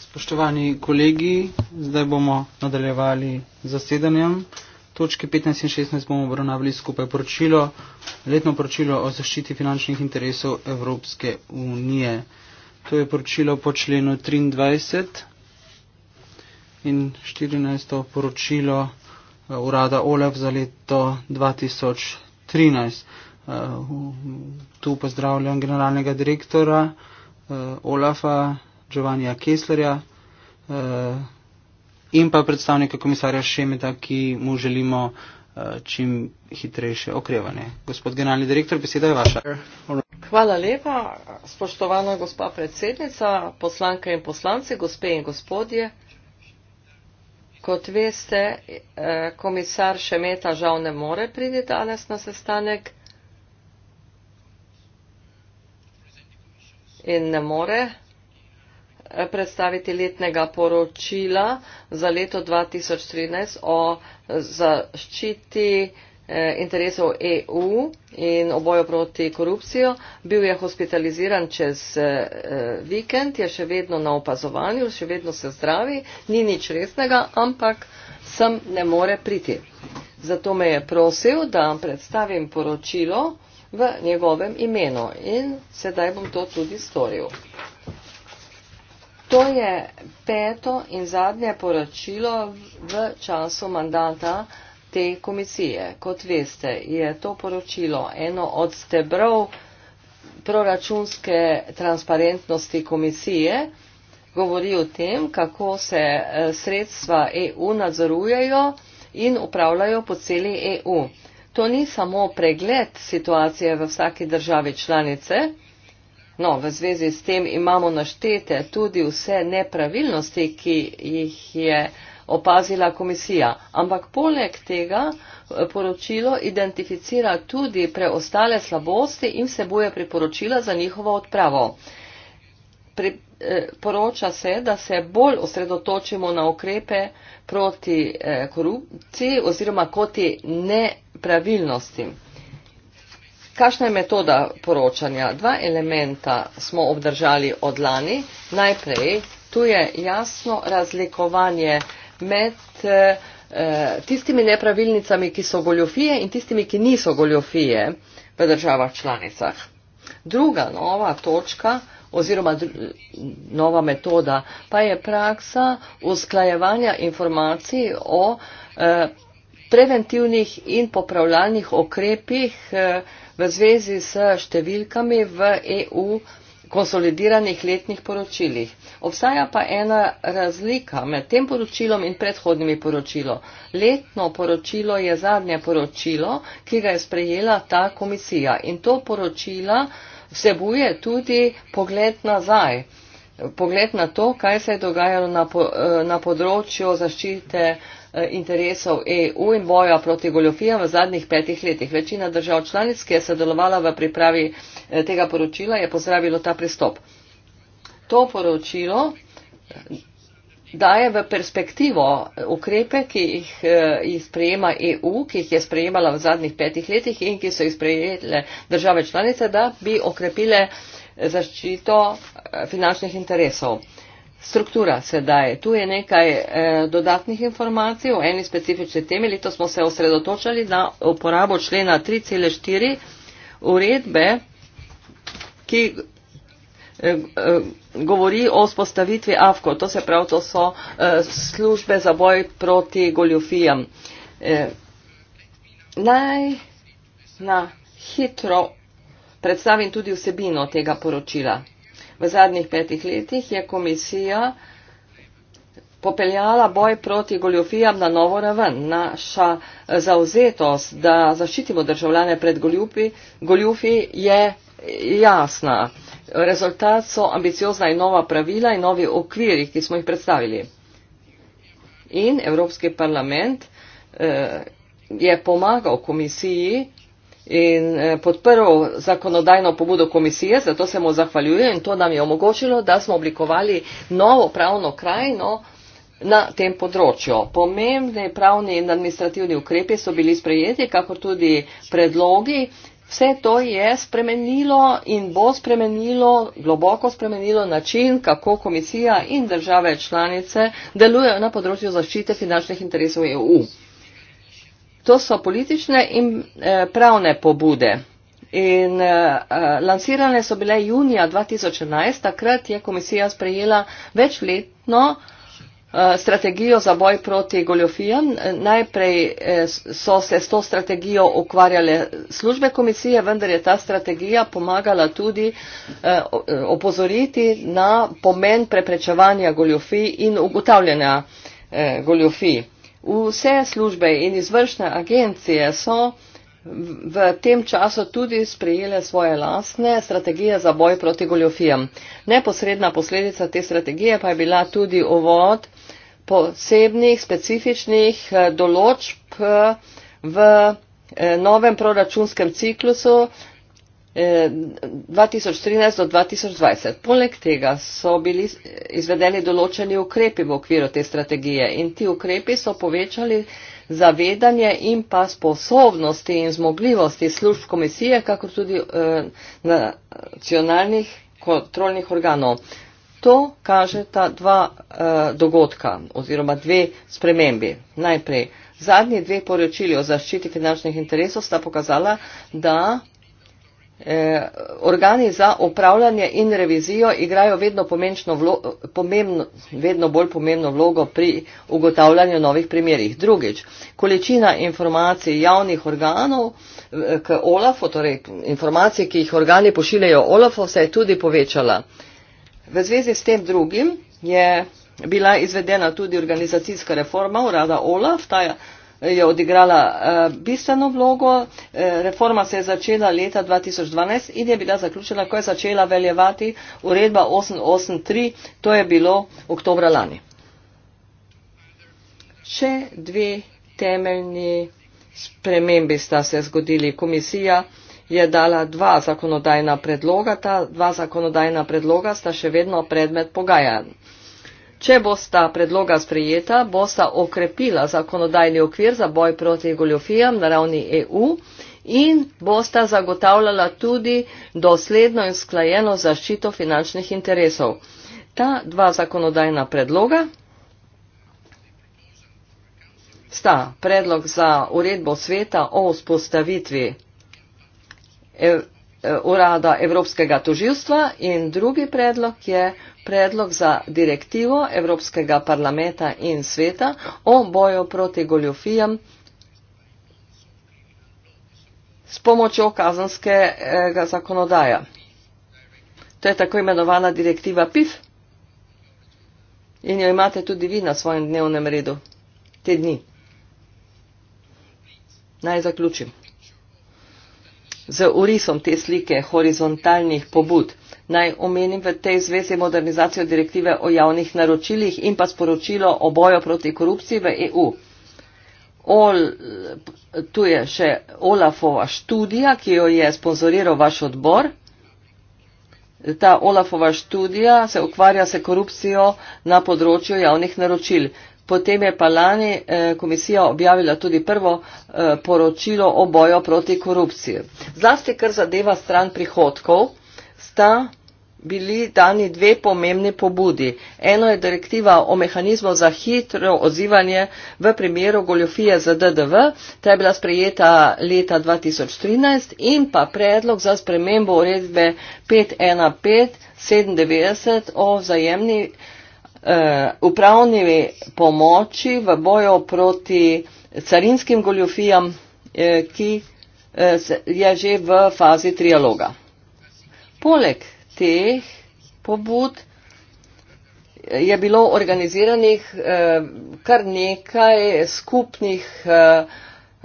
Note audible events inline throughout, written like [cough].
spoštovani kolegi zdaj bomo nadaljevali z zasedanjem točke petnajst in šestnajst bomo obravnavali skupaj poročilo letno poročilo o zaščiti finančnih interesov evropske unije to je poročilo po členu triindvajset in štirinajsto poročilo eh, urada olaf za leto dva tisoč trinajst Eh, tu pozdravljam generalnega direktora eh, Olafa Giovannija Kesslerja eh, in pa predstavnika komisarja Šemeta, ki mu želimo čim hitrejše okrevanje. Gospod generalni direktor, beseda je vaša. Hvala lepa, spoštovana gospa predsednica, poslanke in poslanci, gospe in gospodje. Kot veste, komisar Šemeta žal ne more priti danes na sestanek. in ne more eh, predstaviti letnega poročila za leto 2013 o zaščiti eh, interesov EU in obojo proti korupcijo. Bil je hospitaliziran čez eh, vikend, je še vedno na opazovanju, še vedno se zdravi, ni nič resnega, ampak sem ne more priti. Zato me je prosil, da predstavim poročilo v njegovem imenu in sedaj bom to tudi storil. To je peto in zadnje poročilo v času mandata te komisije. Kot veste, je to poročilo eno od stebrov proračunske transparentnosti komisije. Govori o tem, kako se eh, sredstva EU nadzorujejo in upravljajo po celi EU. To ni samo pregled situacije v vsaki državi članice, no v zvezi s tem imamo naštete tudi vse nepravilnosti, ki jih je opazila komisija. Ampak poleg tega eh, poročilo identificira tudi preostale slabosti in vsebuje priporočila za njihovo odpravo. Pri, Eh, poroča se, da se bolj osredotočimo na okrepe proti eh, korupciji oziroma proti nepravilnosti. Kakšna je metoda poročanja? Dva elementa smo obdržali od lani. Najprej, tu je jasno razlikovanje med eh, tistimi nepravilnicami, ki so goljofije in tistimi, ki niso goljofije v državah članicah. Druga nova točka oziroma nova metoda, pa je praksa usklajevanja informacij o eh, preventivnih in popravljalnih okrepih eh, v zvezi s številkami v EU konsolidiranih letnih poročilih. Obstaja pa ena razlika med tem poročilom in predhodnimi poročilo. Letno poročilo je zadnje poročilo, ki ga je sprejela ta komisija in to poročila vsebuje tudi pogled nazaj, pogled na to, kaj se je dogajalo na, po, eh, na področju zaščite eh, interesov EU in boja proti goljofijam v zadnjih petih letih. Večina držav članic, ki je sodelovala v pripravi eh, tega poročila, je pozdravilo ta pristop. To poročilo daje v perspektivo ukrepe, ki jih, eh, jih sprejema EU, ki jih je sprejemala v zadnjih petih letih in ki so jih sprejele države članice, da bi okrepile zaščito eh, finančnih interesov. Struktura se daje. Tu je nekaj eh, dodatnih informacij o eni specifični temi. Leto smo se osredotočali na uporabo člena 3.4 uredbe, ki Eh, eh, govori o spostavitvi AFKO, to se pravi, to so eh, službe za boj proti goljofijam. Naj na hitro predstavim tudi vsebino tega poročila. V zadnjih petih letih je komisija popeljala boj proti goljofijam na novo raven. Naša zauzetost, da zaščitimo državljane pred goljufi, goljufi je jasna. Rezultat so ambiciozna in nova pravila in novi okviri, ki smo jih predstavili. In Evropski parlament eh, je pomagal komisiji in eh, podprl zakonodajno pobudo komisije, zato se mu zahvaljuje in to nam je omogočilo, da smo oblikovali novo pravno krajino na tem področju. Pomembni pravni in administrativni ukrepi so bili sprejeti, kako tudi predlogi, Vse to je spremenilo in bo spremenilo, globoko spremenilo način, kako komisija in države članice delujejo na področju zaščite finančnih interesov EU. To so politične in eh, pravne pobude. In eh, eh, lansirane so bile junija 2011, takrat je komisija sprejela večletno Eh, strategijo za boj proti goljofijam. Najprej eh, so se s to strategijo ukvarjale službe komisije, vendar je ta strategija pomagala tudi eh, opozoriti na pomen preprečevanja goljofij in ugotavljanja goljofij. Vse službe in izvršne agencije so v tem času tudi sprejele svoje lastne strategije za boj proti goljofijam. Neposredna posledica te strategije pa je bila tudi uvod posebnih specifičnih eh, določb eh, v eh, novem proračunskem ciklusu 2013 do 2020. Poleg tega so bili izvedeni določeni ukrepi v okviru te strategije in ti ukrepi so povečali zavedanje in pa sposobnosti in zmogljivosti služb komisije, kako tudi nacionalnih kontrolnih organov. To kaže ta dva uh, dogodka oziroma dve spremembi. Najprej, zadnji dve poročili o zaščiti finančnih interesov sta pokazala, da eh, organi za upravljanje in revizijo igrajo vedno, vlo, pomembno, vedno bolj pomembno vlogo pri ugotavljanju novih primerjih. Drugič, količina informacij javnih organov eh, k OLAF-u, torej informacije, ki jih organi pošiljajo OLAF-u, se je tudi povečala. V zvezi s tem drugim je bila izvedena tudi organizacijska reforma urada OLAF, ta je odigrala eh, bistveno vlogo. Eh, reforma se je začela leta 2012 in je bila zaključena, ko je začela veljevati uredba 883, to je bilo oktobra lani. Še dve temeljni spremembi sta se zgodili komisija je dala dva zakonodajna predloga. Ta dva zakonodajna predloga sta še vedno predmet pogajanj. Če bosta predloga sprejeta, bosta okrepila zakonodajni okvir za boj proti goljofijam na ravni EU in bosta zagotavljala tudi dosledno in sklajeno zaščito finančnih interesov. Ta dva zakonodajna predloga sta predlog za uredbo sveta o vzpostavitvi E, urada Evropskega toživstva in drugi predlog je predlog za direktivo Evropskega parlamenta in sveta o boju proti goljofijam s pomočjo kazanskega zakonodaja. To je tako imenovana direktiva PIF in jo imate tudi vi na svojem dnevnem redu te dni. Naj zaključim z orisom te slike horizontalnih pobud. Naj omenim v tej zvezi modernizacijo direktive o javnih naročilih in pa sporočilo o boju proti korupciji v EU. Ol, tu je še Olafova študija, ki jo je sponzoriral vaš odbor. Ta Olafova študija se ukvarja se korupcijo na področju javnih naročil. Potem je pa lani eh, komisija objavila tudi prvo eh, poročilo o boju proti korupciji. Zlasti, kar zadeva stran prihodkov, sta bili dani dve pomembni pobudi. Eno je direktiva o mehanizmu za hitro odzivanje v primeru goljofije za DDV, ta je bila sprejeta leta 2013 in pa predlog za spremembo uredbe 51597 o zajemni eh, upravni pomoči v boju proti carinskim goljofijam, eh, ki eh, je že v fazi trialoga. Poleg teh pobud je bilo organiziranih eh, kar nekaj skupnih eh,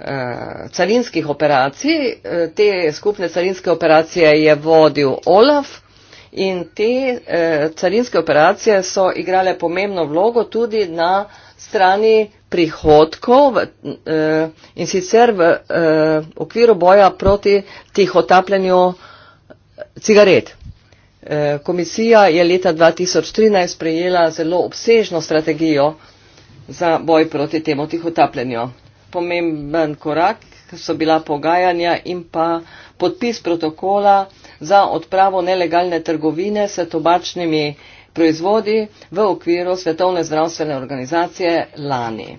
eh, carinskih operacij. Eh, te skupne carinske operacije je vodil Olaf in te eh, carinske operacije so igrale pomembno vlogo tudi na strani prihodkov v, eh, in sicer v eh, okviru boja proti tihotapljanju eh, cigaret. Eh, komisija je leta 2013 sprejela zelo obsežno strategijo za boj proti temu tihotapljenju. Pomemben korak so bila pogajanja in pa podpis protokola za odpravo nelegalne trgovine s tobačnimi proizvodi v okviru Svetovne zdravstvene organizacije lani.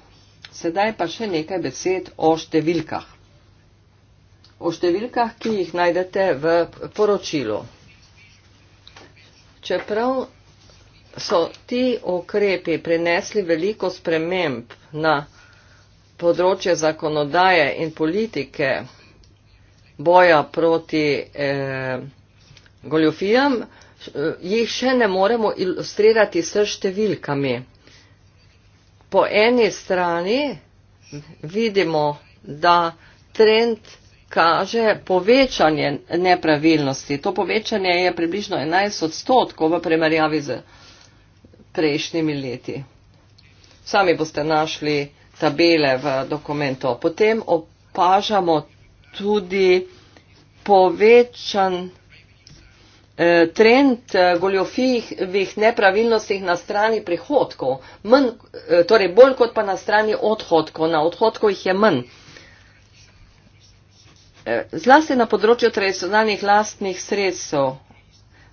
Sedaj pa še nekaj besed o številkah. O številkah, ki jih najdete v poročilu. Čeprav so ti okrepi prinesli veliko sprememb na področje zakonodaje in politike boja proti eh, goljofijam, eh, jih še ne moremo ilustrirati s številkami. Po eni strani vidimo, da trend kaže povečanje nepravilnosti. To povečanje je približno 11 odstotkov v primerjavi z prejšnjimi leti. Sami boste našli tabele v dokumentu. Potem opažamo tudi povečan eh, trend eh, goljofijih nepravilnosti na strani prihodkov, mn, eh, torej bolj kot pa na strani odhodkov, na odhodkov jih je manj. Zlasti na področju tradicionalnih lastnih sredstev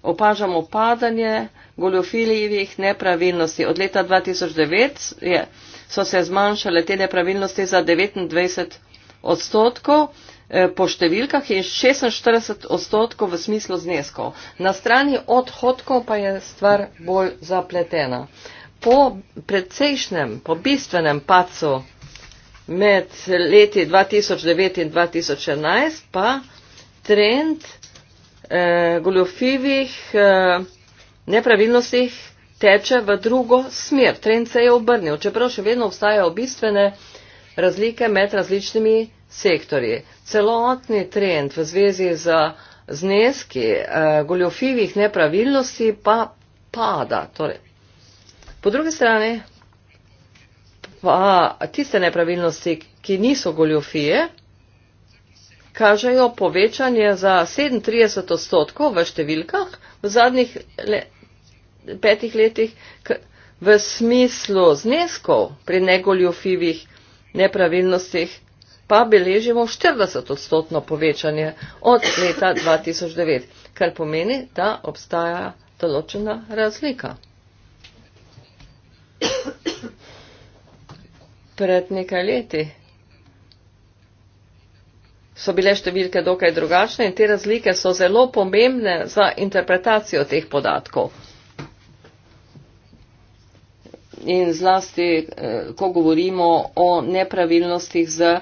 opažamo padanje goljofilijevih nepravilnosti. Od leta 2009 je, so se zmanjšale te nepravilnosti za 29 odstotkov. Eh, po številkah in 46 odstotkov v smislu zneskov. Na strani odhodkov pa je stvar bolj zapletena. Po precejšnjem, po bistvenem pacu med leti 2009 in 2011 pa trend eh, goljofivih eh, nepravilnostih teče v drugo smer. Trend se je obrnil, čeprav še vedno obstajajo bistvene razlike med različnimi sektorji. Celotni trend v zvezi z zneski eh, goljofivih nepravilnosti pa pada. Torej. Po drugi strani pa tiste nepravilnosti, ki niso goljofije, kažejo povečanje za 37 odstotkov v številkah v zadnjih le, petih letih k, v smislu zneskov pri negoljofivih nepravilnostih pa beležimo 40-odstotno povečanje od leta 2009, kar pomeni, da obstaja določena razlika. Pred nekaj leti so bile številke dokaj drugačne in te razlike so zelo pomembne za interpretacijo teh podatkov in zlasti, eh, ko govorimo o nepravilnostih z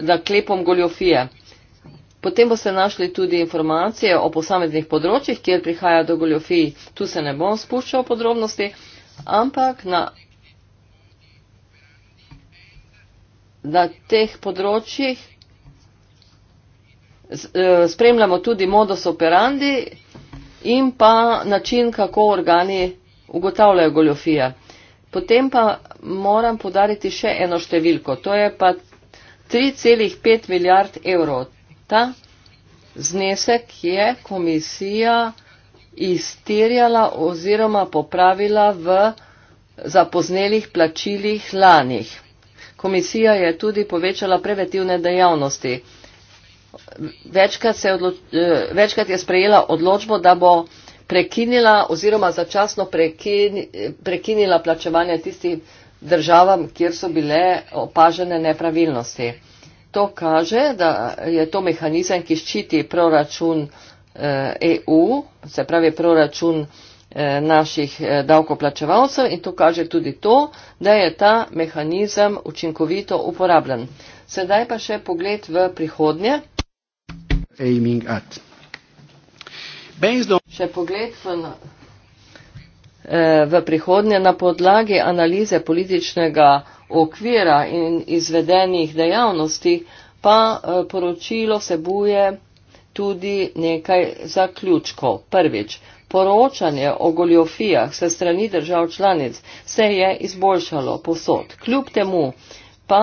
naklepom goljofije. Potem boste našli tudi informacije o posameznih področjih, kjer prihaja do goljofij. Tu se ne bom spuščal podrobnosti, ampak na, na teh področjih eh, spremljamo tudi modus operandi in pa način, kako organi ugotavljajo goljofije. Potem pa moram podariti še eno številko, to je pa 3,5 milijard evrov. Ta znesek je komisija izterjala oziroma popravila v zapoznelih plačilih lanih. Komisija je tudi povečala preventivne dejavnosti. Večkrat, odloč, eh, večkrat je sprejela odločbo, da bo prekinila oziroma začasno prekinila plačevanje tistih državam, kjer so bile opažene nepravilnosti. To kaže, da je to mehanizem, ki ščiti proračun EU, eh, e se pravi proračun eh, naših eh, davkoplačevalcev in to kaže tudi to, da je ta mehanizem učinkovito uporabljen. Sedaj pa še pogled v prihodnje. Aiming at. Še pogled v, na, eh, v prihodnje na podlagi analize političnega okvira in izvedenih dejavnosti, pa eh, poročilo sebuje tudi nekaj zaključkov. Prvič, poročanje o goljofijah se strani držav članic se je izboljšalo posod. Kljub temu pa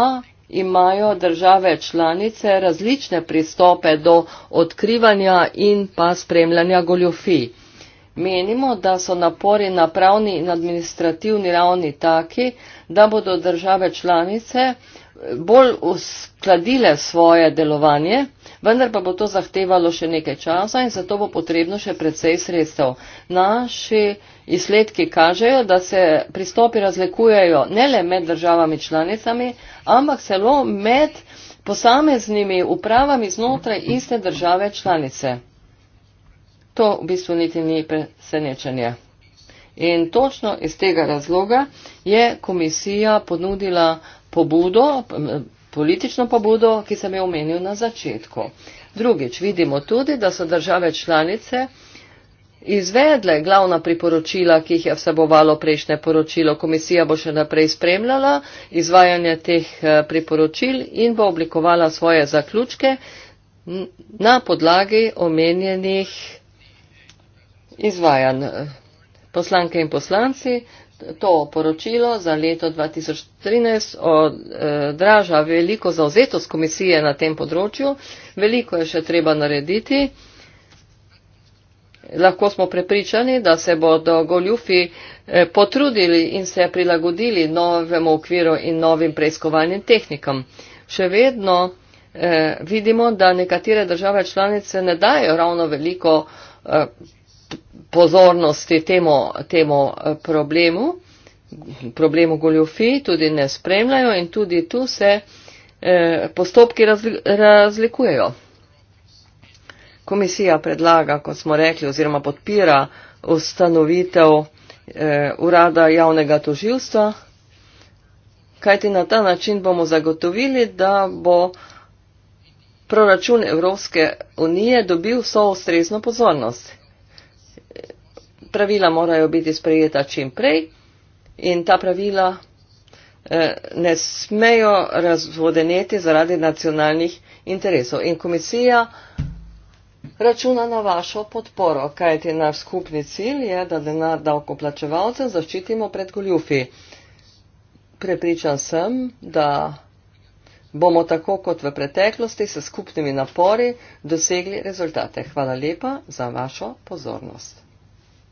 imajo države članice različne pristope do odkrivanja in pa spremljanja goljofij. Menimo, da so napori na pravni in administrativni ravni taki, da bodo države članice bolj uskladile svoje delovanje, vendar pa bo to zahtevalo še nekaj časa in zato bo potrebno še precej sredstev. Naši izsledki kažejo, da se pristopi razlikujejo ne le med državami članicami, ampak celo med posameznimi upravami znotraj iste države članice. To v bistvu niti ni presenečenje. In točno iz tega razloga je komisija ponudila pobudo, Politično pobudo, ki sem jo omenil na začetku. Drugič, vidimo tudi, da so države članice izvedle glavna priporočila, ki jih je vsebovalo prejšnje poročilo. Komisija bo še naprej spremljala izvajanje teh eh, priporočil in bo oblikovala svoje zaključke na podlagi omenjenih izvajanj. Poslanke in poslanci, To poročilo za leto 2013 odraža e, veliko zauzetost komisije na tem področju. Veliko je še treba narediti. Lahko smo prepričani, da se bodo goljufi e, potrudili in se prilagodili novemu okviru in novim preiskovalnim tehnikam. Še vedno e, vidimo, da nekatere države članice ne dajo ravno veliko pozornosti temu, temu eh, problemu, problemu goljofij, tudi ne spremljajo in tudi tu se eh, postopki razlikujejo. Komisija predlaga, kot smo rekli, oziroma podpira ustanovitev eh, urada javnega toživstva, kajti na ta način bomo zagotovili, da bo proračun Evropske unije dobil vso ustrezno pozornost pravila morajo biti sprejeta čim prej in ta pravila eh, ne smejo razvodeneti zaradi nacionalnih interesov. In komisija računa na vašo podporo, kajti naš skupni cilj je, da denar davkoplačevalcem zaščitimo pred goljufi. Prepričan sem, da bomo tako kot v preteklosti s skupnimi napori dosegli rezultate. Hvala lepa za vašo pozornost.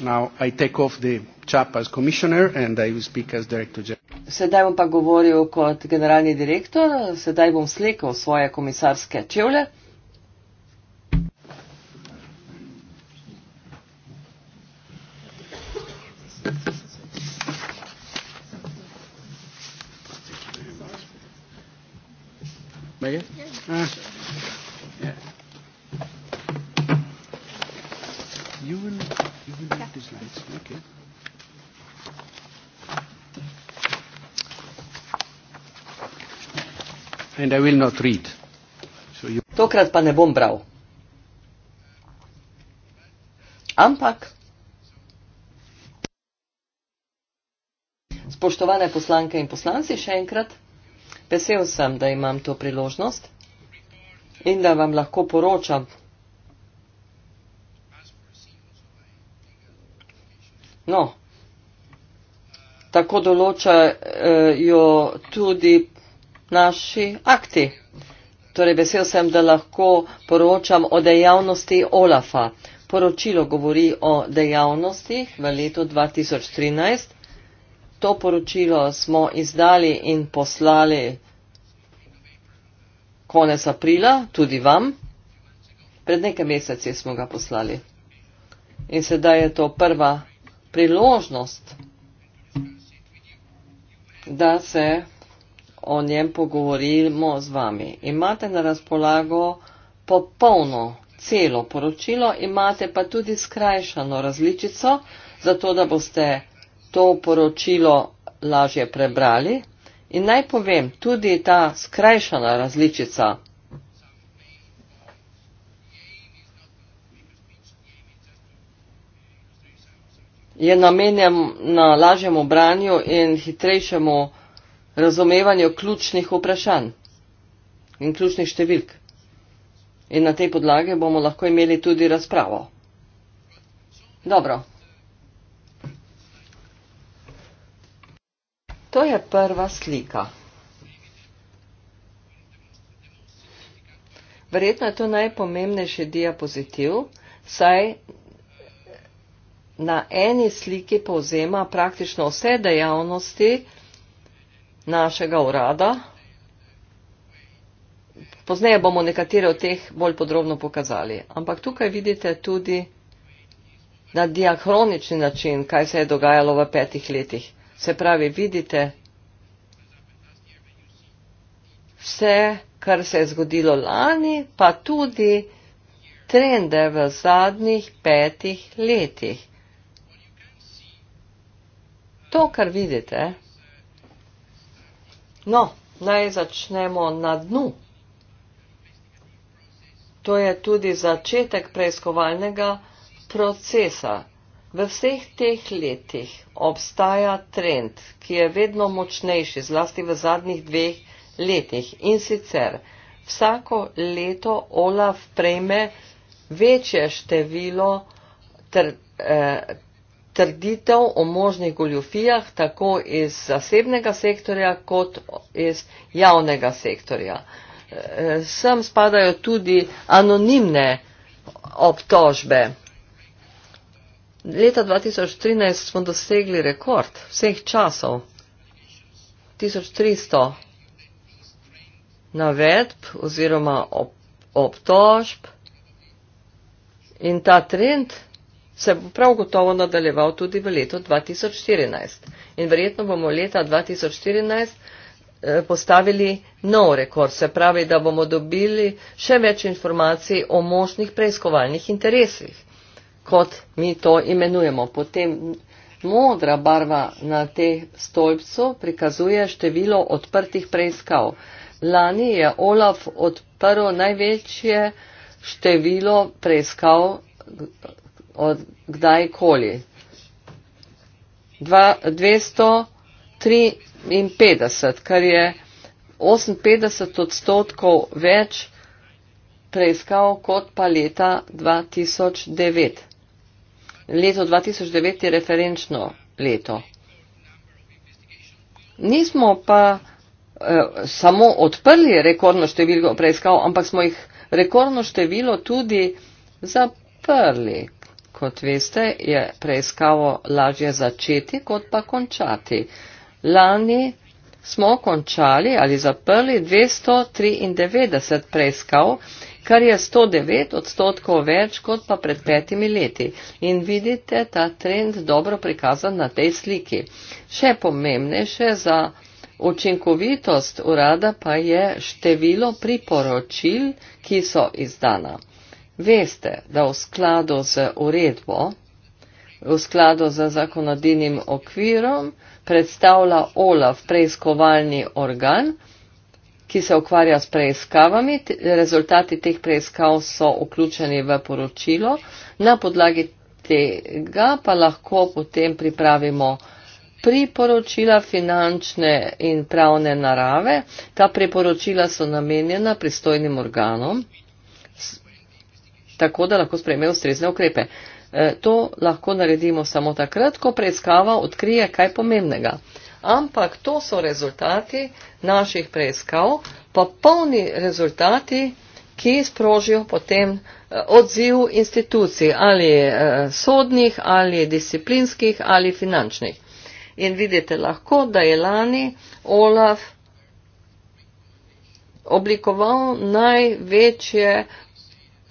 Now I take off the chap as commissioner and I will speak as director general. Sedaj bom pa govoril kot generalni direktor, sedaj bom slekel svoje komisarske čevlje. and I will not read. So you... Tokrat pa ne bom bral. Ampak, spoštovane poslanke in poslanci, še enkrat, vesel sem, da imam to priložnost in da vam lahko poročam. No, tako določajo tudi naši akti. Torej, vesel sem, da lahko poročam o dejavnosti OLAFA. Poročilo govori o dejavnostih v letu 2013. To poročilo smo izdali in poslali konec aprila tudi vam. Pred nekaj meseci smo ga poslali. In sedaj je to prva priložnost, da se o njem pogovorimo z vami. Imate na razpolago popolno celo poročilo, imate pa tudi skrajšano različico, zato da boste to poročilo lažje prebrali. In naj povem, tudi ta skrajšana različica je namenjena na lažjemu branju in hitrejšemu branju razumevanju ključnih vprašanj in ključnih številk. In na tej podlagi bomo lahko imeli tudi razpravo. Dobro. To je prva slika. Verjetno je to najpomembnejši diapozitiv, saj na eni sliki povzema praktično vse dejavnosti, našega urada. Pozneje bomo nekatere od teh bolj podrobno pokazali. Ampak tukaj vidite tudi na diakronični način, kaj se je dogajalo v petih letih. Se pravi, vidite vse, kar se je zgodilo lani, pa tudi trende v zadnjih petih letih. To, kar vidite, No, naj začnemo na dnu. To je tudi začetek preiskovalnega procesa. V vseh teh letih obstaja trend, ki je vedno močnejši, zlasti v zadnjih dveh letih. In sicer vsako leto Olaf prejme večje število tr, eh, trditev o možnih goljofijah tako iz zasebnega sektorja kot iz javnega sektorja. E, sem spadajo tudi anonimne obtožbe. Leta 2013 smo dosegli rekord vseh časov. 1300 navedb oziroma obtožb in ta trend se bo prav gotovo nadaljeval tudi v letu 2014. In verjetno bomo leta 2014 eh, postavili nov rekord, se pravi, da bomo dobili še več informacij o možnih preiskovalnih interesih, kot mi to imenujemo. Potem modra barva na tem stolpcu prikazuje število odprtih preiskav. Lani je Olaf odprl največje število preiskav, od kdajkoli. 253, kar je 58 odstotkov več preiskav kot pa leta 2009. Leto 2009 je referenčno leto. Nismo pa eh, samo odprli rekordno število preiskav, ampak smo jih rekordno število tudi zaprli, Kot veste, je preiskavo lažje začeti, kot pa končati. Lani smo končali ali zaprli 293 preiskav, kar je 109 odstotkov več kot pa pred petimi leti. In vidite ta trend dobro prikazan na tej sliki. Še pomembnejše za učinkovitost urada pa je število priporočil, ki so izdana veste, da v skladu z uredbo, v skladu z zakonodinim okvirom, predstavlja OLAF preiskovalni organ, ki se ukvarja s preiskavami. Rezultati teh preiskav so vključeni v poročilo, na podlagi tega pa lahko potem pripravimo priporočila finančne in pravne narave. Ta priporočila so namenjena pristojnim organom tako da lahko sprejme ustrezne ukrepe. E, to lahko naredimo samo takrat, ko preiskava odkrije kaj pomembnega. Ampak to so rezultati naših preiskav, pa polni rezultati, ki sprožijo potem e, odziv institucij, ali e, sodnih, ali disciplinskih, ali finančnih. In vidite lahko, da je lani Olaf oblikoval največje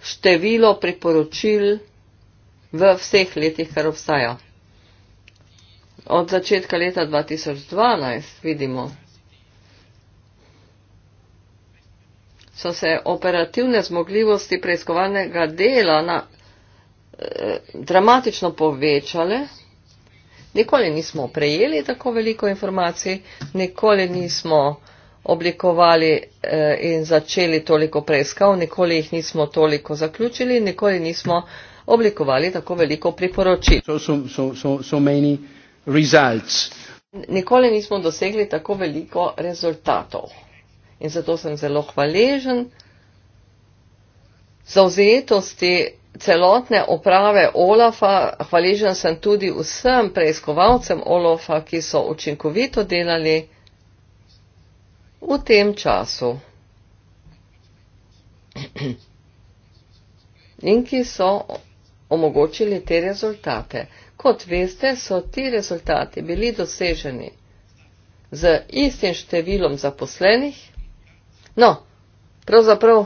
število priporočil v vseh letih, kar obstaja. Od začetka leta 2012 vidimo, so se operativne zmogljivosti preiskovalnega dela na, eh, dramatično povečale. Nikoli nismo prejeli tako veliko informacij, nikoli nismo eh, oblikovali eh, in začeli toliko preiskav, nikoli jih nismo toliko zaključili, nikoli nismo oblikovali tako veliko priporočil. So, so, so, so many results. Nikoli nismo dosegli tako veliko rezultatov. In zato sem zelo hvaležen zauzetosti celotne uprave Olafa. Hvaležen sem tudi vsem preiskovalcem Olafa, ki so učinkovito delali. V tem času. In ki so omogočili te rezultate. Kot veste, so ti rezultati bili doseženi z istim številom zaposlenih. No, pravzaprav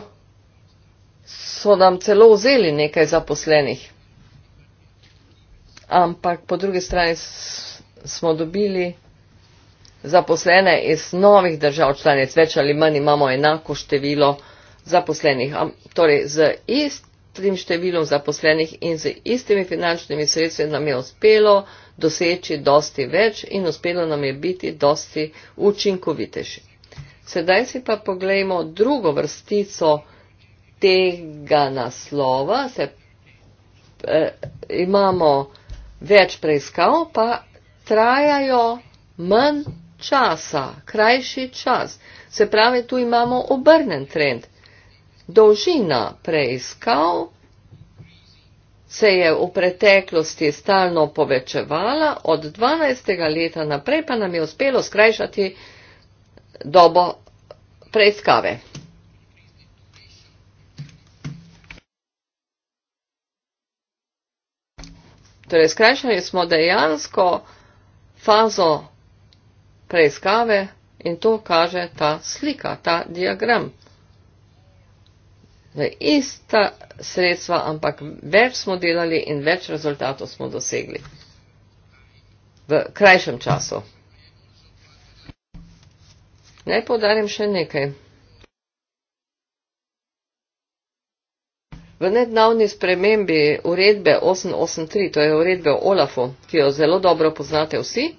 so nam celo vzeli nekaj zaposlenih. Ampak po drugi strani smo dobili zaposlene iz novih držav članic, več ali manj imamo enako število zaposlenih, torej z istim številom zaposlenih in z istimi finančnimi sredstvi nam je uspelo doseči dosti več in uspelo nam je biti dosti učinkovitejši. Sedaj si pa pogledajmo drugo vrstico tega naslova. Se, eh, imamo več preiskav, pa trajajo manj časa, krajši čas. Se pravi, tu imamo obrnen trend. Dolžina preiskav se je v preteklosti stalno povečevala, od 12. leta naprej pa nam je uspelo skrajšati dobo preiskave. Torej, skrajšali smo dejansko fazo preiskave in to kaže ta slika, ta diagram. Zdaj, ista sredstva, ampak več smo delali in več rezultatov smo dosegli v krajšem času. Naj podarim še nekaj. V nedavni spremembi uredbe 883, to je uredbe o Olafu, ki jo zelo dobro poznate vsi,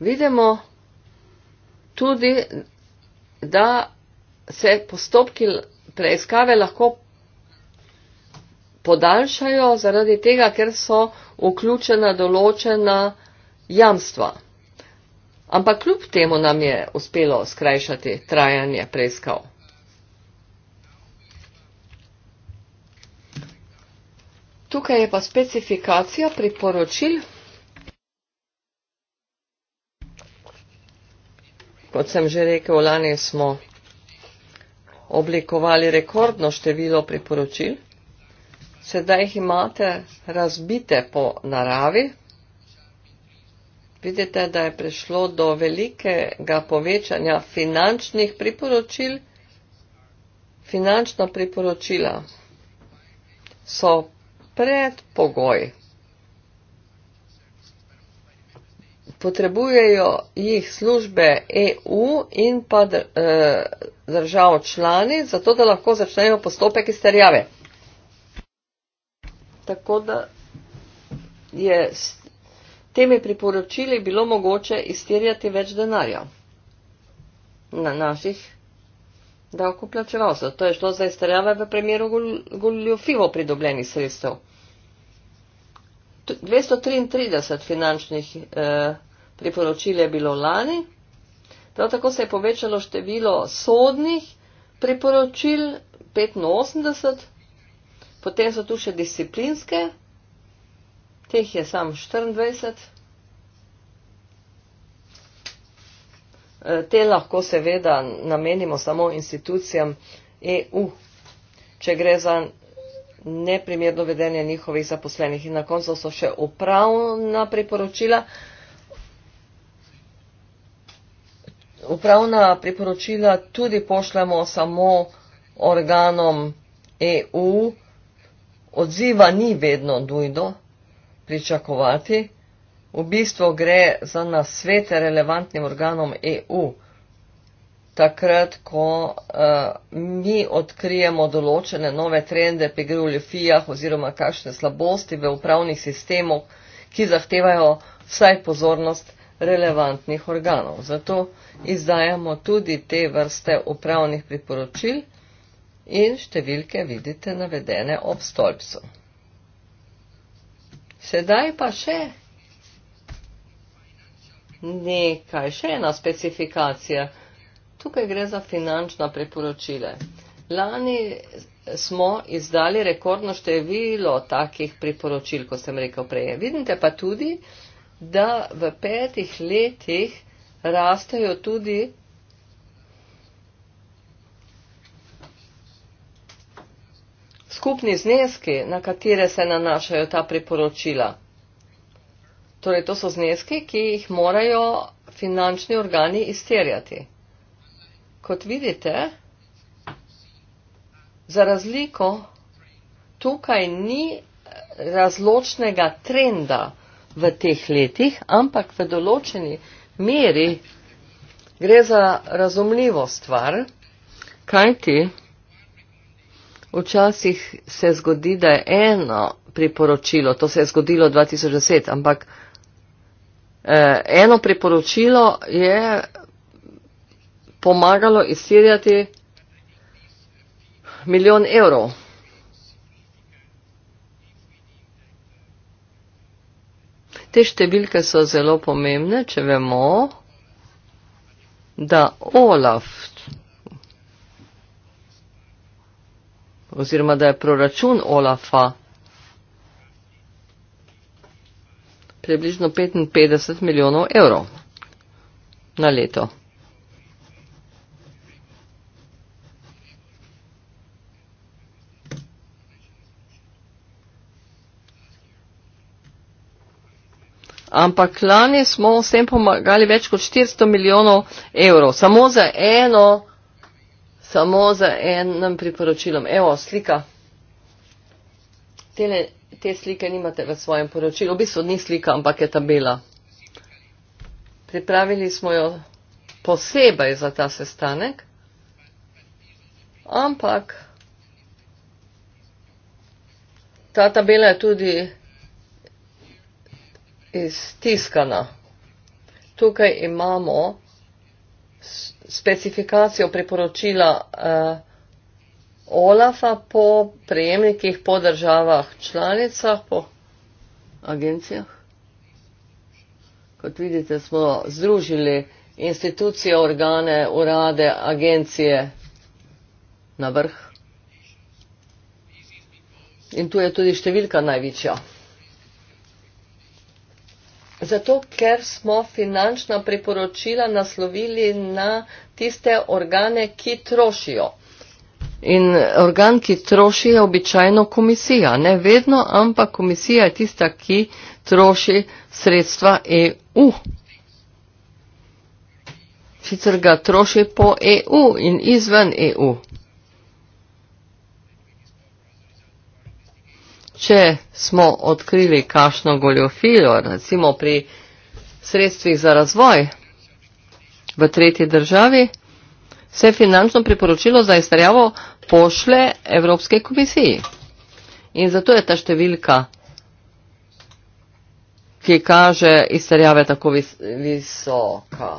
vidimo tudi, da se postopki preiskave lahko podaljšajo zaradi tega, ker so vključena določena jamstva. Ampak kljub temu nam je uspelo skrajšati trajanje preiskav. Tukaj je pa specifikacija priporočil. Kot sem že rekel, lani smo oblikovali rekordno število priporočil, sedaj jih imate razbite po naravi. Vidite, da je prišlo do velikega povečanja finančnih priporočil. Finančna priporočila so predpogoj potrebujejo jih službe EU in pa eh, držav člani, zato da lahko začnejo postopek izterjave. Tako da je s temi priporočili bilo mogoče izterjati več denarja na naših davkoplačevalcev. To je šlo za izterjave v primeru goljofivo pridobljenih sredstev. 233 finančnih eh, priporočil je bilo lani. Prav tako se je povečalo število sodnih priporočil 85, potem so tu še disciplinske, teh je sam 24. Te lahko seveda namenimo samo institucijam EU, če gre za neprimerno vedenje njihovih zaposlenih. In na koncu so še upravna priporočila, upravna priporočila tudi pošljemo samo organom EU, odziva ni vedno nujno pričakovati. V bistvu gre za nasvete relevantnim organom EU. Takrat, ko uh, mi odkrijemo določene nove trende, pa gre v ljufijah oziroma kakšne slabosti v upravnih sistemov, ki zahtevajo vsaj pozornost relevantnih organov. Zato izdajamo tudi te vrste upravnih priporočil in številke vidite navedene ob stolpcu. Sedaj pa še nekaj, še ena specifikacija. Tukaj gre za finančna priporočila. Lani smo izdali rekordno število takih priporočil, kot sem rekel prej. Vidite pa tudi, da v petih letih rastejo tudi skupni zneski, na katere se nanašajo ta priporočila. Torej, to so zneski, ki jih morajo finančni organi izterjati. Kot vidite, za razliko, tukaj ni razločnega trenda v teh letih, ampak v določeni meri gre za razumljivo stvar, kajti včasih se zgodi, da je eno priporočilo, to se je zgodilo 2010, ampak eh, eno priporočilo je pomagalo izsirjati milijon evrov. Te številke so zelo pomembne, če vemo, da Olaf oziroma da je proračun Olafa približno 55 milijonov evrov na leto. ampak lani smo s tem pomagali več kot 400 milijonov evrov, samo za eno, samo za enem priporočilom. Evo, slika. Tele, te slike nimate v svojem poročilu, v bistvu ni slika, ampak je tabela. Pripravili smo jo posebej za ta sestanek, ampak ta tabela je tudi iztiskana. Tukaj imamo specifikacijo priporočila uh, OLAFA po prejemnikih, po državah, članicah, po agencijah. Kot vidite, smo združili institucije, organe, urade, agencije na vrh. In tu je tudi številka največja. Zato, ker smo finančna priporočila naslovili na tiste organe, ki trošijo. In organ, ki troši, je običajno komisija. Ne vedno, ampak komisija je tista, ki troši sredstva EU. Sicer ga troši po EU in izven EU. če smo odkrili kašno goljofilo, recimo pri sredstvih za razvoj v tretji državi, se finančno priporočilo za izterjavo pošle Evropske komisiji. In zato je ta številka, ki kaže izterjave tako vis visoka.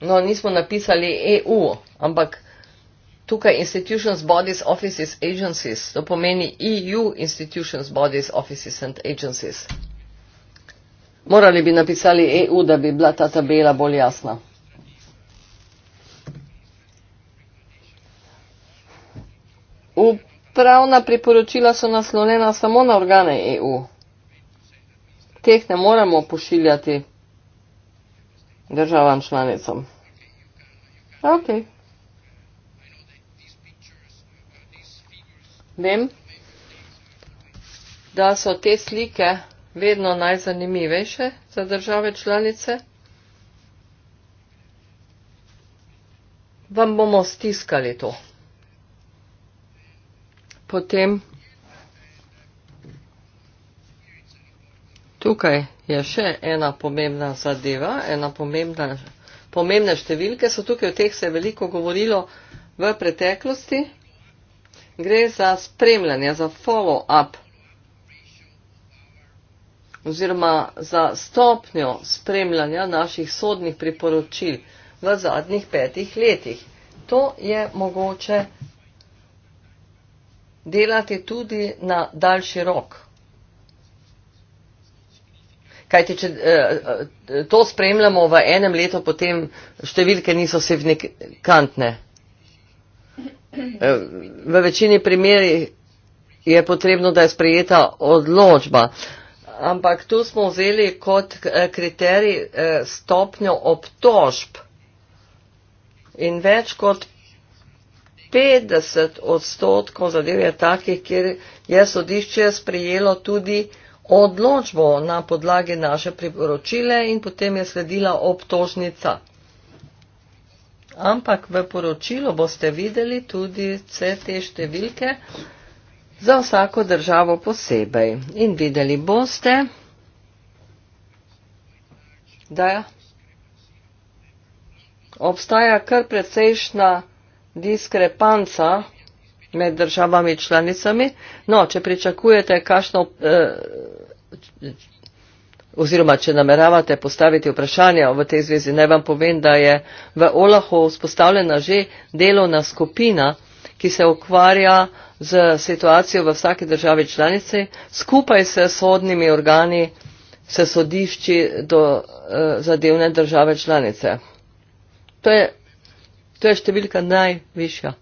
No, nismo napisali EU, ampak tukaj Institutions, Bodies, Offices, Agencies, to pomeni EU Institutions, Bodies, Offices and Agencies. Morali bi napisali EU, da bi bila ta tabela bolj jasna. Upravna priporočila so naslonjena samo na organe EU. Teh ne moramo pošiljati državam članicam. Okay. vem, da so te slike vedno najzanimivejše za države članice. Vam bomo stiskali to. Potem tukaj je še ena pomembna zadeva, ena pomembna, pomembne številke so tukaj, o teh se je veliko govorilo v preteklosti gre za spremljanje, za follow-up oziroma za stopnjo spremljanja naših sodnih priporočil v zadnjih petih letih. To je mogoče delati tudi na daljši rok. Kajti, če eh, eh, to spremljamo v enem letu, potem številke niso se vnikantne. Eh, v večini primeri je potrebno, da je sprejeta odločba. Ampak tu smo vzeli kot eh, kriterij eh, stopnjo obtožb in več kot 50 odstotkov zadev je takih, kjer je sodišče sprejelo tudi odločbo na podlagi naše priporočile in potem je sledila obtožnica ampak v poročilu boste videli tudi vse te številke za vsako državo posebej. In videli boste, da obstaja kar precejšna diskrepanca med državami članicami. No, če pričakujete, kakšno. Eh, oziroma če nameravate postaviti vprašanja v tej zvezi, naj vam povem, da je v Olahu vzpostavljena že delovna skupina, ki se ukvarja z situacijo v vsaki državi članici, skupaj s sodnimi organi, s sodišči do eh, zadevne države članice. To je, to je številka najvišja.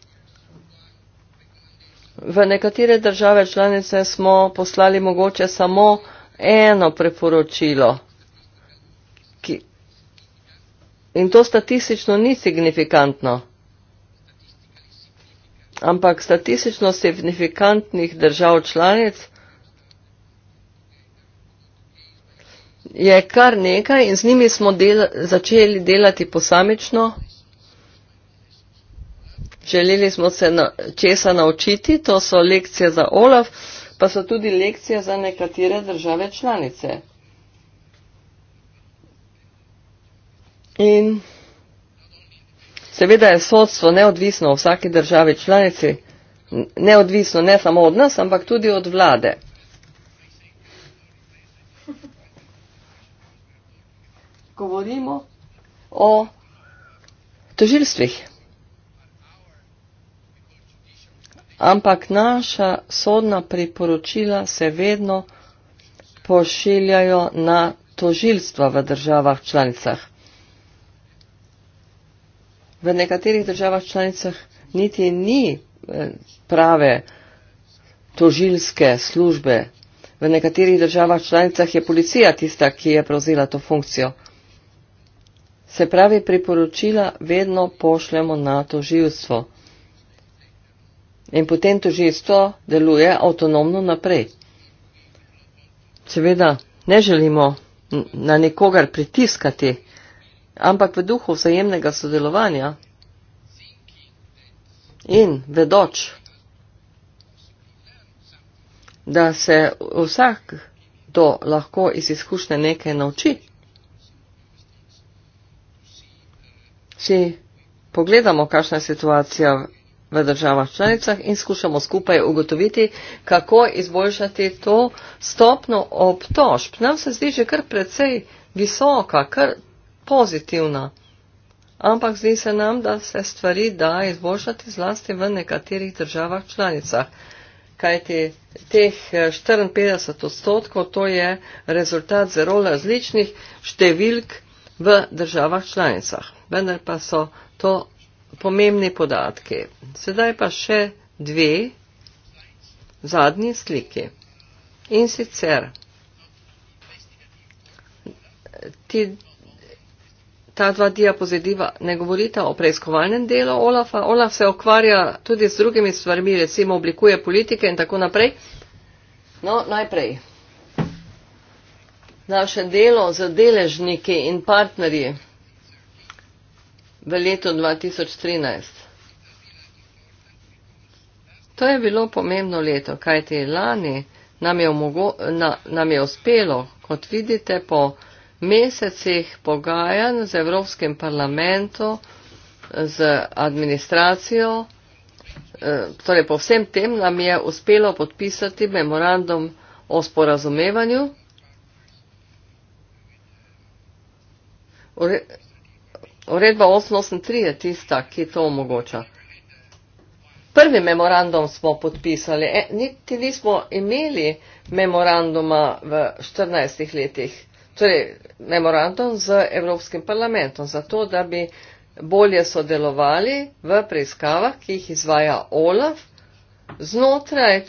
V nekatere države članice smo poslali mogoče samo eno priporočilo. Ki... In to statistično ni signifikantno. Ampak statistično signifikantnih držav članic je kar nekaj in z njimi smo del začeli delati posamično. Želeli smo se na česa naučiti, to so lekcije za Olaf pa so tudi lekcija za nekatere države članice. In seveda je sodstvo neodvisno v vsaki državi članici, neodvisno ne samo od nas, ampak tudi od vlade. Govorimo o tožilstvih. ampak naša sodna priporočila se vedno pošiljajo na tožilstva v državah članicah. V nekaterih državah članicah niti ni eh, prave tožilske službe. V nekaterih državah članicah je policija tista, ki je prevzela to funkcijo. Se pravi, priporočila vedno pošljemo na tožilstvo in potem tožilstvo deluje avtonomno naprej. Seveda ne želimo na nikogar pritiskati, ampak v duhu vzajemnega sodelovanja in vedoč, da se vsak to lahko iz izkušnje nekaj nauči. Si pogledamo, kakšna je situacija v državah članicah in skušamo skupaj ugotoviti, kako izboljšati to stopno obtožb. Nam se zdi že kar precej visoka, kar pozitivna. Ampak zdi se nam, da se stvari da izboljšati zlasti v nekaterih državah članicah. Kajti teh 54 eh, odstotkov to je rezultat zelo različnih številk v državah članicah. Vendar pa so to pomembni podatki. Sedaj pa še dve zadnji sliki. In sicer ti, ta dva diapozitiva ne govorita o preiskovalnem delu Olafa. Olaf se okvarja tudi z drugimi stvarmi, recimo oblikuje politike in tako naprej. No, najprej. Naše delo z deležniki in partnerji v letu 2013. To je bilo pomembno leto, kaj te lani nam je, omogo, na, nam je uspelo, kot vidite, po mesecih pogajanj z Evropskim parlamentom, z administracijo, eh, torej po vsem tem nam je uspelo podpisati memorandum o sporazumevanju. Uredba 883 je tista, ki to omogoča. Prvi memorandum smo podpisali, e, niti nismo imeli memoranduma v 14 letih, torej memorandum z Evropskim parlamentom, zato da bi bolje sodelovali v preiskavah, ki jih izvaja OLAF, znotraj uh,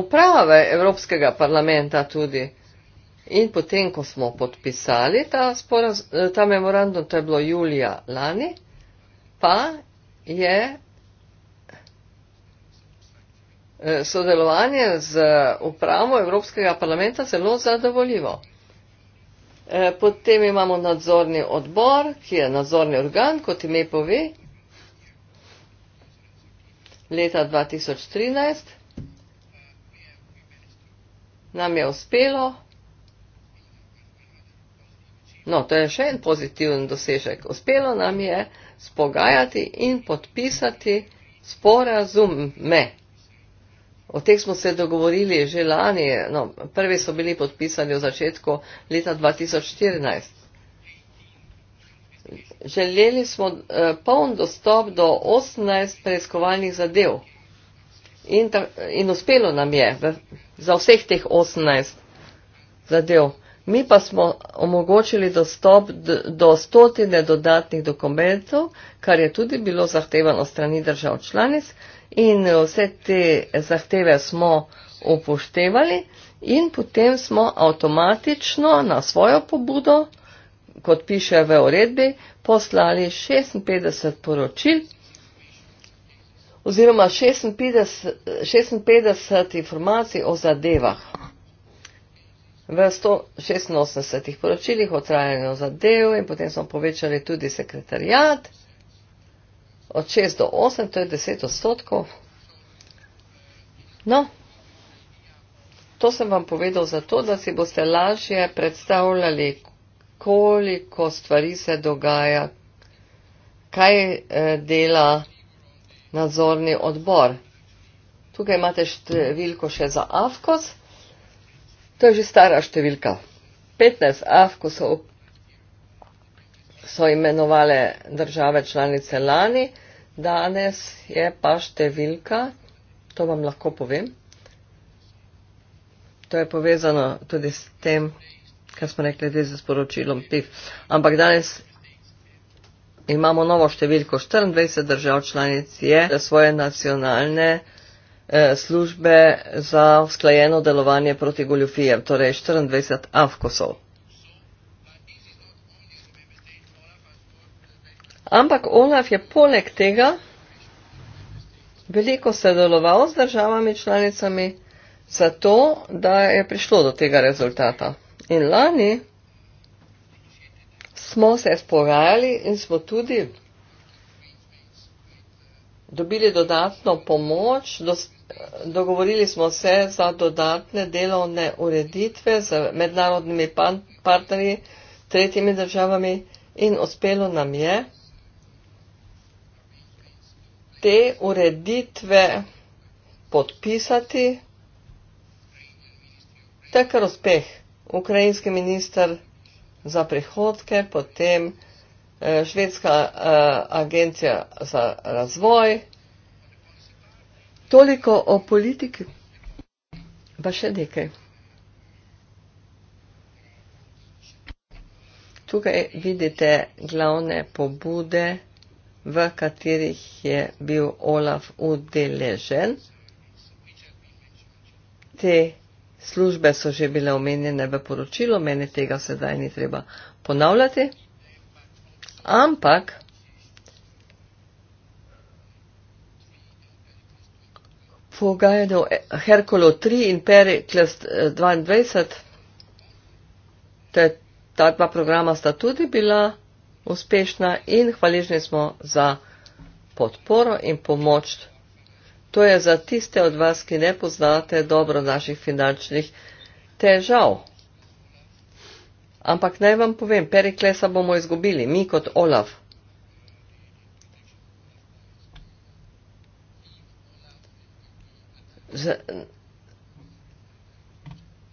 uprave Evropskega parlamenta tudi. In potem, ko smo podpisali ta, sporaz, ta memorandum, to je bilo julija lani, pa je e, sodelovanje z upravo Evropskega parlamenta zelo zadovoljivo. E, potem imamo nadzorni odbor, ki je nadzorni organ, kot ime pove, leta 2013 nam je uspelo No, to je še en pozitiven dosežek. Uspelo nam je spogajati in podpisati sporazum me. O teh smo se dogovorili že lani, no, prvi so bili podpisani v začetku leta 2014. Želeli smo eh, poln dostop do 18 preiskovalnih zadev in, ta, in uspelo nam je v, za vseh teh 18 zadev mi pa smo omogočili dostop do stotine dodatnih dokumentov, kar je tudi bilo zahtevano strani držav članic in eh, vse te zahteve smo upoštevali in potem smo avtomatično na svojo pobudo, kot piše v uredbi, poslali 56 poročil oziroma 56, 56 informacij o zadevah v 186 poročilih o trajanju zadev in potem smo povečali tudi sekretarijat od 6 do 8, to je 10 odstotkov. No, to sem vam povedal zato, da si boste lažje predstavljali, koliko stvari se dogaja, kaj eh, dela nadzorni odbor. Tukaj imate številko še za AFKOS. To je že stara številka. 15 af, ko so, so imenovali države članice lani, danes je pa številka, to vam lahko povem. To je povezano tudi s tem, kar smo rekli tudi z sporočilom PIF. Ampak danes imamo novo številko. 24 držav članic je svoje nacionalne. Eh, službe za usklajeno delovanje proti goljofijem, torej 24 avkosov. Ampak Olaf je poleg tega veliko sodeloval z državami članicami, zato da je prišlo do tega rezultata. In lani smo se spogajali in smo tudi dobili dodatno pomoč, dogovorili smo se za dodatne delovne ureditve z mednarodnimi partnerji, tretjimi državami in uspelo nam je te ureditve podpisati. Takr uspeh. Ukrajinski minister za prihodke, potem eh, švedska eh, agencija za razvoj, Toliko o politiki, pa še nekaj. Tukaj vidite glavne pobude, v katerih je bil Olaf udeležen. Te službe so že bile omenjene v poročilu, meni tega sedaj ni treba ponavljati. Ampak pogajanju Herkulo 3 in Periklas 22, eh, te, ta dva programa sta tudi bila uspešna in hvaležni smo za podporo in pomoč. To je za tiste od vas, ki ne poznate dobro naših finančnih težav. Ampak naj vam povem, Periklesa bomo izgubili, mi kot Olaf. z,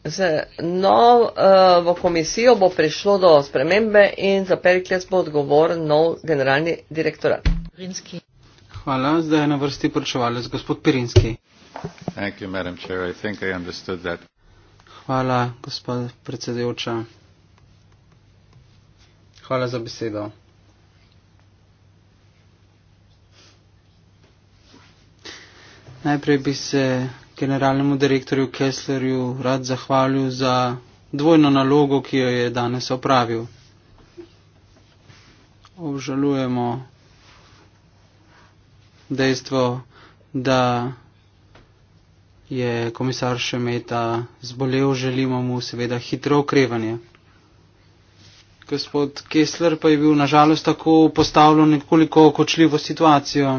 z novo uh, eh, komisijo bo prišlo do spremembe in za Perikles bo odgovoren nov generalni direktorat. Pirinski. Hvala. Zdaj je na vrsti poročevalec gospod Pirinski. You, Hvala, gospod predsedujoča. Hvala za besedo. Najprej bi se generalnemu direktorju Kesslerju rad zahvalil za dvojno nalogo, ki jo je danes opravil. Obžalujemo dejstvo, da je komisar Šemeta zbolel, želimo mu seveda hitro okrevanje. Gospod Kessler pa je bil nažalost tako postavljen nekoliko okočljivo situacijo.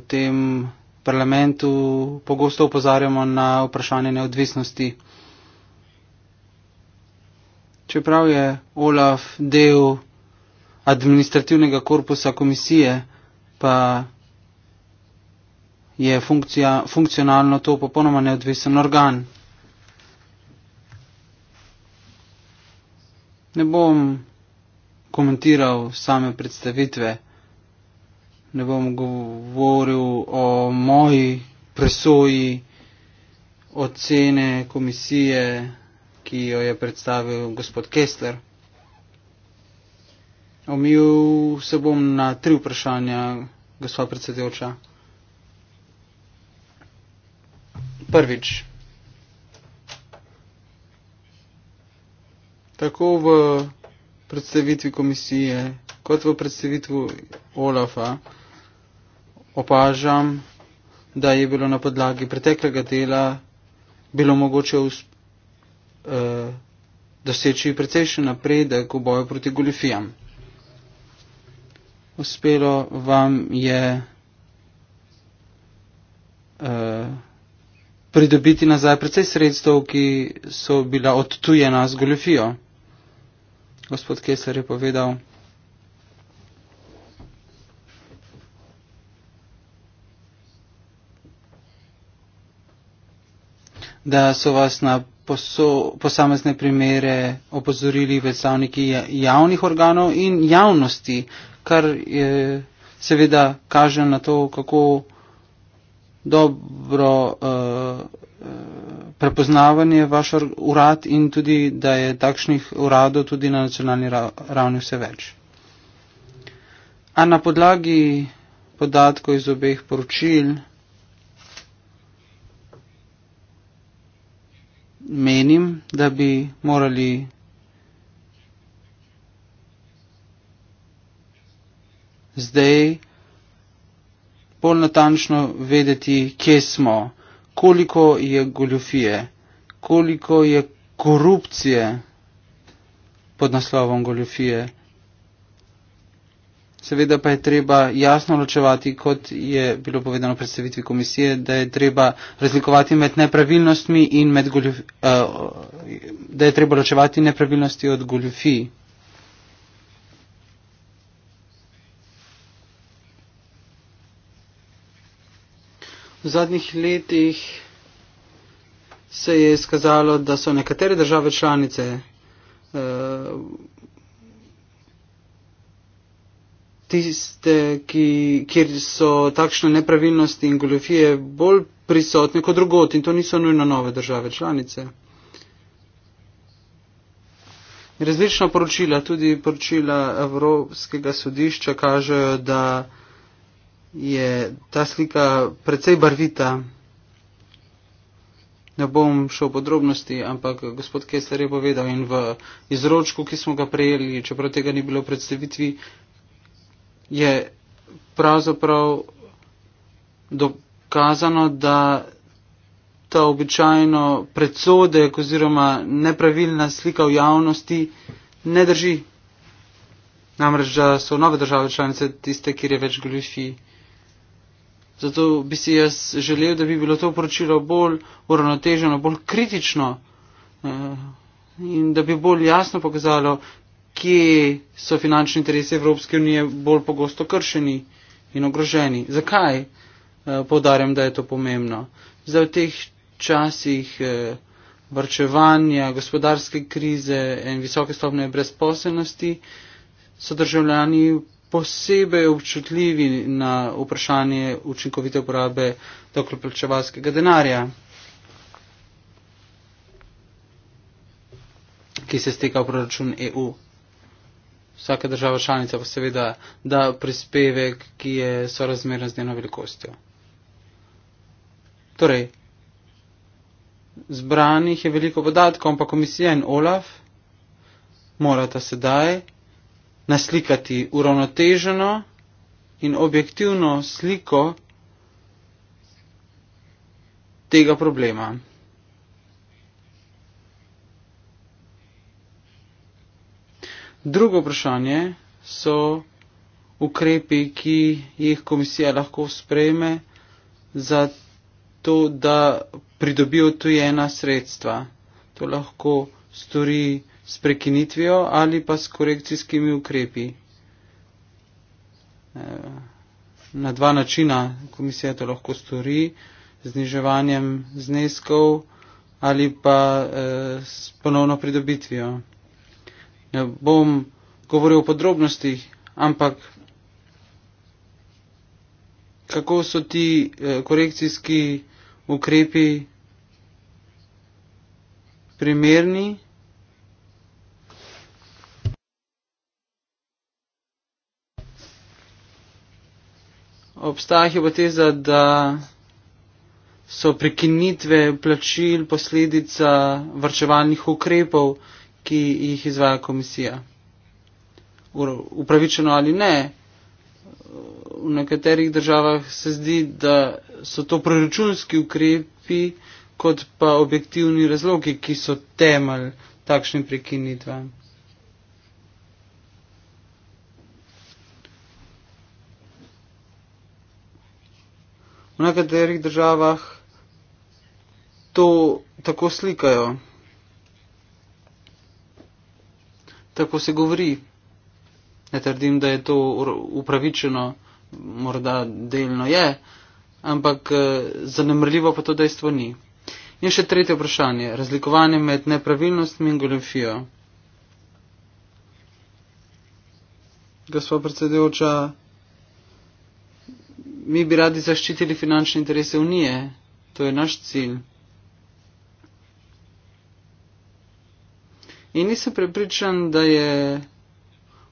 tem parlamentu pogosto upozarjamo na vprašanje neodvisnosti. Čeprav je Olaf del administrativnega korpusa komisije, pa je funkcija, funkcionalno to popolnoma neodvisen organ. Ne bom komentiral same predstavitve ne bom govoril o moji presoji ocene komisije, ki jo je predstavil gospod Kessler. Omil se bom na tri vprašanja, gospod predsedujoča. Prvič. Tako v predstavitvi komisije kot v predstavitvi Olafa opažam, da je bilo na podlagi preteklega dela bilo mogoče usp, eh, doseči precejšen napredek v boju proti goljufijam. Uspelo vam je eh, pridobiti nazaj precej sredstev, ki so bila odtujena z goljufijo. Gospod Kesar je povedal, da so vas na poso, posamezne primere opozorili predstavniki ja-, javnih organov in javnosti, kar je, seveda kaže na to, kako dobro uh, prepoznavanje vaš urad in tudi, da je takšnih uradov tudi na nacionalni ravni vse več. A na podlagi podatkov iz obeh poročil menim, da bi morali zdaj bolj natančno vedeti, kje smo, koliko je goljofije, koliko je korupcije pod naslovom goljofije. Seveda pa je treba jasno ločevati, kot je bilo povedano v predstavitvi komisije, da je treba razlikovati med nepravilnostmi in med goljuf, uh, eh, da je treba ločevati nepravilnosti od goljufij. V zadnjih letih se je izkazalo, da so nekatere države članice uh, tiste, ki, kjer so takšne nepravilnosti in goljofije bolj prisotne kot drugot in to niso nujno nove države članice. Različna poročila, tudi poročila Evropskega sodišča kažejo, da je ta slika precej barvita. Ne bom šel v podrobnosti, ampak gospod Kester je povedal in v izročku, ki smo ga prejeli, čeprav tega ni bilo v predstavitvi, je pravzaprav dokazano, da ta običajno predsodek oziroma nepravilna slika v javnosti ne drži. Namreč, da so nove države članice tiste, kjer je več goljufij. Zato bi si jaz želel, da bi bilo to poročilo bolj uravnoteženo, bolj kritično eh, in da bi bolj jasno pokazalo, kje so finančni interesi Evropske unije bolj pogosto kršeni in ogroženi. Zakaj eh, povdarjam, da je to pomembno? Zdaj v teh časih eh, vrčevanja, gospodarske krize in visoke stopne brezposelnosti so državljani posebej občutljivi na vprašanje učinkovite uporabe dokloplačevalskega denarja, ki se steka v proračun EU vsaka država članica pa seveda da prispevek, ki je sorazmeren z njeno velikostjo. Torej, zbranih je veliko podatkov, ampak komisija in OLAF morata sedaj naslikati uravnoteženo in objektivno sliko tega problema. Drugo vprašanje so ukrepi, ki jih komisija lahko sprejme za to, da pridobijo tujena sredstva. To lahko stori s prekinitvijo ali pa s korekcijskimi ukrepi. Eh, na dva načina komisija to lahko stori, zniževanjem zneskov ali pa eh, s ponovno pridobitvijo ne bom govoril o podrobnostih, ampak kako so ti eh, korekcijski ukrepi primerni. Obstaja hipoteza, da so prekinitve plačil posledica vrčevalnih ukrepov ki jih izvaja komisija. Upravičeno ali ne, v nekaterih državah se zdi, da so to proračunski ukrepi, kot pa objektivni razlogi, ki so temelj takšnim prekinitvam. V nekaterih državah to tako slikajo. tako se govori. Ne trdim, da je to upravičeno, morda delno je, ampak eh, zanemrljivo pa to dejstvo ni. In še tretje vprašanje. Razlikovanje med nepravilnostmi in goljofijo. Gospod predsedujoča, mi bi radi zaščitili finančne interese Unije. To je naš cilj. In nisem prepričan, da je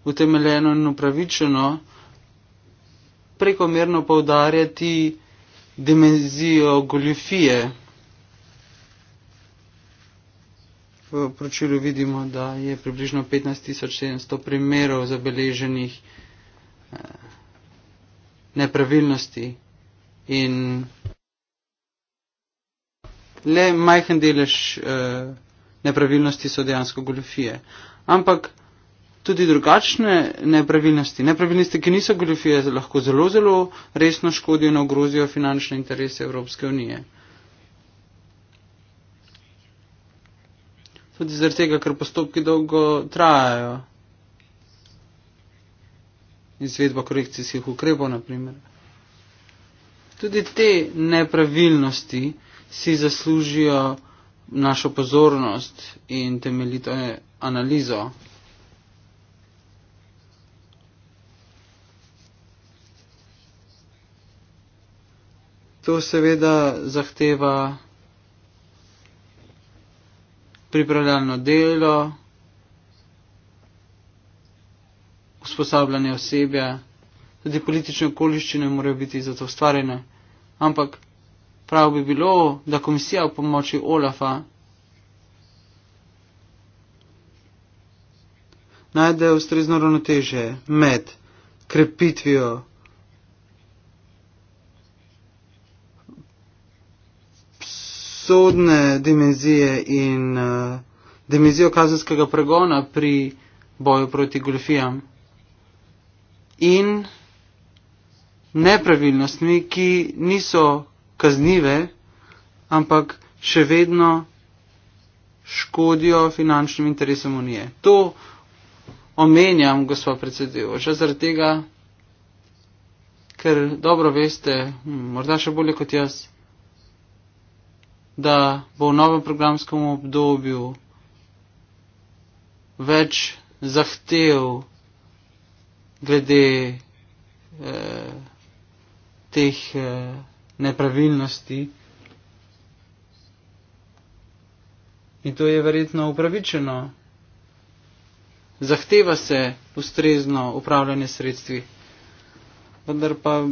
utemeljeno in upravičeno prekomerno povdarjati dimenzijo goljufije. V poročilu vidimo, da je približno 15.700 primerov zabeleženih eh, nepravilnosti in le majhen delež. Eh, nepravilnosti so dejansko goljofije. Ampak tudi drugačne nepravilnosti, nepravilnosti, ki niso goljofije, lahko zelo, zelo resno škodijo in ogrozijo finančne interese Evropske unije. Tudi zaradi tega, ker postopki dolgo trajajo. Izvedba korekcijskih ukrepov, naprimer. Tudi te nepravilnosti si zaslužijo našo pozornost in temeljito analizo. To seveda zahteva pripravljalno delo, usposabljanje osebja, tudi politične okoliščine morajo biti za to ustvarjene, ampak prav bi bilo, da komisija v pomoči Olafa najde ustrezno ravnoteže med krepitvijo sodne dimenzije in uh, dimenzijo kazenskega pregona pri boju proti goljofijam in nepravilnostmi, ki niso kaznive, ampak še vedno škodijo finančnim interesom unije. To omenjam, gospod predsedujoča, zaradi tega, ker dobro veste, hm, morda še bolje kot jaz, da bo v novem programskem obdobju več zahtev glede eh, teh eh, nepravilnosti. In to je verjetno upravičeno. Zahteva se ustrezno upravljanje sredstvi, vendar pa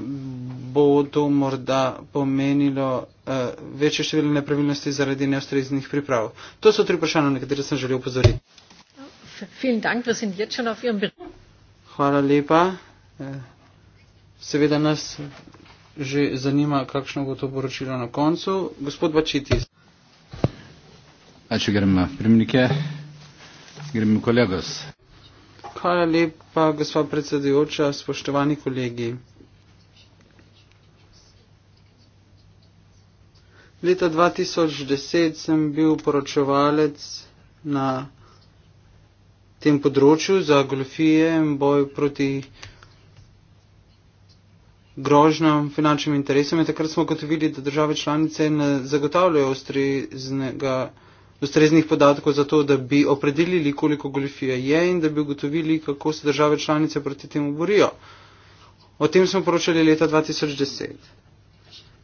bo to morda pomenilo uh, večje število nepravilnosti zaradi neustreznih priprav. To so tri vprašanja, na katere sem želel upozoriti. Hvala lepa. Eh, seveda nas že zanima, kakšno bo to poročilo na koncu. Gospod Bačitis. Če gremo premnike, gremo kolegos. Hvala lepa, gospa predsedujoča, spoštovani kolegi. Leta 2010 sem bil poročevalec na tem področju za golfije in boj proti grožnjam, finančnim interesom in takrat smo gotovili, da države članice ne zagotavljajo ustreznih podatkov za to, da bi opredelili, koliko goljofije je in da bi ugotovili, kako se države članice proti temu borijo. O tem smo poročali leta 2010.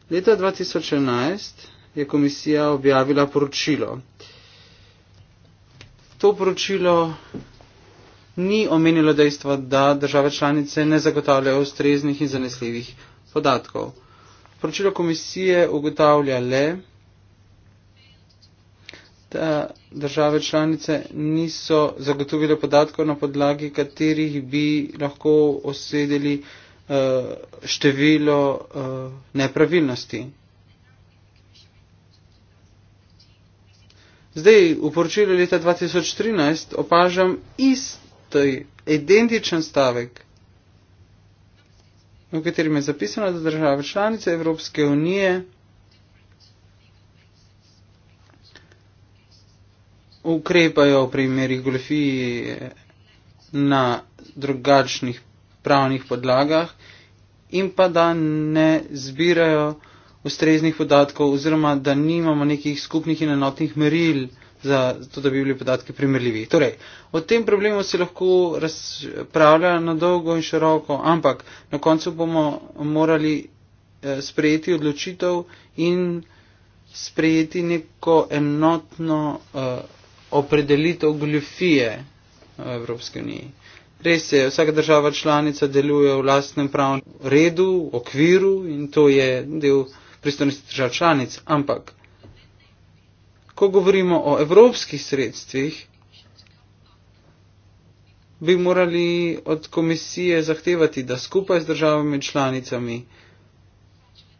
Leta 2011 je komisija objavila poročilo. To poročilo ni omenilo dejstva, da države članice ne zagotavljajo ustreznih in zanesljivih podatkov. Poročilo komisije ugotavlja le, da države članice niso zagotovile podatkov, na podlagi katerih bi lahko osedeli eh, število eh, nepravilnosti. Zdaj, v poročilu leta 2013 opažam isto to je identičen stavek, v katerem je zapisano, da države članice Evropske unije ukrepajo pri merigrafiji na drugačnih pravnih podlagah in pa da ne zbirajo ustreznih podatkov oziroma da nimamo nekih skupnih in enotnih meril za to, da bi bili podatki primerljivi. Torej, o tem problemu se lahko razpravlja na dolgo in široko, ampak na koncu bomo morali eh, sprejeti odločitev in sprejeti neko enotno uh, opredelitev glifije eh, v Evropski uniji. Res je, vsaka država članica deluje v lastnem pravnem redu, okviru in to je del pristojnosti držav članic, ampak ko govorimo o evropskih sredstvih, bi morali od komisije zahtevati, da skupaj z državami članicami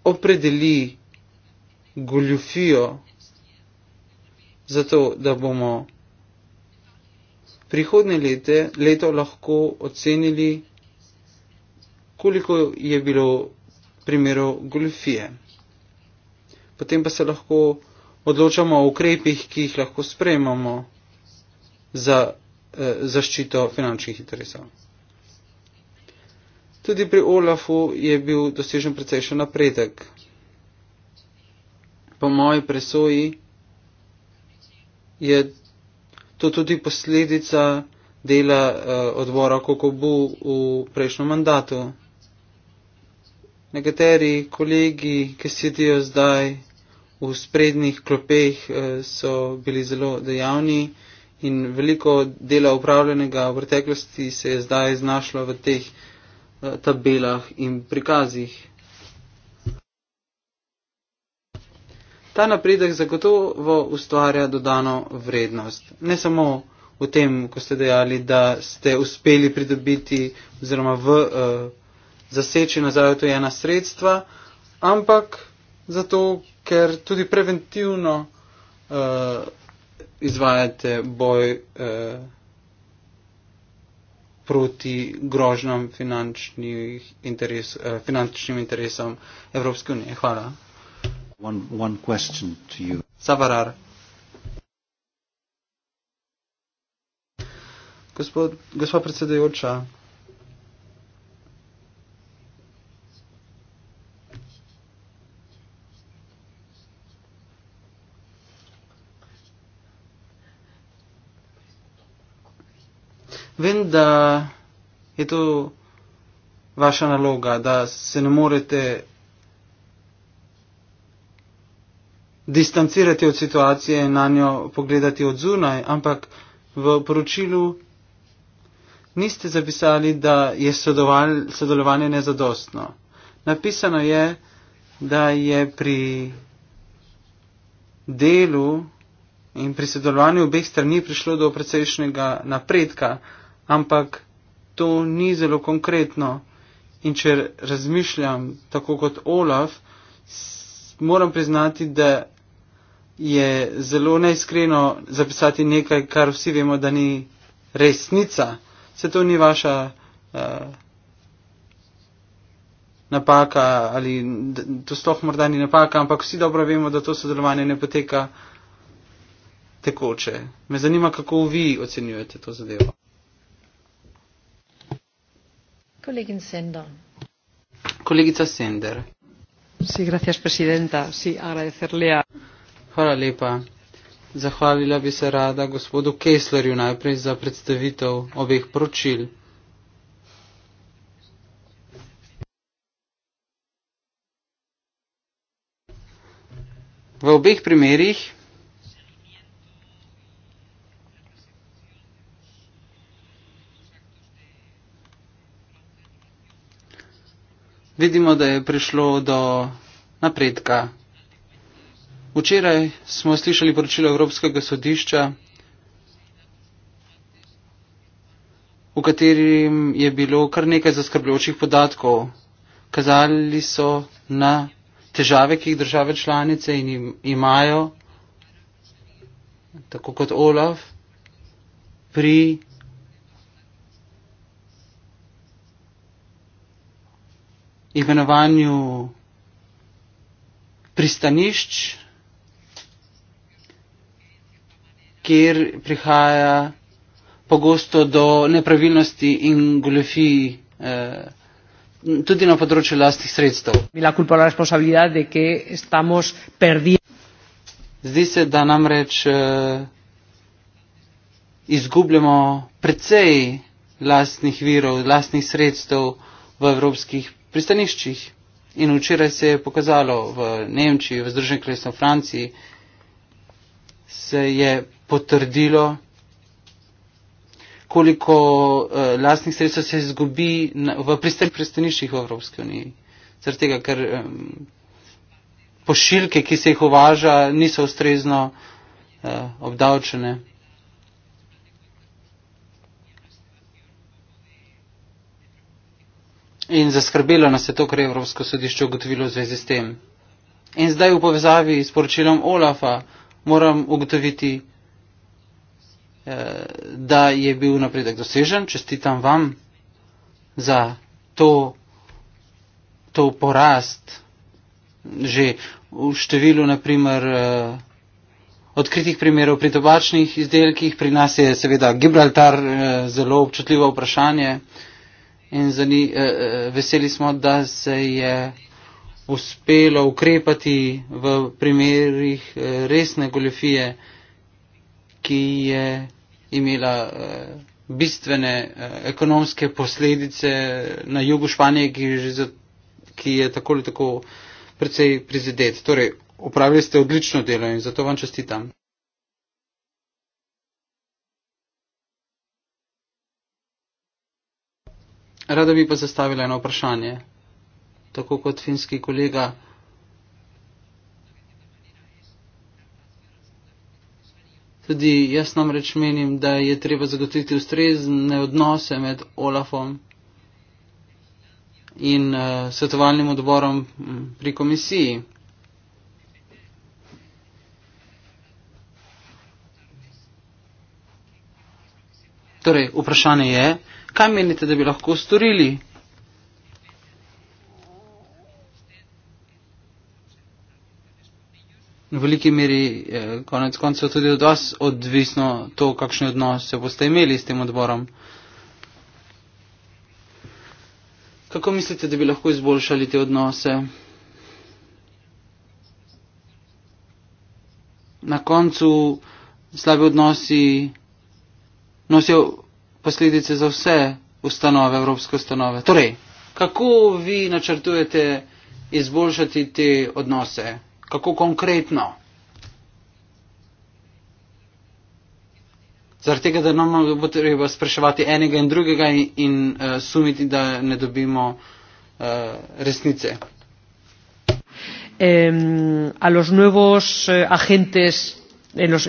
opredeli goljufijo za to, da bomo prihodne lete, leto lahko ocenili, koliko je bilo primerov goljufije. Potem pa se lahko odločamo o ukrepih, ki jih lahko sprejmamo za eh, zaščito finančnih interesov. Tudi pri Olafu je bil dosežen precejšen napredek. Po moji presoji je to tudi posledica dela eh, odbora Kokobu v prejšnjem mandatu. Nekateri kolegi, ki sedijo zdaj v sprednjih klopeh eh, so bili zelo dejavni in veliko dela upravljenega v preteklosti se je zdaj znašlo v teh eh, tabelah in prikazih. Ta napredek zagotovo ustvarja dodano vrednost. Ne samo v tem, ko ste dejali, da ste uspeli pridobiti oziroma v eh, zaseči nazaj otojena sredstva, ampak zato, ker tudi preventivno uh, izvajate boj uh, proti grožnjam finančnih interes, uh, finančnim interesom Evropske unije. Hvala. One, one Savarar. Gospod, gospod predsedajoča, Vem, da je to vaša naloga, da se ne morete distancirati od situacije in na njo pogledati od zunaj, ampak v poročilu niste zapisali, da je sodelovanje nezadostno. Napisano je, da je pri delu in pri sodelovanju obeh strani prišlo do precejšnjega napredka ampak to ni zelo konkretno. In če razmišljam tako kot Olaf, moram priznati, da je zelo neiskreno zapisati nekaj, kar vsi vemo, da ni resnica. Se to ni vaša uh, napaka ali to sploh morda ni napaka, ampak vsi dobro vemo, da to sodelovanje ne poteka tekoče. Me zanima, kako vi ocenjujete to zadevo. Colegin Sender. Kolegica Sender. Sí, gracias, presidenta. Sí, agradecerle a... Hvala lepa. Zahvalila bi se rada gospodu Kesslerju najprej za predstavitev obeh poročil. V obeh primerjih vidimo, da je prišlo do napredka. Včeraj smo slišali poročilo Evropskega sodišča, v katerem je bilo kar nekaj zaskrbljujočih podatkov. Kazali so na težave, ki jih države članice imajo, tako kot Olaf, pri imenovanju pristanišč, kjer prihaja pogosto do nepravilnosti in goljofij eh, tudi na področju lastnih sredstev. Zdi se, da namreč eh, izgubljamo precej lastnih virov, lastnih sredstev v evropskih pristaniščih. In včeraj se je pokazalo v Nemčiji, v Združenem kraljestvu Franciji, se je potrdilo, koliko uh, lastnih sredstev se izgubi v pristaniščih v Evropski uniji. Zaradi tega, ker um, pošiljke, ki se jih uvaža, niso ustrezno uh, obdavčene. In zaskrbelo nas je to, kar je Evropsko sodišče ugotovilo v zvezi s tem. In zdaj v povezavi s poročilom Olafa moram ugotoviti, eh, da je bil napredek dosežen. Čestitam vam za to, to porast že v številu naprimer, eh, odkritih primerov pri tobačnih izdelkih. Pri nas je seveda Gibraltar eh, zelo občutljivo vprašanje in zani, eh, eh, veseli smo, da se je uspelo ukrepati v primerih eh, resne goljofije, ki je imela eh, bistvene eh, ekonomske posledice na jugu Španije, ki, za, ki je tako ali tako precej prizadet. Torej, upravili ste odlično delo in zato vam čestitam. Rada bi pa zastavila eno vprašanje, tako kot finski kolega. Tudi jaz namreč menim, da je treba zagotoviti ustrezne odnose med Olafom in uh, svetovalnim odborom pri komisiji. Torej, vprašanje je, Kaj menite, da bi lahko storili? V veliki meri je eh, konec koncev tudi od vas odvisno to, kakšne odnose boste imeli s tem odborom. Kako mislite, da bi lahko izboljšali te odnose? Na koncu slabi odnosi nosijo posledice za vse ustanove, evropske ustanove. Torej, kako vi načrtujete izboljšati te odnose? Kako konkretno? Zaradi tega, da nam bo treba spraševati enega in drugega in, in uh, sumiti, da ne dobimo uh, resnice. Um, a los nuevos uh, agentes. Los...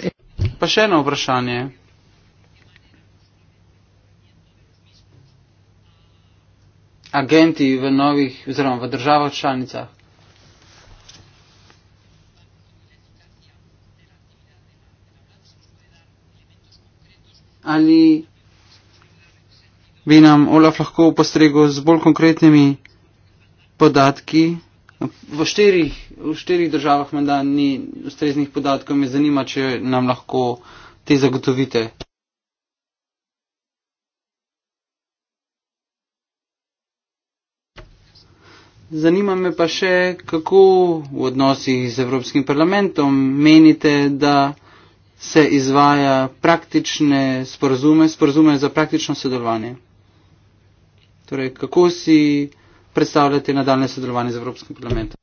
Pa še eno vprašanje. agenti v novih oziroma v državah članicah. Ali bi nam Olaf lahko postregel z bolj konkretnimi podatki? V štirih, v štirih državah menda ni ustreznih podatkov, me zanima, če nam lahko te zagotovite. Zanima me pa še, kako v odnosih z Evropskim parlamentom menite, da se izvaja praktične sporazume, sporazume za praktično sodelovanje. Torej, kako si predstavljate nadaljne sodelovanje z Evropskim parlamentom?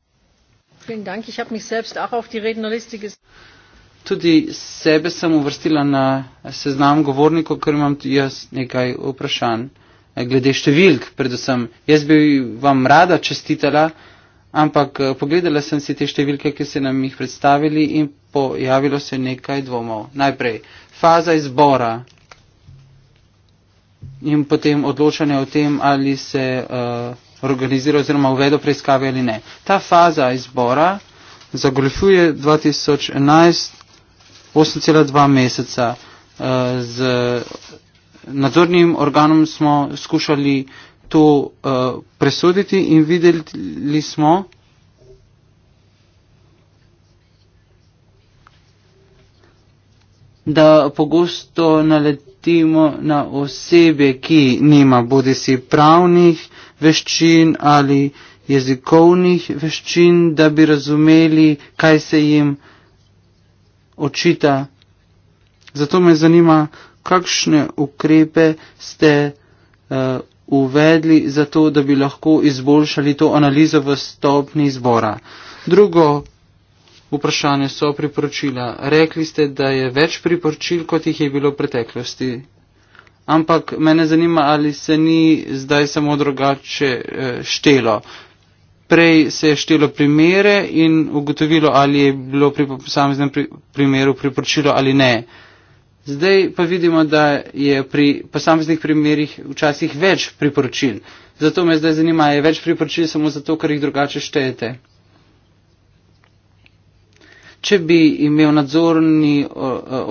Tudi sebe sem uvrstila na seznam govornikov, ker imam tudi jaz nekaj vprašanj. Eh, glede številk, predvsem. Jaz bi vam rada čestitala, ampak eh, pogledala sem si te številke, ki ste nam jih predstavili in pojavilo se nekaj dvomov. Najprej faza izbora in potem odločanje o tem, ali se uh, organizira oziroma uvedo preiskave ali ne. Ta faza izbora zagoljuje 2011 8,2 meseca uh, z nadzornim organom smo skušali to uh, eh, presuditi in videli smo, da pogosto naletimo na osebe, ki nima bodi si pravnih veščin ali jezikovnih veščin, da bi razumeli, kaj se jim očita. Zato me zanima, kakšne ukrepe ste uh, uvedli za to, da bi lahko izboljšali to analizo v stopni izbora. Drugo vprašanje so priporočila. Rekli ste, da je več priporočil, kot jih je bilo v preteklosti. Ampak mene zanima, ali se ni zdaj samo drugače uh, štelo. Prej se je štelo primere in ugotovilo, ali je bilo pri posameznem pri, primeru priporočilo ali ne. Uh, Zdaj pa vidimo, da je pri posameznih primerjih včasih več priporočil. Zato me zdaj zanima, je več priporočil samo zato, ker jih drugače štejete. Če bi imel nadzorni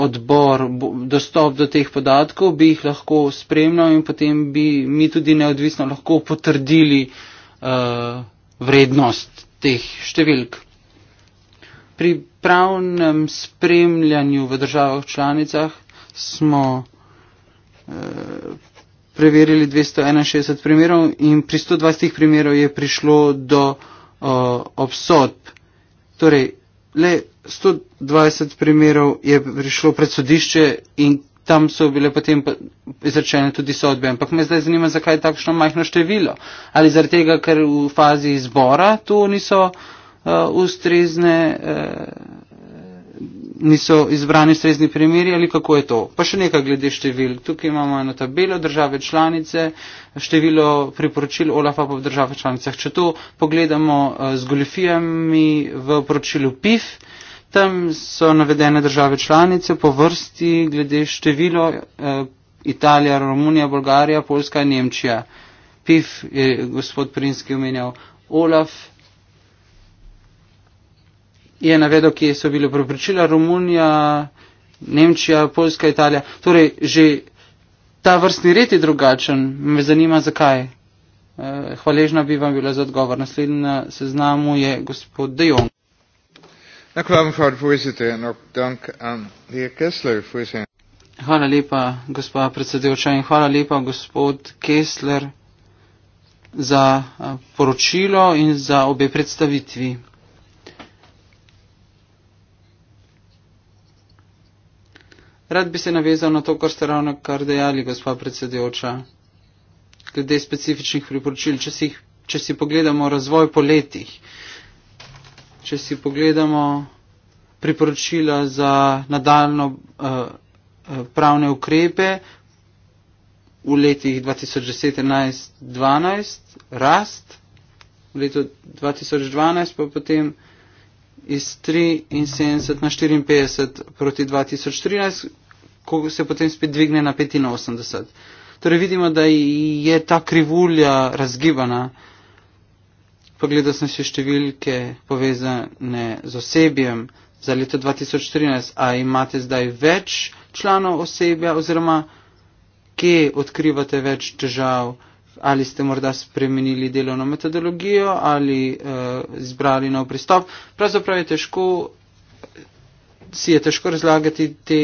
odbor dostop do teh podatkov, bi jih lahko spremljal in potem bi mi tudi neodvisno lahko potrdili uh, vrednost teh številk. Pri pravnem spremljanju v državah članicah smo eh, preverili 261 primerov in pri 120 primerov je prišlo do eh, obsodb. Torej, le 120 primerov je prišlo pred sodišče in tam so bile potem izrečene tudi sodbe. Ampak me zdaj zanima, zakaj je takšno majhno število. Ali zaradi tega, ker v fazi izbora to niso uh, ustrezne. Uh, niso izbrani strezni primeri ali kako je to. Pa še nekaj glede števil. Tukaj imamo eno tabelo države članice, število priporočil OLAF-a v državah članicah. Če to pogledamo eh, z golifijami v poročilu PIF, tam so navedene države članice po vrsti glede število eh, Italija, Romunija, Bolgarija, Poljska in Nemčija. PIF je gospod Prinski omenjal OLAF je navedel, kje so bile prepričila Romunija, Nemčija, Poljska, Italija. Torej, že ta vrstni red je drugačen. Me zanima, zakaj. Eh, hvaležna bi vam bila za odgovor. Naslednji na seznamu je gospod De Jong. Hvala lepa, gospa predsedujoča in hvala lepa, gospod Kessler, za eh, poročilo in za obe predstavitvi. Rad bi se navezal na to, kar ste ravno kar dejali, gospa predsedujoča, glede specifičnih priporočil. Če si, če si pogledamo razvoj po letih, če si pogledamo priporočila za nadaljno uh, eh, eh, pravne ukrepe v letih 2010-2012, rast, v letu 2012 pa potem iz 73 na 54 proti 2013 ko se potem spet dvigne na 85. Torej vidimo, da je ta krivulja razgibana. Pogledal sem še številke povezane z osebjem za leto 2014. A imate zdaj več članov osebja oziroma kje odkrivate več držav? Ali ste morda spremenili delovno metodologijo ali uh, izbrali nov pristop? Pravzaprav je težko si je težko razlagati te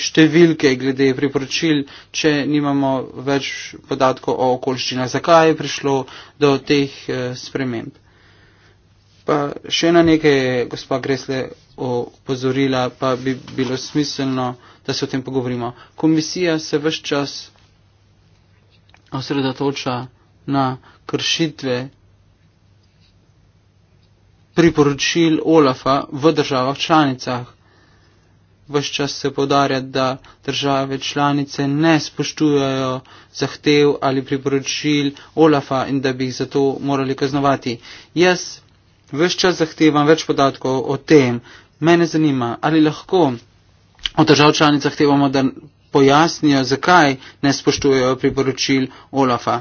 številke glede priporočil, če nimamo več podatkov o okoliščinah, zakaj je prišlo do teh eh, sprememb. Pa še na nekaj je gospa Gresle opozorila, pa bi bilo smiselno, da se o tem pogovorimo. Komisija se vse čas osredotoča na kršitve priporočil Olafa v državah članicah. Ves čas se podarja, da države članice ne spoštujajo zahtev ali priporočil Olafa in da bi jih zato morali kaznovati. Jaz ves čas zahtevam več podatkov o tem. Mene zanima, ali lahko od držav članic zahtevamo, da pojasnijo, zakaj ne spoštujejo priporočil Olafa.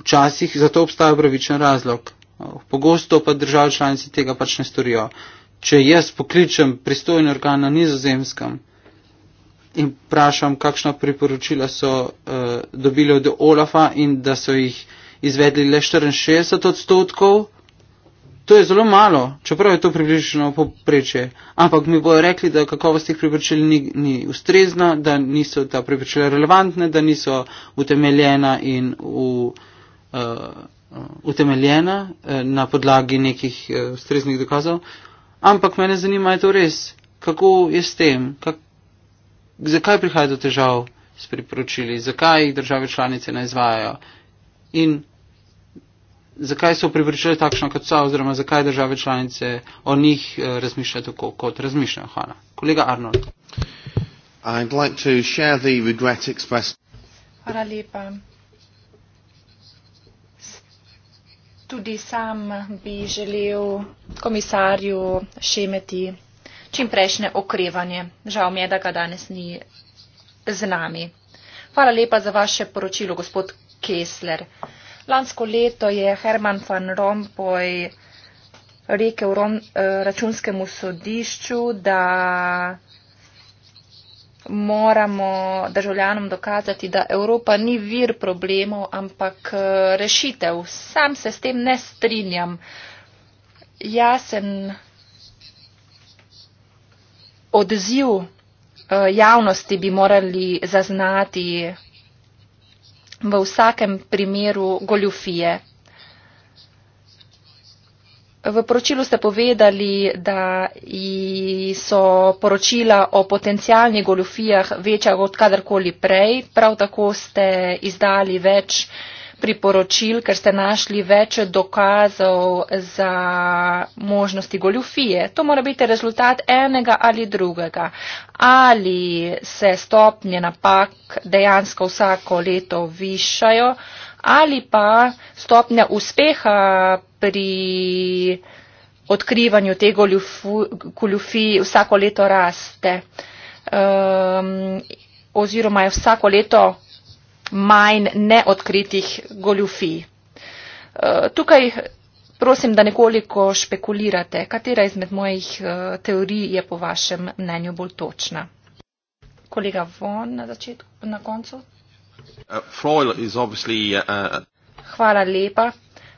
Včasih za to obstaja pravičen razlog. Eh, pogosto pa držav članici tega pač ne storijo. Če jaz pokličem pristojni organ na nizozemskem in vprašam, kakšna priporočila so uh, dobili od Olafa in da so jih izvedli le 64 odstotkov, to je zelo malo, čeprav je to približno poprečje. Ampak mi bojo rekli, da kakovost teh priporočil ni, ni ustrezna, da niso ta priporočila relevantne, da niso utemeljena in v. Uh, Eh, utemeljena eh, na podlagi nekih eh, ustreznih dokazov, ampak mene zanima, je to res, kako je s tem, kak, zakaj prihaja do težav s priporočili, zakaj jih države članice ne izvajajo in zakaj so priporočili takšno kot so, oziroma zakaj države članice o njih razmišljajo tako, kot razmišljajo. Hvala. Kolega Arnold. Like Hvala lepa. tudi sam bi želel komisarju šemeti čimprejšnje okrevanje. Žal mi je, da ga danes ni z nami. Hvala lepa za vaše poročilo, gospod Kessler. Lansko leto je Herman van Rompuy rekel eh, računskemu sodišču, da moramo državljanom dokazati, da Evropa ni vir problemov, ampak eh, rešitev. Sam se s tem ne strinjam. Jasen odziv eh, javnosti bi morali zaznati v vsakem primeru goljufije. V poročilu ste povedali, da so poročila o potencijalnih goljofijah večja od kadarkoli prej. Prav tako ste izdali več priporočil, ker ste našli več dokazov za možnosti goljofije. To mora biti rezultat enega ali drugega. Ali se stopnje napak dejansko vsako leto višajo? ali pa stopnja uspeha pri odkrivanju te goljufije vsako leto raste. Um, oziroma je vsako leto manj neodkritih goljufij. E, tukaj prosim, da nekoliko špekulirate, katera izmed mojih e, teorij je po vašem mnenju bolj točna. Kolega Von na začetku, na koncu. Uh, uh, uh, Hvala lepa.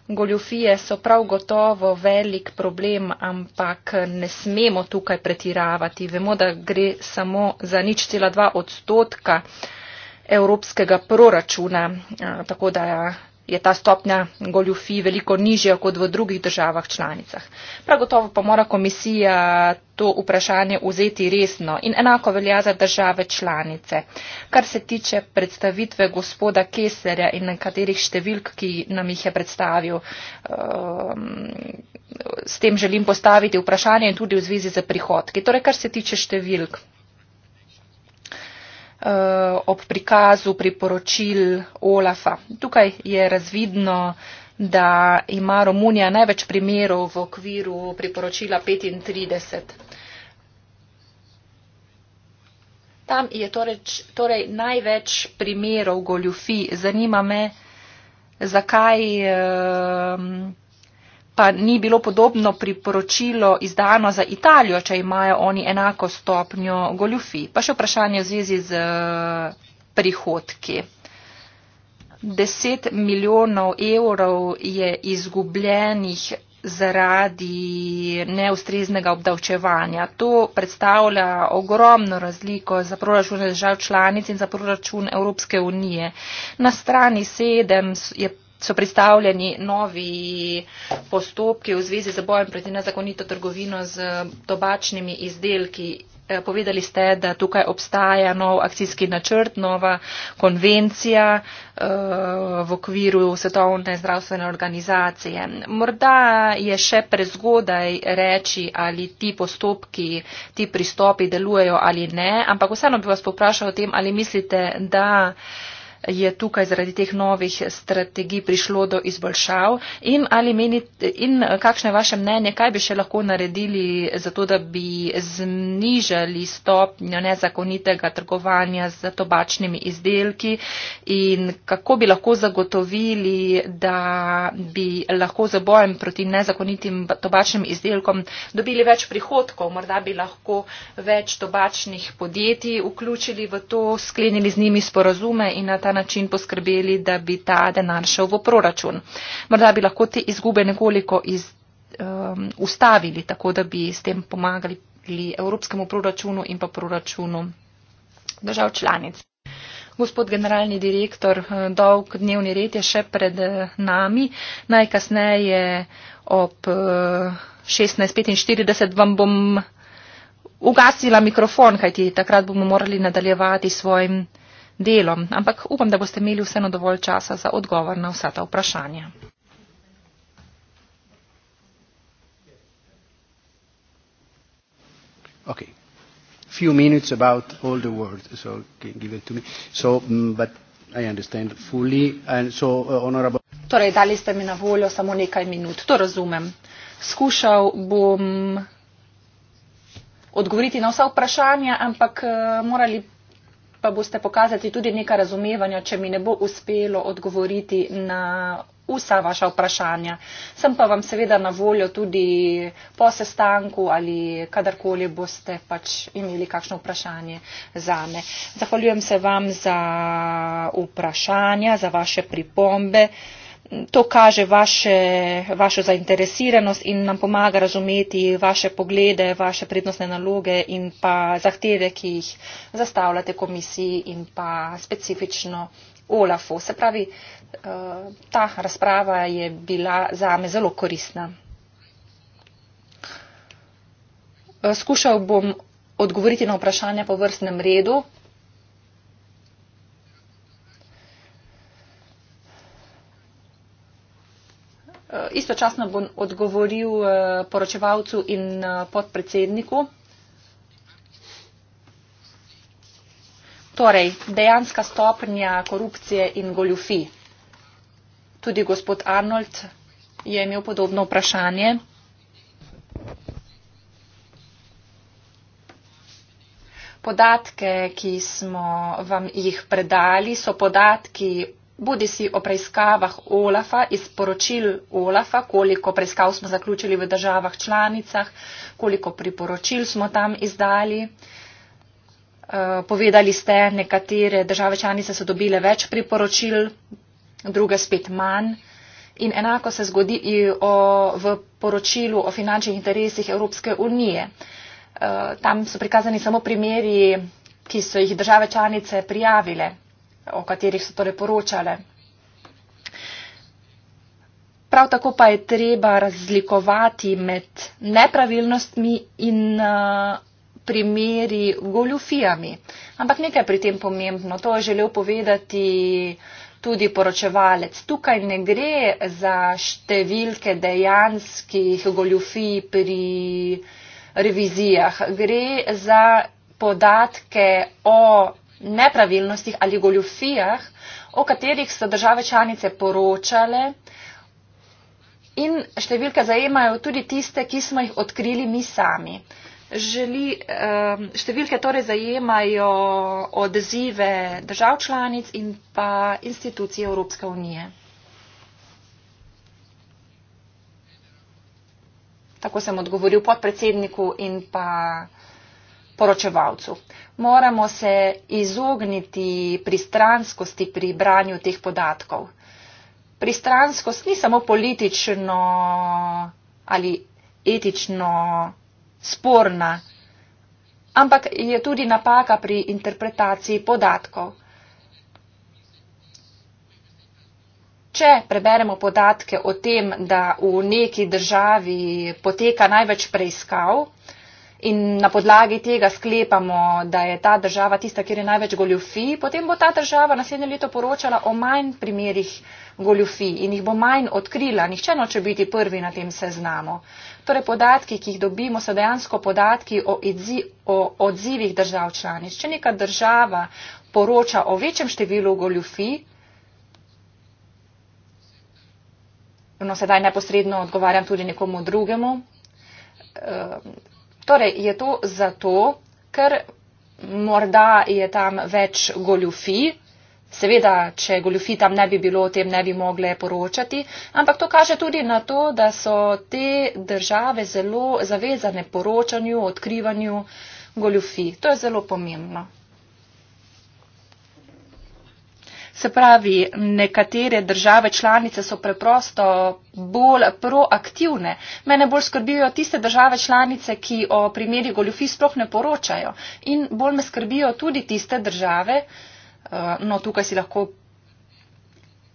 Goljofije so prav gotovo velik problem, ampak ne smemo tukaj pretiravati. Vemo, da gre samo za nič cela dva odstotka evropskega proračuna, tako da je ta stopnja goljufij veliko nižja kot v drugih državah članicah. Prav gotovo pa mora komisija to vprašanje vzeti resno in enako velja za države članice. Kar se tiče predstavitve gospoda Keserja in nekaterih številk, ki nam jih je predstavil, ehm, s tem želim postaviti vprašanje in tudi v zvezi z prihodki. Torej, kar se tiče številk. Eh, ob prikazu priporočil Olafa. Tukaj je razvidno, da ima Romunija največ primerov v okviru priporočila 35. Tam je torej, torej največ primerov goljufi. Zanima me, zakaj. Uh, pa ni bilo podobno priporočilo izdano za Italijo, če imajo oni enako stopnjo goljufi. Pa še vprašanje v zvezi z eh, prihodki. 10 milijonov evrov je izgubljenih zaradi neustreznega obdavčevanja. To predstavlja ogromno razliko za proračune držav članic in za proračun Evropske unije. Na strani 7 je so predstavljeni novi postopki v zvezi z bojem proti nezakonito trgovino z tobačnimi izdelki. E, povedali ste, da tukaj obstaja nov akcijski načrt, nova konvencija e, v okviru Svetovne zdravstvene organizacije. Morda je še prezgodaj reči, ali ti postopki, ti pristopi delujejo ali ne, ampak vseeno bi vas poprašal o tem, ali mislite, da je tukaj zaradi teh novih strategij prišlo do izboljšav in, meni, in kakšno je vaše mnenje, kaj bi še lahko naredili za to, da bi znižali stopnjo nezakonitega trgovanja z tobačnimi izdelki in kako bi lahko zagotovili, da bi lahko za bojem proti nezakonitim tobačnim izdelkom dobili več prihodkov, morda bi lahko več tobačnih podjetij vključili v to, sklenili z njimi sporozume in na ta način poskrbeli, da bi ta denar šel v proračun. Morda bi lahko te izgube nekoliko iz, um, ustavili, tako da bi s tem pomagali evropskemu proračunu in pa proračunu držav članic. Gospod generalni direktor, dolg dnevni red je še pred uh, nami. Najkasneje ob 16.45 uh, vam bom ugasila mikrofon, kajti takrat bomo morali nadaljevati svojim delo, ampak upam, da boste imeli vseeno dovolj časa za odgovor na vsa ta vprašanja. Okay. Few minutes about all the world, so give it to me. So, mm, but I understand fully. And so, uh, honorable. Torej, dali ste mi na voljo samo nekaj minut. To razumem. Skušal bom odgovoriti na vsa vprašanja, ampak uh, morali pa boste pokazati tudi nekaj razumevanja, če mi ne bo uspelo odgovoriti na vsa vaša vprašanja. Sem pa vam seveda na voljo tudi po sestanku ali kadarkoli boste pač imeli kakšno vprašanje za me. Zahvaljujem se vam za vprašanja, za vaše pripombe to kaže vaše, vašo zainteresiranost in nam pomaga razumeti vaše poglede, vaše prednostne naloge in pa zahteve, ki jih zastavljate komisiji in pa specifično OLAF-u. Se pravi, eh, ta razprava je bila zame zelo koristna. Eh, skušal bom odgovoriti na vprašanja po vrstnem redu, istočasno bom odgovoril eh, poročevalcu in eh, podpredsedniku. Torej, dejanska stopnja korupcije in goljufi. Tudi gospod Arnold je imel podobno vprašanje. Podatke, ki smo vam jih predali, so podatki bodi si o preiskavah OLAFA, iz poročil OLAFA, koliko preiskav smo zaključili v državah članicah, koliko priporočil smo tam izdali. Eh, povedali ste, nekatere države članice so dobile več priporočil, druge spet manj. In enako se zgodi o, v poročilu o finančnih interesih Evropske unije. Eh, tam so prikazani samo primeri, ki so jih države članice prijavile o katerih so torej poročale. Prav tako pa je treba razlikovati med nepravilnostmi in uh, primeri goljufijami. Ampak nekaj pri tem pomembno, to je želel povedati tudi poročevalec. Tukaj ne gre za številke dejanskih goljufij pri revizijah, gre za podatke o nepravilnostih ali goljufijah, o katerih so države članice poročale. In številke zajemajo tudi tiste, ki smo jih odkrili mi sami. Želi, številke torej zajemajo odzive držav članic in pa institucije Evropske unije. Tako sem odgovoril podpredsedniku in pa poročevalcu. Moramo se izogniti pristranskosti pri branju teh podatkov. Pristranskost ni samo politično ali etično sporna, ampak je tudi napaka pri interpretaciji podatkov. Če preberemo podatke o tem, da v neki državi poteka največ preiskav, in na podlagi tega sklepamo, da je ta država tista, kjer je največ goljufij, potem bo ta država naslednje leto poročala o manj primerih goljufij in jih bo manj odkrila. Nihče noče biti prvi na tem seznamu. Torej podatki, ki jih dobimo, so dejansko podatki o, izzi, o odzivih držav članic. Če neka država poroča o večjem številu goljufij, no sedaj neposredno odgovarjam tudi nekomu drugemu, Torej, je to zato, ker morda je tam več goljufij. Seveda, če goljufi tam ne bi bilo, o tem ne bi mogle poročati, ampak to kaže tudi na to, da so te države zelo zavezane poročanju, odkrivanju goljufi. To je zelo pomembno. Se pravi, nekatere države članice so preprosto bolj proaktivne. Mene bolj skrbijo tiste države članice, ki o primeri goljufi sploh ne poročajo. In bolj me skrbijo tudi tiste države, eh, no tukaj si lahko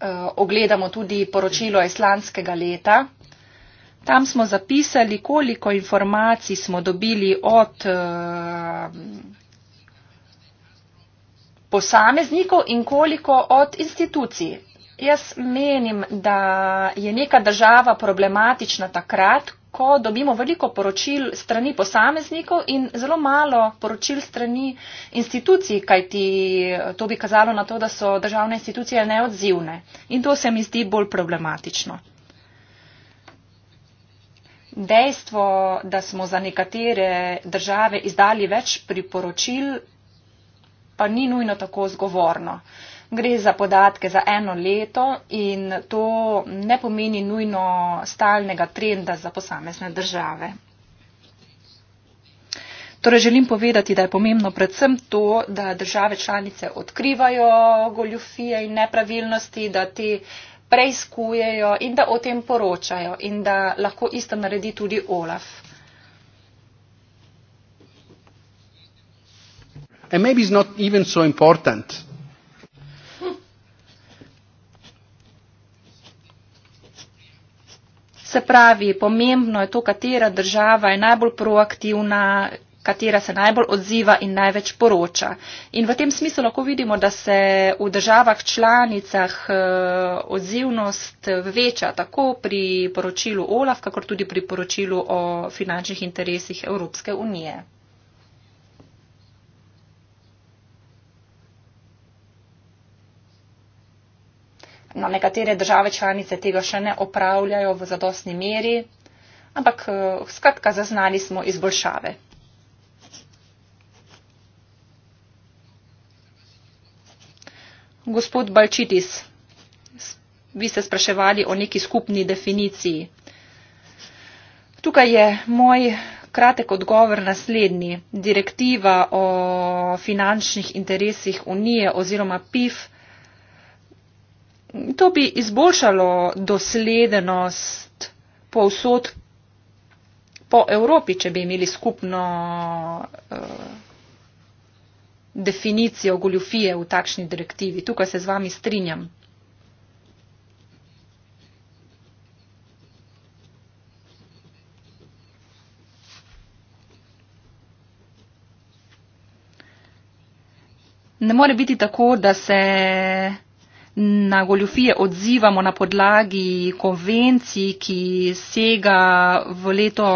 eh, ogledamo tudi poročilo islanskega leta. Tam smo zapisali, koliko informacij smo dobili od eh, posameznikov in koliko od institucij. Jaz menim, da je neka država problematična takrat, ko dobimo veliko poročil strani posameznikov in zelo malo poročil strani institucij, kajti eh, to bi kazalo na to, da so državne institucije neodzivne. In to se mi zdi bolj problematično. Dejstvo, da smo za nekatere države izdali več priporočil, pa ni nujno tako zgovorno. Gre za podatke za eno leto in to ne pomeni nujno stalnega trenda za posamezne države. Torej želim povedati, da je pomembno predvsem to, da države članice odkrivajo goljufije in nepravilnosti, da te preizkujejo in da o tem poročajo in da lahko isto naredi tudi Olaf. and maybe it's not even so important. Se pravi, pomembno je to, katera država je najbolj proaktivna, katera se najbolj odziva in največ poroča. In v tem smislu lahko vidimo, da se v državah članicah eh, odzivnost veča tako pri poročilu OLAF, kakor tudi pri poročilu o finančnih interesih Evropske unije. no, nekatere države članice tega še ne opravljajo v zadostni meri, ampak eh, skratka zaznali smo izboljšave. Gospod Balčitis, vi ste spraševali o neki skupni definiciji. Tukaj je moj kratek odgovor naslednji. Direktiva o finančnih interesih Unije oziroma PIF 2001-2003 to bi izboljšalo doslednost povsod po Evropi, če bi imeli skupno uh, definicijo goljufije v takšni direktivi. Tukaj se z vami strinjam. Ne more biti tako, da se na goljofije odzivamo na podlagi konvencij, ki sega v leto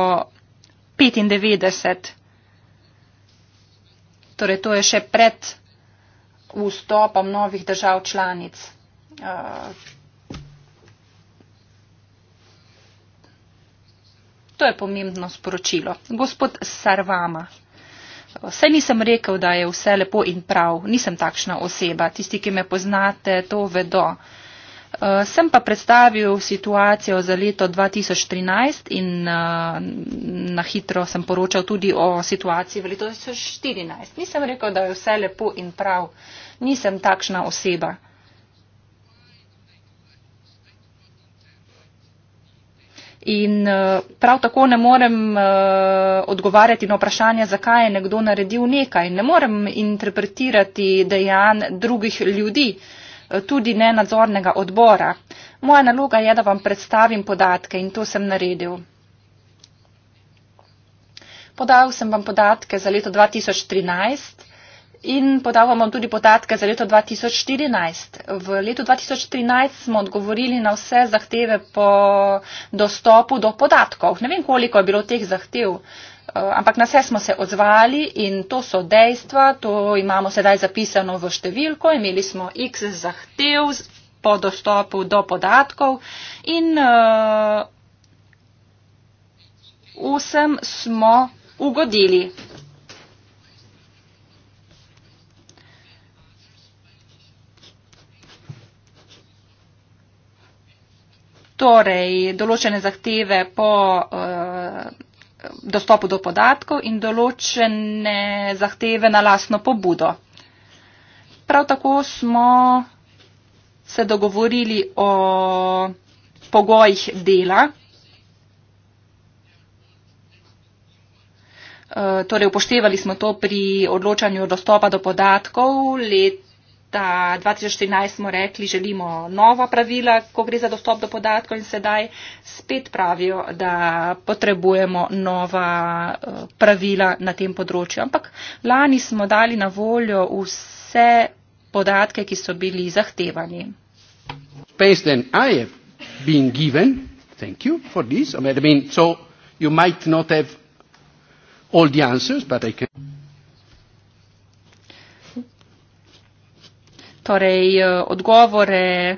95. Torej, to je še pred vstopom novih držav članic. Eh, to je pomembno sporočilo. Gospod Sarvama. Vse nisem rekel, da je vse lepo in prav, nisem takšna oseba, tisti, ki me poznate, to vedo. Uh, sem pa predstavil situacijo za leto 2013 in uh, na hitro sem poročal tudi o situaciji v letu 2014. Nisem rekel, da je vse lepo in prav, nisem takšna oseba. In eh, prav tako ne morem eh, odgovarjati na vprašanje, zakaj je nekdo naredil nekaj. Ne morem interpretirati dejanj drugih ljudi, eh, tudi ne nadzornega odbora. Moja naloga je, da vam predstavim podatke in to sem naredil. Podal sem vam podatke za leto 2013, In podal vam bom tudi podatke za leto 2014. V letu 2013 smo odgovorili na vse zahteve po dostopu do podatkov. Ne vem, koliko je bilo teh zahtev, eh, ampak na vse smo se odzvali in to so dejstva, to imamo sedaj zapisano v številko. Imeli smo x zahtev po dostopu do podatkov in vsem eh, smo ugodili. Torej, določene zahteve po uh, dostopu do podatkov in določene zahteve na lasno pobudo. Prav tako smo se dogovorili o pogojih dela, uh, torej upoštevali smo to pri odločanju dostopa do podatkov leta leta 2014 smo rekli, želimo nova pravila, ko gre za dostop do podatkov in sedaj spet pravijo, da potrebujemo nova eh, pravila na tem področju. Ampak lani smo dali na voljo vse podatke, ki so bili zahtevani. Space, torej eh, odgovore.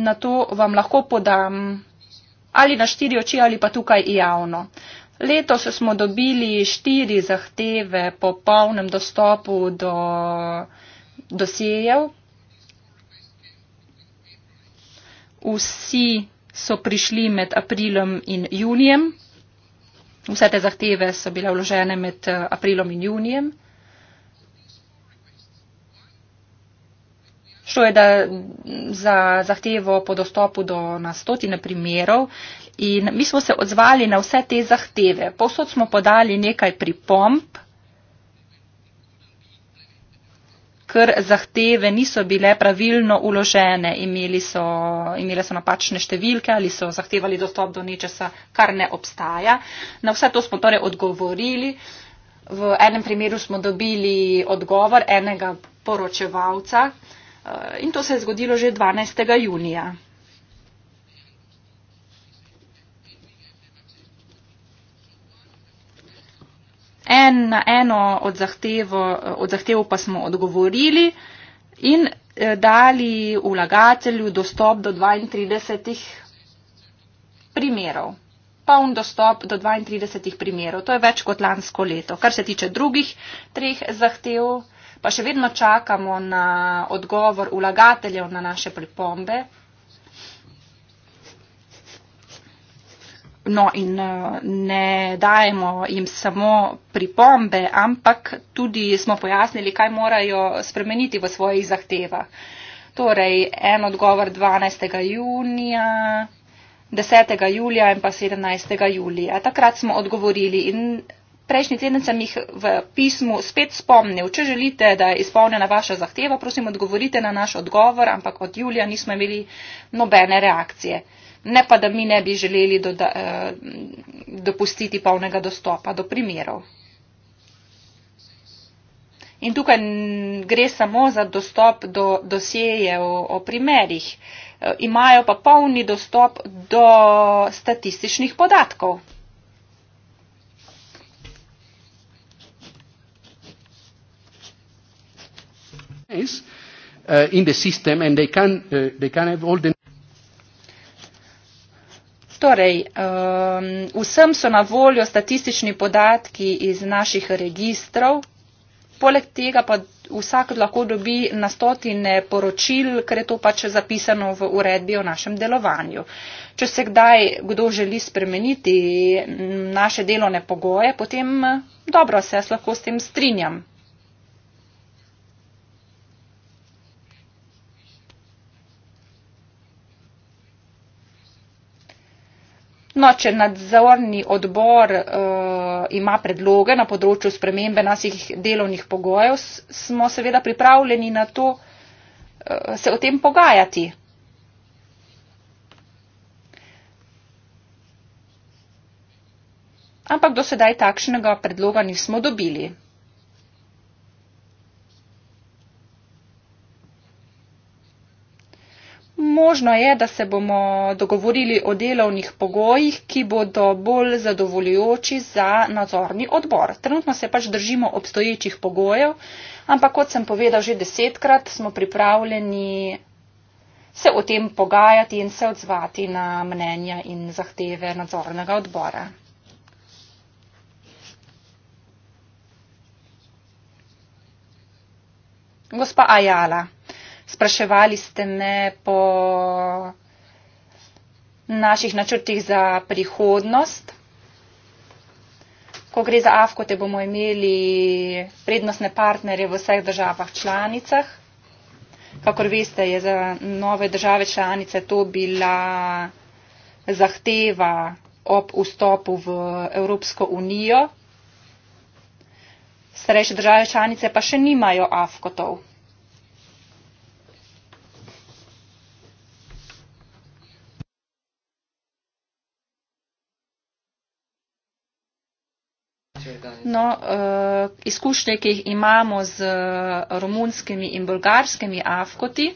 Na to vam lahko podam ali na štiri oči ali pa tukaj javno. Letos smo dobili štiri zahteve po polnem dostopu do dosejev. Vsi so prišli med aprilom in junijem. Vse te zahteve so bile vložene med eh, aprilom in junijem. Šlo je da, za zahtevo po dostopu do nastotine primerov in mi smo se odzvali na vse te zahteve. Povsod smo podali nekaj pripomp, ker zahteve niso bile pravilno uložene, imeli so, imele so napačne številke ali so zahtevali dostop do nečesa, kar ne obstaja. Na vse to smo torej odgovorili. V enem primeru smo dobili odgovor enega poročevalca, Eh, in to se je zgodilo že 12. junija. En na eno od, zahtevo, od zahtev pa smo odgovorili in eh, dali vlagatelju dostop do 32 primerov. Poln dostop do 32 primerov. To je več kot lansko leto. Kar se tiče drugih treh zahtev, pa še vedno čakamo na odgovor vlagateljev na naše pripombe. No in eh, ne dajemo jim samo pripombe, ampak tudi smo pojasnili, kaj morajo spremeniti v svojih zahtevah. Torej, en odgovor 12. junija, 10. julija in pa 17. julija. Takrat smo odgovorili in prejšnji teden sem jih v pismu spet spomnil. Če želite, da je izpolnjena vaša zahteva, prosim odgovorite na naš odgovor, ampak od julija nismo imeli nobene reakcije. Ne pa, da mi ne bi želeli doda, eh, dopustiti polnega dostopa do primerov. In tukaj gre samo za dostop do dosjejev o primerih. Eh, imajo pa polni dostop do statističnih podatkov. place uh, in the system and they can, uh, they can have all the Torej, um, vsem so na voljo statistični podatki iz naših registrov, poleg tega pa vsak lahko dobi na stotine poročil, ker je to pač zapisano v uredbi o našem delovanju. Če se kdaj kdo želi spremeniti naše delovne pogoje, potem dobro se jaz lahko s tem strinjam. No, če nadzorni odbor uh, ima predloge na področju spremembe naših delovnih pogojev, smo seveda pripravljeni na to uh, se o tem pogajati. Ampak do sedaj takšnega predloga nismo dobili. možno je, da se bomo dogovorili o delovnih pogojih, ki bodo bolj zadovoljujoči za nadzorni odbor. Trenutno se pač držimo obstoječih pogojev, ampak kot sem povedal že desetkrat, smo pripravljeni se o tem pogajati in se odzvati na mnenja in zahteve nadzornega odbora. Gospa Ajala, spraševali ste me po naših načrtih za prihodnost. Ko gre za AFKOTE, bomo imeli prednostne partnerje v vseh državah članicah. Kakor veste, je za nove države članice to bila zahteva ob vstopu v Evropsko unijo. Starejše države članice pa še nimajo AFKOTOV. vedno uh, izkušnje, ki jih imamo z eh, romunskimi in bolgarskimi afkoti.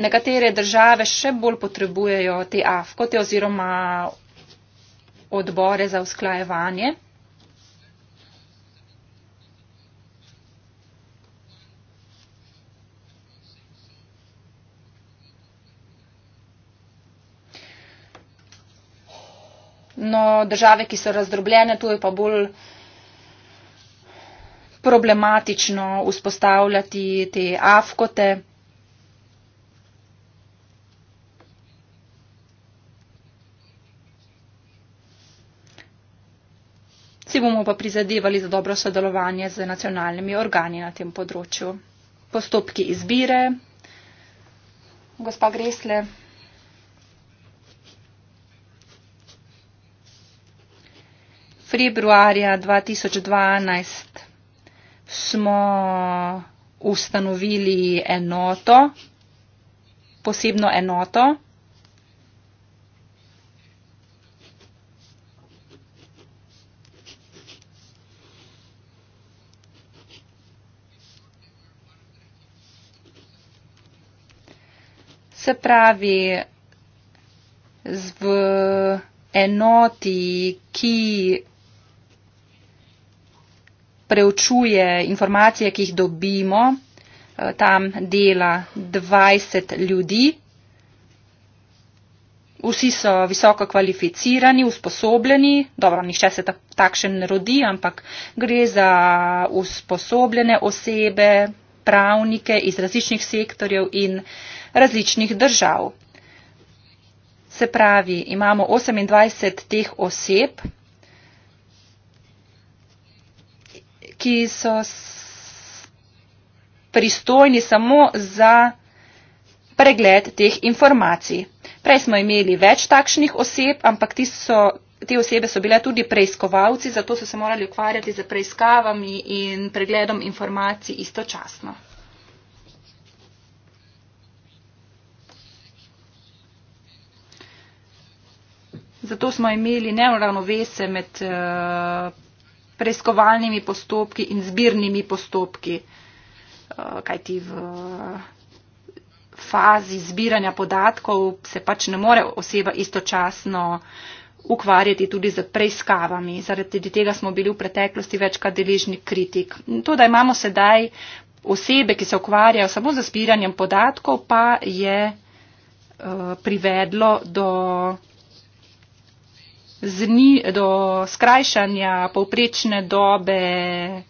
Nekatere države še bolj potrebujejo te afkote oziroma odbore za usklajevanje. no države, ki so razdrobljene, tu je pa bolj problematično vzpostavljati te afkote. Si bomo pa prizadevali za dobro sodelovanje z nacionalnimi organi na tem področju. Postopki izbire. Gospa Gresle. februarja 2012 smo ustanovili enoto, posebno enoto. Se pravi, v enoti, ki preučuje informacije, ki jih dobimo. Eh, tam dela 20 ljudi. Vsi so visoko kvalificirani, usposobljeni. Dobro, nišče se ta, takšen ne rodi, ampak gre za usposobljene osebe, pravnike iz različnih sektorjev in različnih držav. Se pravi, imamo 28 teh oseb, ki so pristojni samo za pregled teh informacij. Prej smo imeli več takšnih oseb, ampak ti so, te osebe so bile tudi preiskovalci, zato so se morali ukvarjati z preiskavami in pregledom informacij istočasno. Zato smo imeli neuravnovese med uh, preiskovalnimi postopki in zbirnimi postopki. Eh, kajti v fazi zbiranja podatkov se pač ne more oseba istočasno ukvarjati tudi z preiskavami. Zaradi tega smo bili v preteklosti večkrat deležni kritik. To, da imamo sedaj osebe, ki se ukvarjajo samo z zbiranjem podatkov, pa je uh, privedlo do zni, do skrajšanja povprečne dobe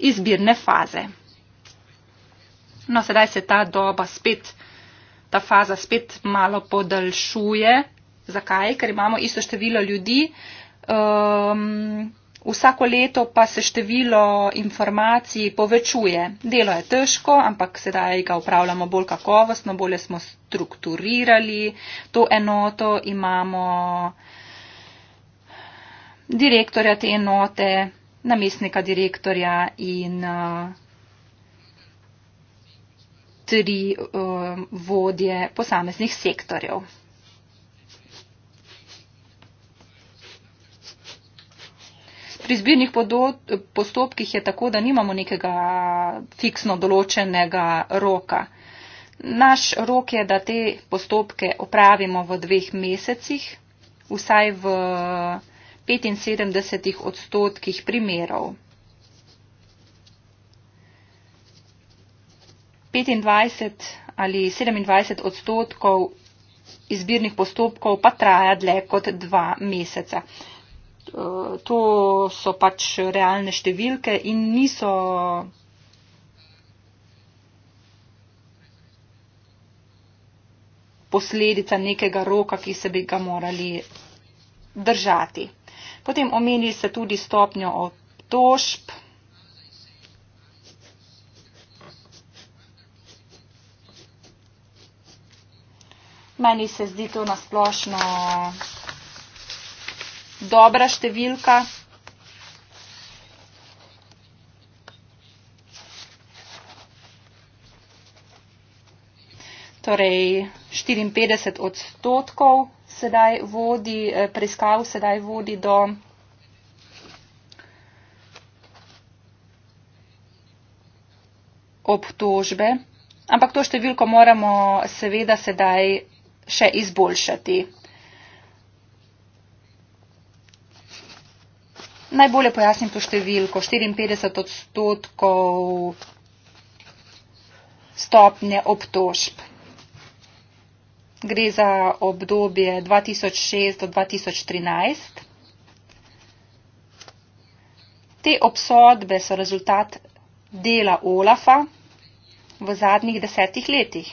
izbirne faze. No, sedaj se ta doba spet, ta faza spet malo podaljšuje. Zakaj? Ker imamo isto število ljudi. Um, vsako leto pa se število informacij povečuje. Delo je težko, ampak sedaj ga upravljamo bolj kakovostno, bolje smo strukturirali to enoto, imamo uh, direktorja te enote, namestnika direktorja in uh, tri uh, vodje posameznih sektorjev. Pri zbirnih postopkih je tako, da nimamo nekega fiksno določenega roka. Naš rok je, da te postopke opravimo v dveh mesecih, vsaj v 75 odstotkih primerov. 25 ali 27 odstotkov izbirnih postopkov pa traja dlje kot dva meseca. To so pač realne številke in niso. posledica nekega roka, ki se bi ga morali držati. Potem omeni se tudi stopnjo obtožb. Meni se zdi to nasplošno dobra številka. Torej 54 odstotkov sedaj vodi, eh, preiskav sedaj vodi do obtožbe, ampak to številko moramo seveda sedaj še izboljšati. Najbolje pojasnim to številko. 54 odstotkov stopnje obtožb. Gre za obdobje 2006 do 2013. Te obsodbe so rezultat dela Olafa v zadnjih desetih letih.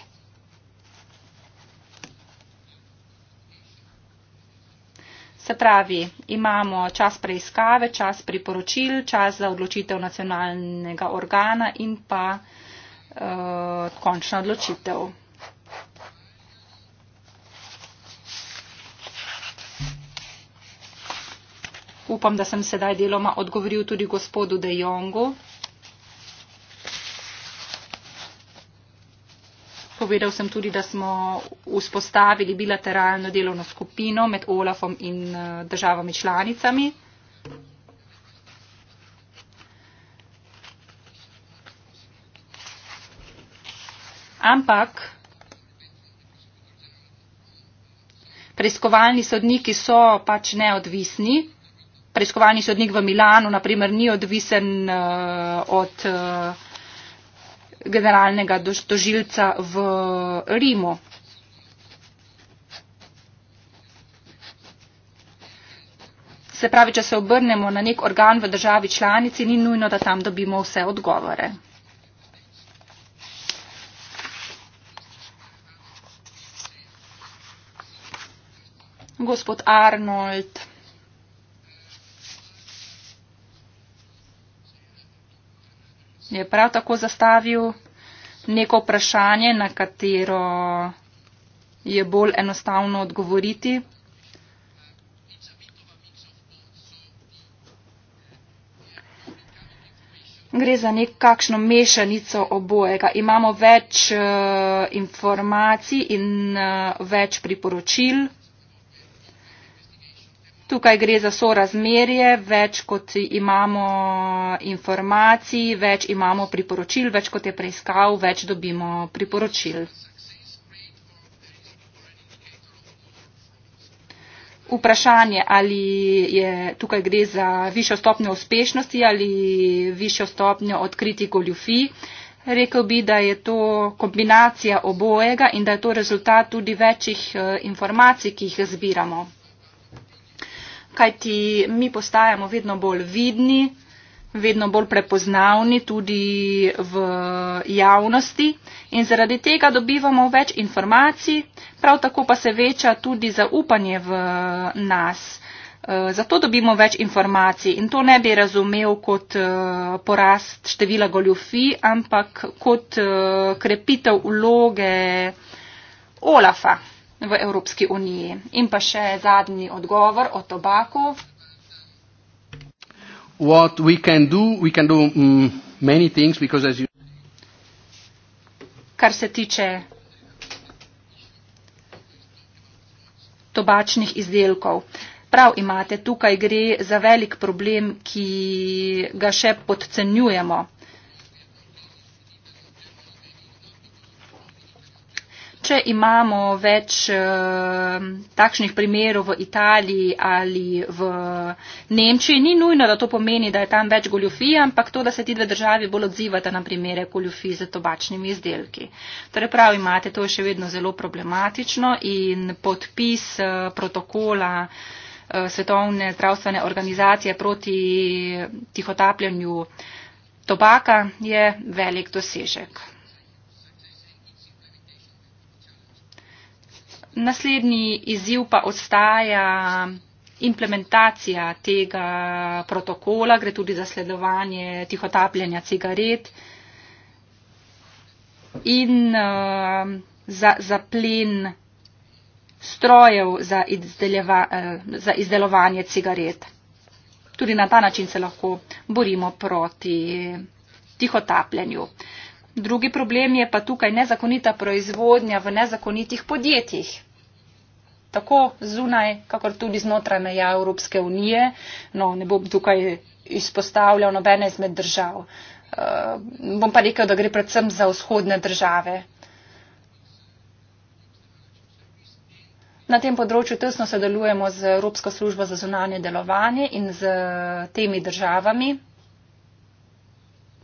Se pravi, imamo čas preiskave, čas priporočil, čas za odločitev nacionalnega organa in pa uh, končna odločitev. upam da sem sedaj deloma odgovoril tudi gospodu de Jongu. Povedal sem tudi, da smo vzpostavili bilateralno delovno skupino med Olafom in eh, državami članicami. Ampak preiskovalni sodniki so pač neodvisni preiskovalni sodnik v Milano, naprimer, ni odvisen uh, od uh, generalnega dožilca v Rimu. Se pravi, če se obrnemo na nek organ v državi članici, ni nujno, da tam dobimo vse odgovore. Gospod Arnold. je prav tako zastavil neko vprašanje, na katero je bolj enostavno odgovoriti. Gre za nekakšno mešanico obojega. Imamo več uh, informacij in uh, več priporočil. Tukaj gre za sorazmerje, več kot imamo informacij, več imamo priporočil, več kot je preiskav, več dobimo priporočil. Vprašanje, ali je tukaj gre za višjo stopnjo uspešnosti ali višjo stopnjo odkritih goljufi. Rekel bi, da je to kombinacija obojega in da je to rezultat tudi večjih eh, informacij, ki jih zbiramo kajti mi postajamo vedno bolj vidni, vedno bolj prepoznavni tudi v javnosti in zaradi tega dobivamo več informacij, prav tako pa se veča tudi zaupanje v nas. Eh, zato dobimo več informacij in to ne bi razumel kot eh, porast števila goljufi, ampak kot eh, krepitev uloge Olafa v Evropski uniji. In pa še zadnji odgovor o tobaku. Mm, Kar se tiče tobačnih izdelkov. Prav imate, tukaj gre za velik problem, ki ga še podcenjujemo. mogoče imamo več uh, takšnih primerov v Italiji ali v Nemčiji, ni nujno, da to pomeni, da je tam več goljofij, ampak to, da se ti dve državi bolj odzivata na primere goljofij za tobačnimi izdelki. Torej prav imate, to je še vedno zelo problematično in podpis uh, protokola uh, Svetovne zdravstvene organizacije proti tihotapljanju tobaka je velik dosežek. Naslednji izziv pa ostaja implementacija tega protokola, gre tudi za sledovanje tihotapljanja cigaret in uh, za, za plen strojev za, izdeljeva, uh, za izdelovanje cigaret. Tudi na ta način se lahko borimo proti tihotapljanju. Drugi problem je pa tukaj nezakonita proizvodnja v nezakonitih podjetjih tako zunaj, kakor tudi znotraj meja Evropske unije. No, ne bom tukaj izpostavljal nobene izmed držav. Uh, bom pa rekel, da gre predvsem za vzhodne države. Na tem področju tesno sodelujemo z Evropsko službo za zunanje delovanje in z temi državami.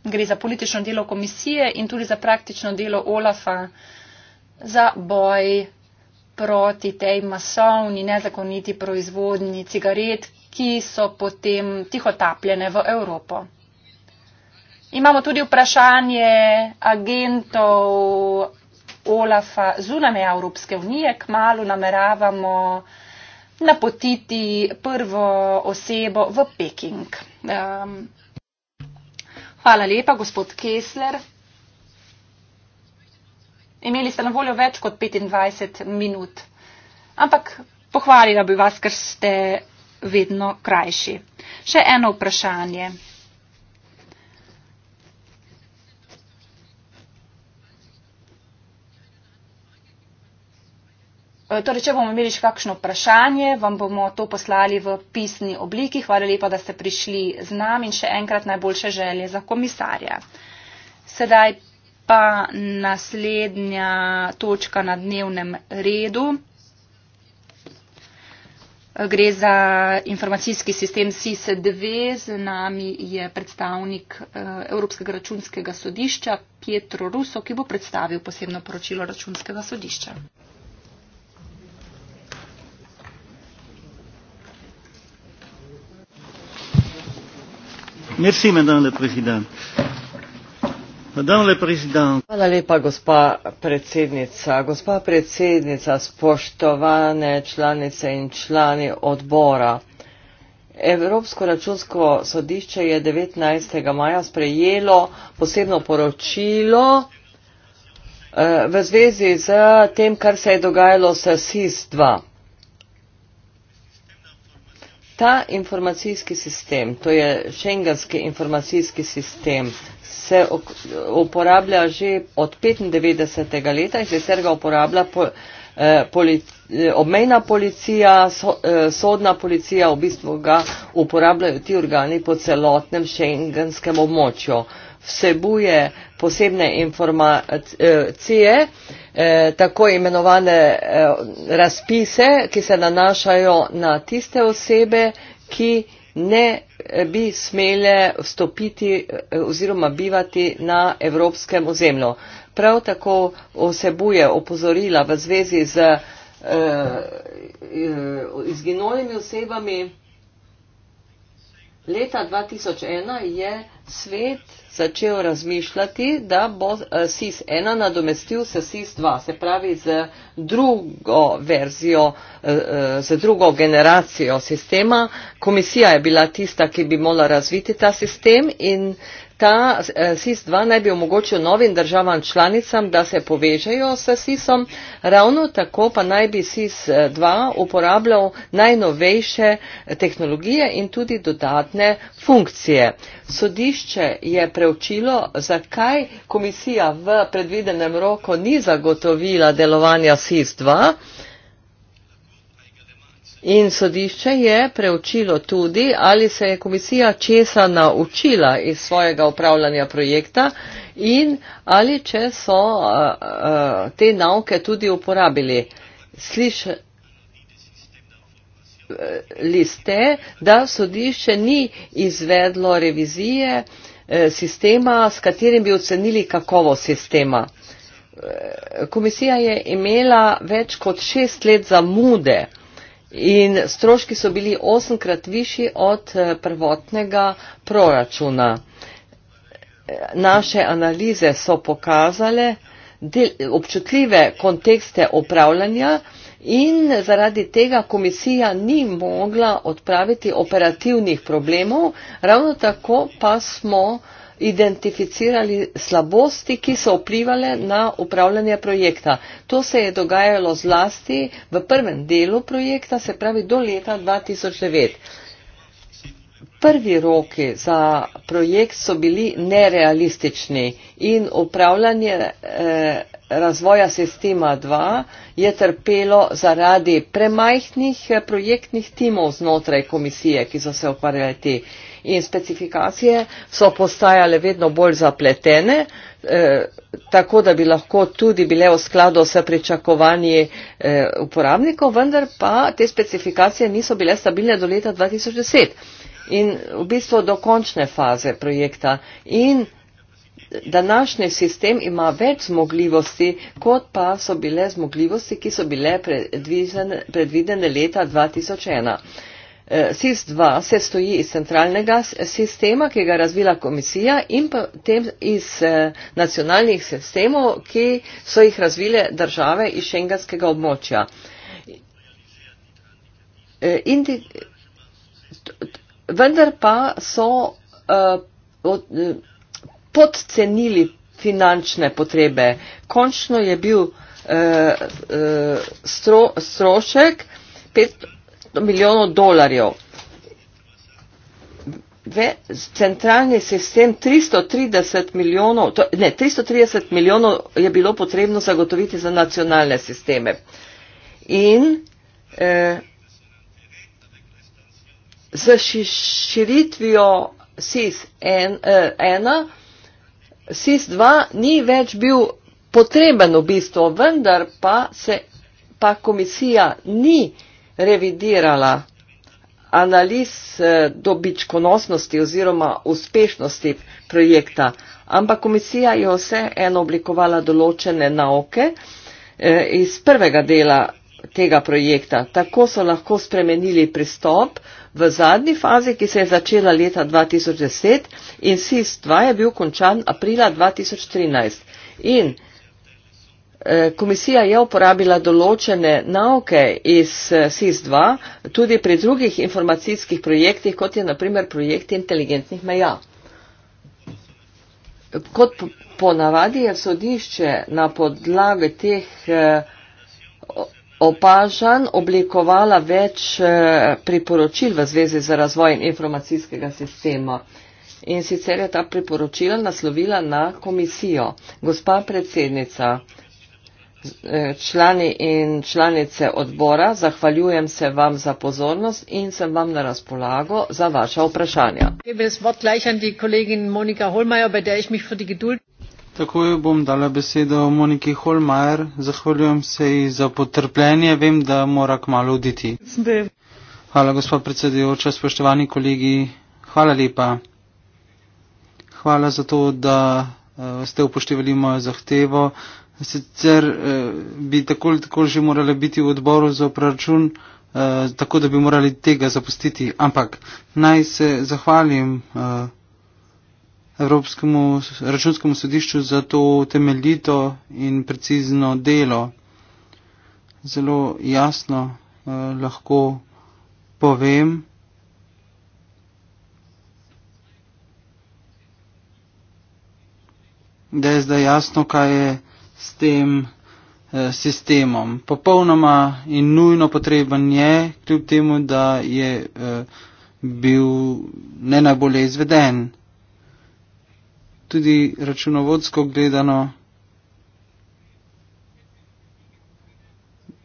Gre za politično delo komisije in tudi za praktično delo OLAF-a za boj proti tej masovni nezakoniti proizvodnji cigaret, ki so potem tihotapljene v Evropo. Imamo tudi vprašanje agentov Olafa zunaj Evropske unije. Kmalo nameravamo napotiti prvo osebo v Peking. Um, hvala lepa, gospod Kessler. Imeli ste na voljo več kot 25 minut. Ampak pohvalila bi vas, ker ste vedno krajši. Še eno vprašanje. E, torej, če bomo imeli še kakšno vprašanje, vam bomo to poslali v pisni obliki. Hvala lepa, da ste prišli z nami in še enkrat najboljše želje za komisarja. Sedaj pa naslednja točka na dnevnem redu. Gre za informacijski sistem SIS-2. Z nami je predstavnik eh, Evropskega računskega sodišča Pietro Russo, ki bo predstavil posebno poročilo računskega sodišča. Merci, madame la présidente. Hvala lepa, gospa predsednica. Gospa predsednica, spoštovane članice in člani odbora. Evropsko računsko sodišče je 19. maja sprejelo posebno poročilo eh, v zvezi z tem, kar se je dogajalo s SIS-2. Ta informacijski sistem, to je šengenski informacijski sistem, se uporablja že od 95. leta in sicer ga uporablja eh, eh, obmejna policija, eh, sodna policija, v bistvu ga uporabljajo ti organi po celotnem šengenskem območju. Vsebuje posebne informacije. Eh, tako imenovane eh, razpise, ki se nanašajo na tiste osebe, ki ne eh, bi smele vstopiti oziroma bivati na evropskem ozemlju. Prav tako osebuje opozorila v zvezi z eh, izginulimi osebami. Leta 2001 je svet začel razmišljati, da bo eh, SIS-1 nadomestil se SIS-2, se pravi z drugo verzijo, eh, eh, z drugo generacijo sistema. Komisija je bila tista, ki bi mola razviti ta sistem in ta SIS-2 naj bi omogočil novim državam članicam, da se povežejo s SIS-om. Ravno tako pa naj bi SIS-2 uporabljal najnovejše tehnologije in tudi dodatne funkcije. Sodiš sodišče je preučilo, zakaj komisija v predvidenem roku ni zagotovila delovanja SIS-2. In sodišče je preučilo tudi, ali se je komisija česa naučila iz svojega upravljanja projekta in ali če so uh, uh, te nauke tudi uporabili. Slišali liste, da sodišče ni izvedlo revizije eh, sistema, s katerim bi ocenili kakovo sistema. Eh, komisija je imela več kot šest let zamude in stroški so bili osemkrat višji od eh, prvotnega proračuna. Naše analize so pokazale občutljive kontekste upravljanja, in zaradi tega komisija ni mogla odpraviti operativnih problemov, ravno tako pa smo identificirali slabosti, ki so vplivali na upravljanje projekta. To se je dogajalo zlasti v prvem delu projekta, se pravi do leta 2009. Prvi roki za projekt so bili nerealistični in upravljanje eh, razvoja sistema 2 je trpelo zaradi premajhnih eh, projektnih timov znotraj komisije, ki so se ukvarjali ti. In specifikacije so postajale vedno bolj zapletene, eh, tako da bi lahko tudi bile v skladu s pričakovanji uporabnikov, vendar pa te specifikacije niso bile stabilne do leta 2010 in v bistvu do končne faze projekta. In današnji sistem ima več zmogljivosti, kot pa so bile zmogljivosti, ki so bile predvidene, predvidene leta 2001. E, SIS-2 se stoji iz centralnega sistema, ki ga je razvila komisija in pa tem iz e, nacionalnih sistemov, ki so jih razvile države iz šengenskega območja. E, Indi vendar pa so uh, od, eh, podcenili finančne potrebe. Končno je bil uh, stro, strošek 5 milijonov dolarjev. V centralni sistem 330 milijonov, to, ne, 330 milijonov je bilo potrebno zagotoviti za nacionalne sisteme. In eh, z širitvijo SIS-1, eh, SIS-2 ni več bil potreben v bistvu, vendar pa se pa komisija ni revidirala analiz eh, dobičkonosnosti oziroma uspešnosti projekta, ampak komisija je vse eno oblikovala določene nauke eh, iz prvega dela tega projekta. Tako so lahko spremenili pristop v zadnji fazi, ki se je začela leta 2010 in SIS-2 je bil končan aprila 2013. In eh, komisija je uporabila določene nauke iz eh, SIS-2 tudi pri drugih informacijskih projektih, kot je naprimer projekt inteligentnih meja. Kot ponavadi je sodišče na podlagi teh eh, opažan, oblikovala več eh, priporočil v zvezi z razvojem informacijskega sistema. In sicer je ta priporočila naslovila na komisijo. Gospa predsednica, eh, člani in članice odbora, zahvaljujem se vam za pozornost in sem vam na razpolago za vaša vprašanja. Tako jo bom dala besedo Moniki Holmajer. Zahvaljujem se ji za potrpljenje. Vem, da mora kmalo oditi. Hvala, gospod predsedujoča, spoštovani kolegi. Hvala lepa. Hvala za to, da eh, ste upoštevali mojo zahtevo. Sicer eh, bi tako ali tako že morali biti v odboru za opračun, eh, tako da bi morali tega zapustiti. Ampak naj se zahvalim. Evropskemu računskemu sodišču za to temeljito in precizno delo. Zelo jasno eh, lahko povem, da je zdaj jasno, kaj je s tem eh, sistemom. Popolnoma in nujno potreben je, kljub temu, da je eh, bil ne najbolje izveden tudi računovodsko gledano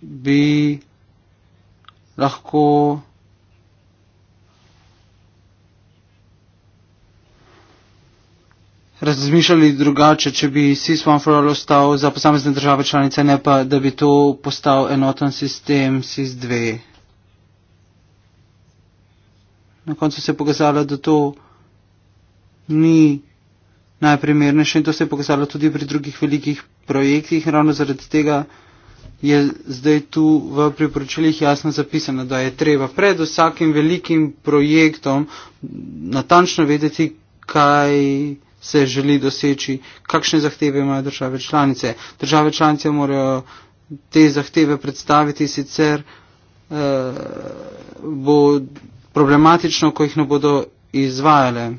bi lahko razmišljali drugače, če bi SIS One for All ostal za posamezne države članice, ne pa, da bi to postal enoten sistem SIS 2. Na koncu se je pokazalo, da to ni najprimernejše in to se je pokazalo tudi pri drugih velikih projektih. Ravno zaradi tega je zdaj tu v priporočilih jasno zapisano, da je treba pred vsakim velikim projektom natančno vedeti, kaj se želi doseči, kakšne zahteve imajo države članice. Države članice morajo te zahteve predstaviti, sicer eh, bo problematično, ko jih ne bodo izvajale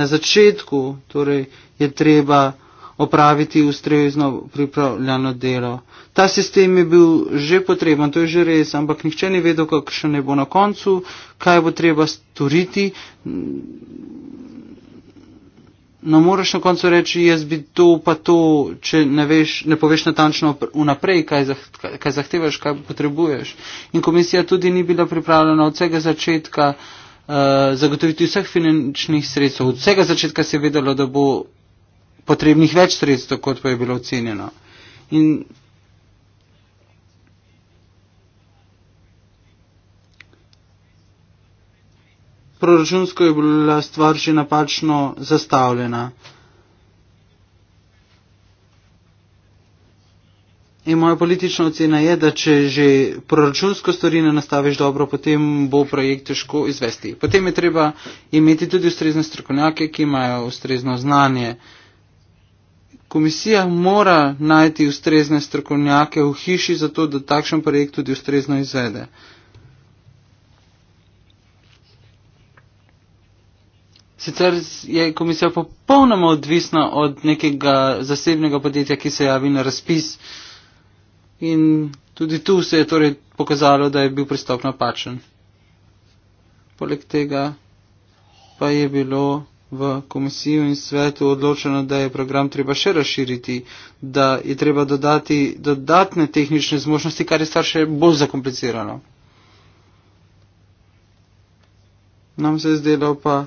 na začetku torej, je treba opraviti ustrezno pripravljeno delo. Ta sistem je bil že potreben, to je že res, ampak nihče ni vedel, kakšno ne bo na koncu, kaj bo treba storiti. No, moraš na koncu reči, jaz bi to pa to, če ne, veš, ne poveš natančno vnaprej, kaj, zah, kaj zahtevaš, kaj potrebuješ. In komisija tudi ni bila pripravljena od vsega začetka. Eh, zagotoviti vseh finančnih sredstev. Od vsega začetka se je vedelo, da bo potrebnih več sredstev, kot pa je bilo ocenjeno. In proračunsko je bila stvar že napačno zastavljena. In moja politična ocena je, da če že proračunsko storino nastaviš dobro, potem bo projekt težko izvesti. Potem je treba imeti tudi ustrezne strokovnjake, ki imajo ustrezno znanje. Komisija mora najti ustrezne strokovnjake v hiši, zato da takšen projekt tudi ustrezno izvede. Sicer je komisija popolnoma odvisna od nekega zasebnega podjetja, ki se javi na razpis. Uh, in tudi tu se je torej pokazalo, da je bil pristop napačen. Poleg tega pa je bilo v komisiji in svetu odločeno, da je program treba še razširiti, da je treba dodati dodatne tehnične zmožnosti, kar je stvar še bolj zakomplicirano. Nam se je zdelo pa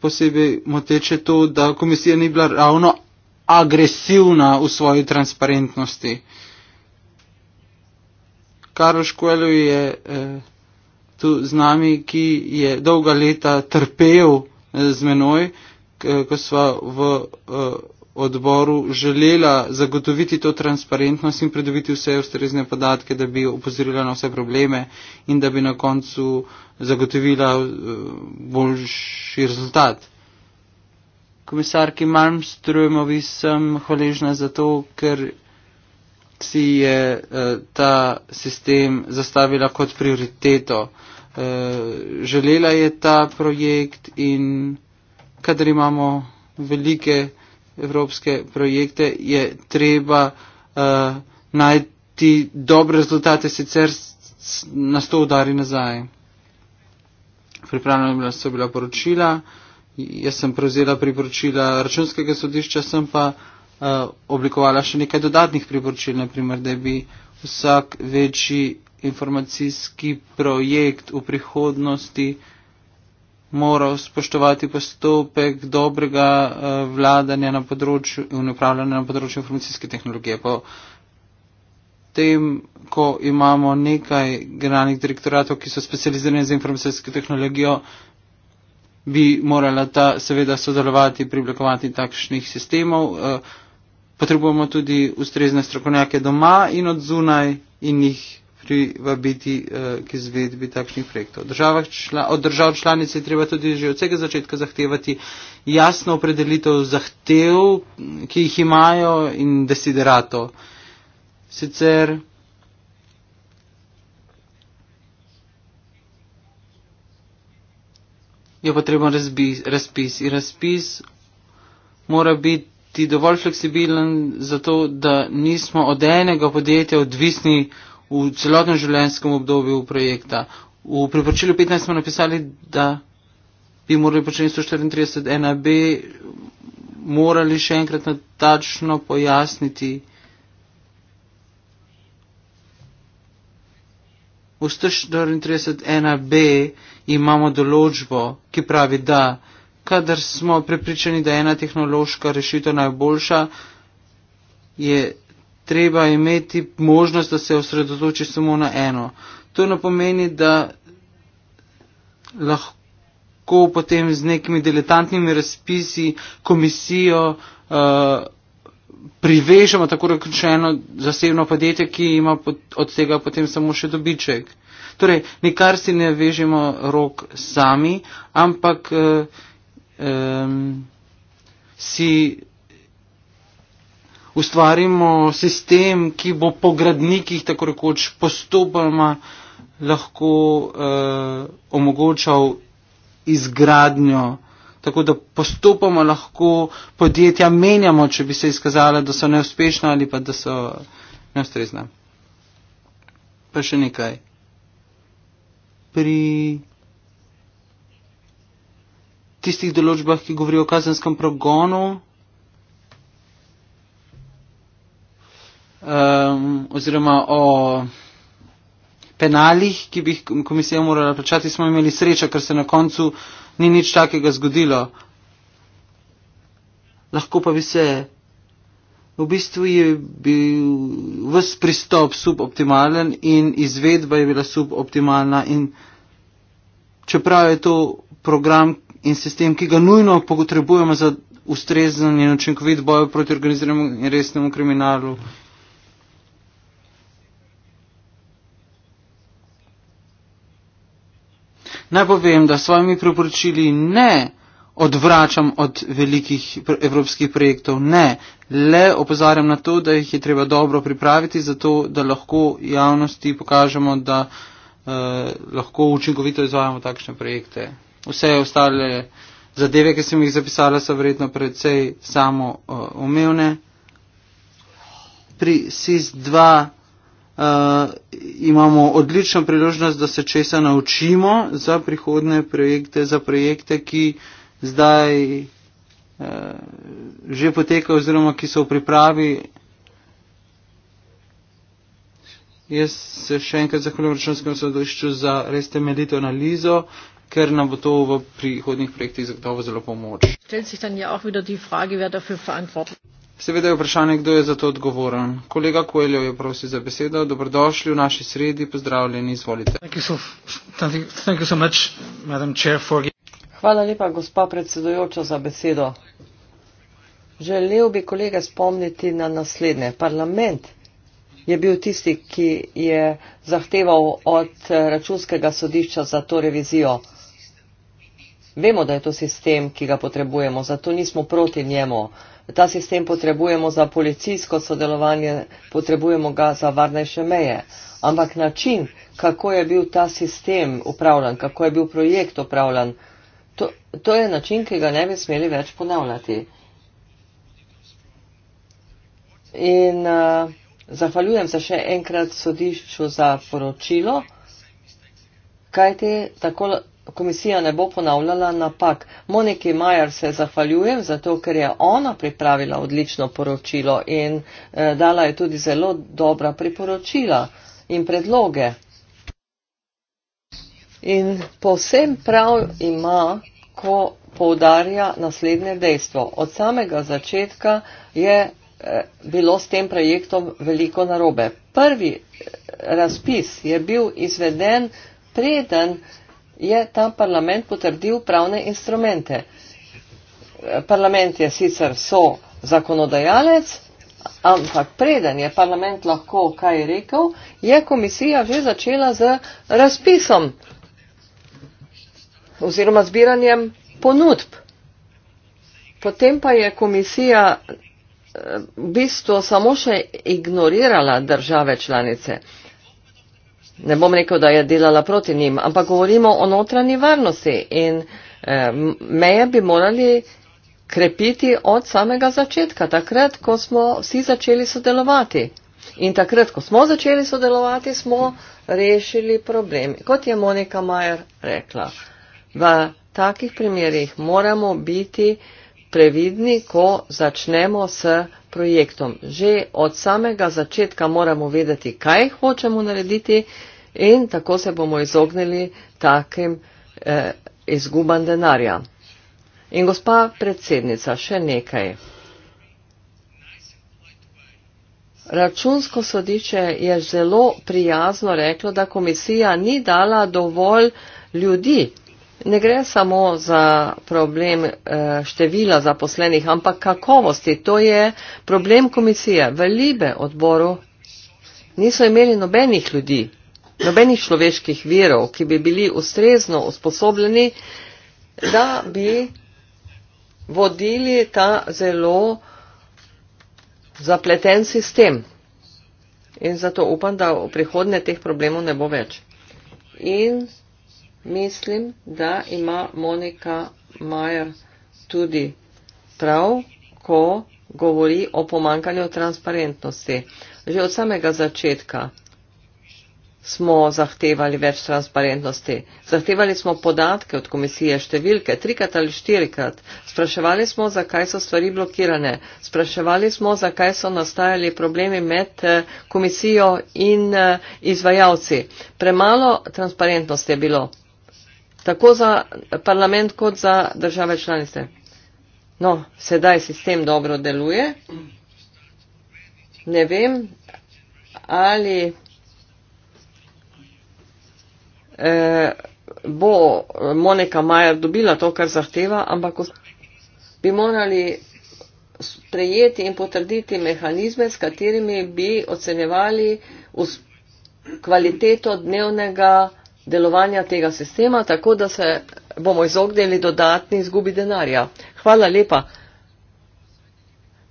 posebej moteče to, da komisija ni bila ravno agresivna v svoji transparentnosti. Uh, Karoš Kuelu je eh, tu z nami, ki je dolga leta trpel eh, z menoj, eh, ko smo v eh, odboru želela zagotoviti to transparentnost in predobiti vse ustrezne podatke, da bi opozorila na vse probleme in da bi na koncu zagotovila eh, boljši rezultat. Komisarki Malmströmovi sem hvaležna za to, ker si je eh, ta sistem zastavila kot prioriteto. Eh, želela je ta projekt in kadar imamo velike evropske projekte, je treba eh, najti dobre rezultate, sicer nas to udari nazaj. Pripravljena so bila poročila, jaz sem prevzela priporočila računskega sodišča, sem pa Eh, oblikovala še nekaj dodatnih priporočil, naprimer, da bi vsak večji informacijski projekt v prihodnosti moral spoštovati postopek dobrega eh, vladanja na področju in upravljanja na področju informacijske tehnologije. Po tem, ko imamo nekaj generalnih direktoratov, ki so specializirani za informacijsko tehnologijo, bi morala ta seveda sodelovati pri oblikovanju takšnih sistemov. Uh, potrebujemo tudi ustrezne strokovnjake doma in od zunaj in jih privabiti eh, k izvedbi takšnih projektov. Država čla, od držav članic je treba tudi že od vsega začetka zahtevati jasno opredelitev zahtev, ki jih imajo in desiderato. Sicer je potrebno razpis in razpis mora biti ti dovolj fleksibilen za to, da nismo od enega podjetja odvisni v celotnem življenjskem obdobju projekta. V priporočilu 15 smo napisali, da bi morali početi 134.1b, morali še enkrat natačno pojasniti. V 134.1b imamo določbo, ki pravi, da kadar smo prepričani, da je ena tehnološka rešitev najboljša, je treba imeti možnost, da se osredotoči samo na eno. To ne pomeni, da lahko potem z nekimi diletantnimi razpisi komisijo uh, privežemo tako rekočeno zasebno podjetje, ki ima od tega potem samo še dobiček. Torej, nikar si ne vežemo rok sami, ampak uh, um, si ustvarimo sistem, ki bo po gradnikih tako rekoč postopoma lahko uh, omogočal izgradnjo, tako da postopoma lahko podjetja menjamo, če bi se izkazala, da so neuspešna ali pa da so neustrezna. Pa še nekaj. Pri tistih določbah, ki govorijo o kazenskem progonu, um, oziroma o penalih, ki bi jih komisija morala plačati, smo imeli srečo, ker se na koncu ni nič takega zgodilo. Lahko pa bi se, v bistvu je bil vse pristop suboptimalen in izvedba je bila suboptimalna in čeprav je to program, in sistem, ki ga nujno potrebujemo za ustrezen in učinkovit boj proti organiziranemu in resnemu kriminalu. Naj povem, da s svojimi priporočili ne odvračam od velikih evropskih projektov, ne, le opozarjam na to, da jih je treba dobro pripraviti, zato da lahko javnosti pokažemo, da eh, lahko učinkovito izvajamo takšne projekte vse ostale zadeve, ki sem jih zapisala, so verjetno predvsej samo uh, umevne. Pri SIS-2 uh, eh, imamo odlično priložnost, da se česa naučimo za prihodne projekte, za projekte, ki zdaj uh, že potekajo oziroma ki so v pripravi. Jaz se še enkrat zahvaljujem računskemu sodišču za res temeljito analizo, ker nam bo to v prihodnih projektih zagotovo zelo pomoč. Ja Seveda je vprašanje, kdo je za to odgovoren. Kolega Koeljo je prosil za besedo. Dobrodošli v naši sredi, pozdravljeni, izvolite. Hvala lepa, gospa predsedujoča, za besedo. Želel bi kolege spomniti na naslednje. Parlament je bil tisti, ki je zahteval od eh, računskega sodišča za to revizijo. Vemo, da je to sistem, ki ga potrebujemo, zato nismo proti njemu. Ta sistem potrebujemo za policijsko sodelovanje, potrebujemo ga za varnejše meje. Ampak način, kako je bil ta sistem upravljan, kako je bil projekt upravljan, to, to je način, ki ga ne bi smeli več ponavljati. In uh, zahvaljujem se še enkrat sodišču za poročilo, kajte tako komisija ne bo ponavljala napak. Moniki Majer se zahvaljujem, zato ker je ona pripravila odlično poročilo in eh, dala je tudi zelo dobra priporočila in predloge. In povsem prav ima, ko poudarja naslednje dejstvo. Od samega začetka je eh, bilo s tem projektom veliko narobe. Prvi eh, razpis je bil izveden preden eh, je tam parlament potrdil pravne instrumente. Parlament je sicer so zakonodajalec, ampak preden je parlament lahko kaj rekel, je komisija že začela z razpisom oziroma zbiranjem ponudb. Potem pa je komisija eh, v bistvu samo še ignorirala države članice ne bom rekel, da je delala proti njim, ampak govorimo o notranji varnosti in eh, meje bi morali krepiti od samega začetka, takrat, ko smo vsi začeli sodelovati. In takrat, ko smo začeli sodelovati, smo rešili problem. Kot je Monika Majer rekla, v takih primerjih moramo biti previdni, ko začnemo s projektom. Že od samega začetka moramo vedeti, kaj hočemo narediti, in tako se bomo izognili takim eh, izgubam denarja. In gospa predsednica, še nekaj. Računsko sodiče je zelo prijazno reklo, da komisija ni dala dovolj ljudi. Ne gre samo za problem eh, števila zaposlenih, ampak kakovosti. To je problem komisije. V Libe odboru niso imeli nobenih ljudi nobenih človeških virov, ki bi bili ustrezno usposobljeni, da bi vodili ta zelo zapleten sistem. In zato upam, da v prihodnje teh problemov ne bo več. In mislim, da ima Monika Majer tudi prav, ko govori o pomankanju transparentnosti. Že od samega začetka smo zahtevali več transparentnosti. Zahtevali smo podatke od komisije, številke, trikrat ali štirikrat. Spraševali smo, zakaj so stvari blokirane. Spraševali smo, zakaj so nastajali problemi med eh, komisijo in eh, izvajalci. Premalo transparentnosti je bilo. Tako za parlament, kot za države članice. No, sedaj sistem dobro deluje. Ne vem, ali eh, bo Monika Majer dobila to, kar zahteva, ampak bi morali sprejeti in potrditi mehanizme, s katerimi bi ocenjevali kvaliteto dnevnega delovanja tega sistema, tako da se bomo izognili dodatni izgubi denarja. Hvala lepa.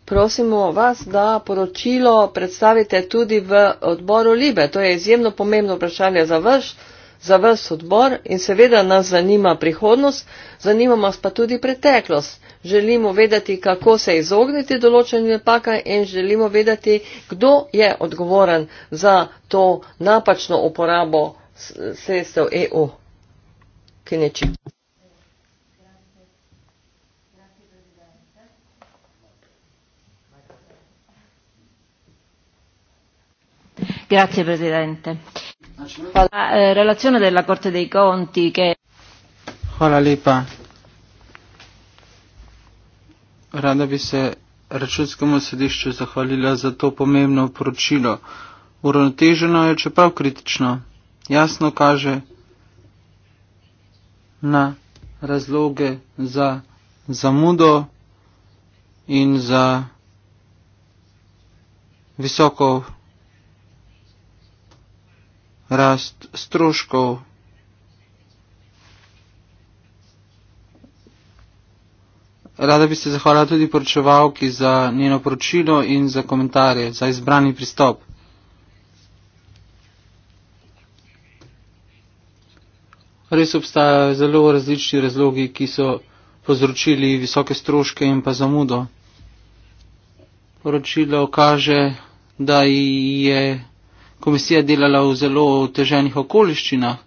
Prosimo vas, da poročilo predstavite tudi v odboru Libe. To je izjemno pomembno vprašanje za vrš za vas odbor in seveda nas zanima prihodnost, zanima nas pa tudi preteklost. Želimo vedeti, kako se izogniti določenim napakam in želimo vedeti, kdo je odgovoren za to napačno uporabo sredstev EU. Kineči. Grazie Presidente. La eh, relazione della Corte dei Conti che. Hvala lepa. Rada bi se računskemu sodišču zahvalila za to pomembno poročilo. Uravnoteženo je, čeprav kritično, jasno kaže na razloge za zamudo in za visoko rast stroškov. Rada bi se zahvalila tudi poročevalki za njeno poročilo in za komentarje, za izbrani pristop. Res obstajajo zelo različni razlogi, ki so povzročili visoke stroške in pa zamudo. Poročilo kaže, da je komisija delala v zelo teženih okoliščinah.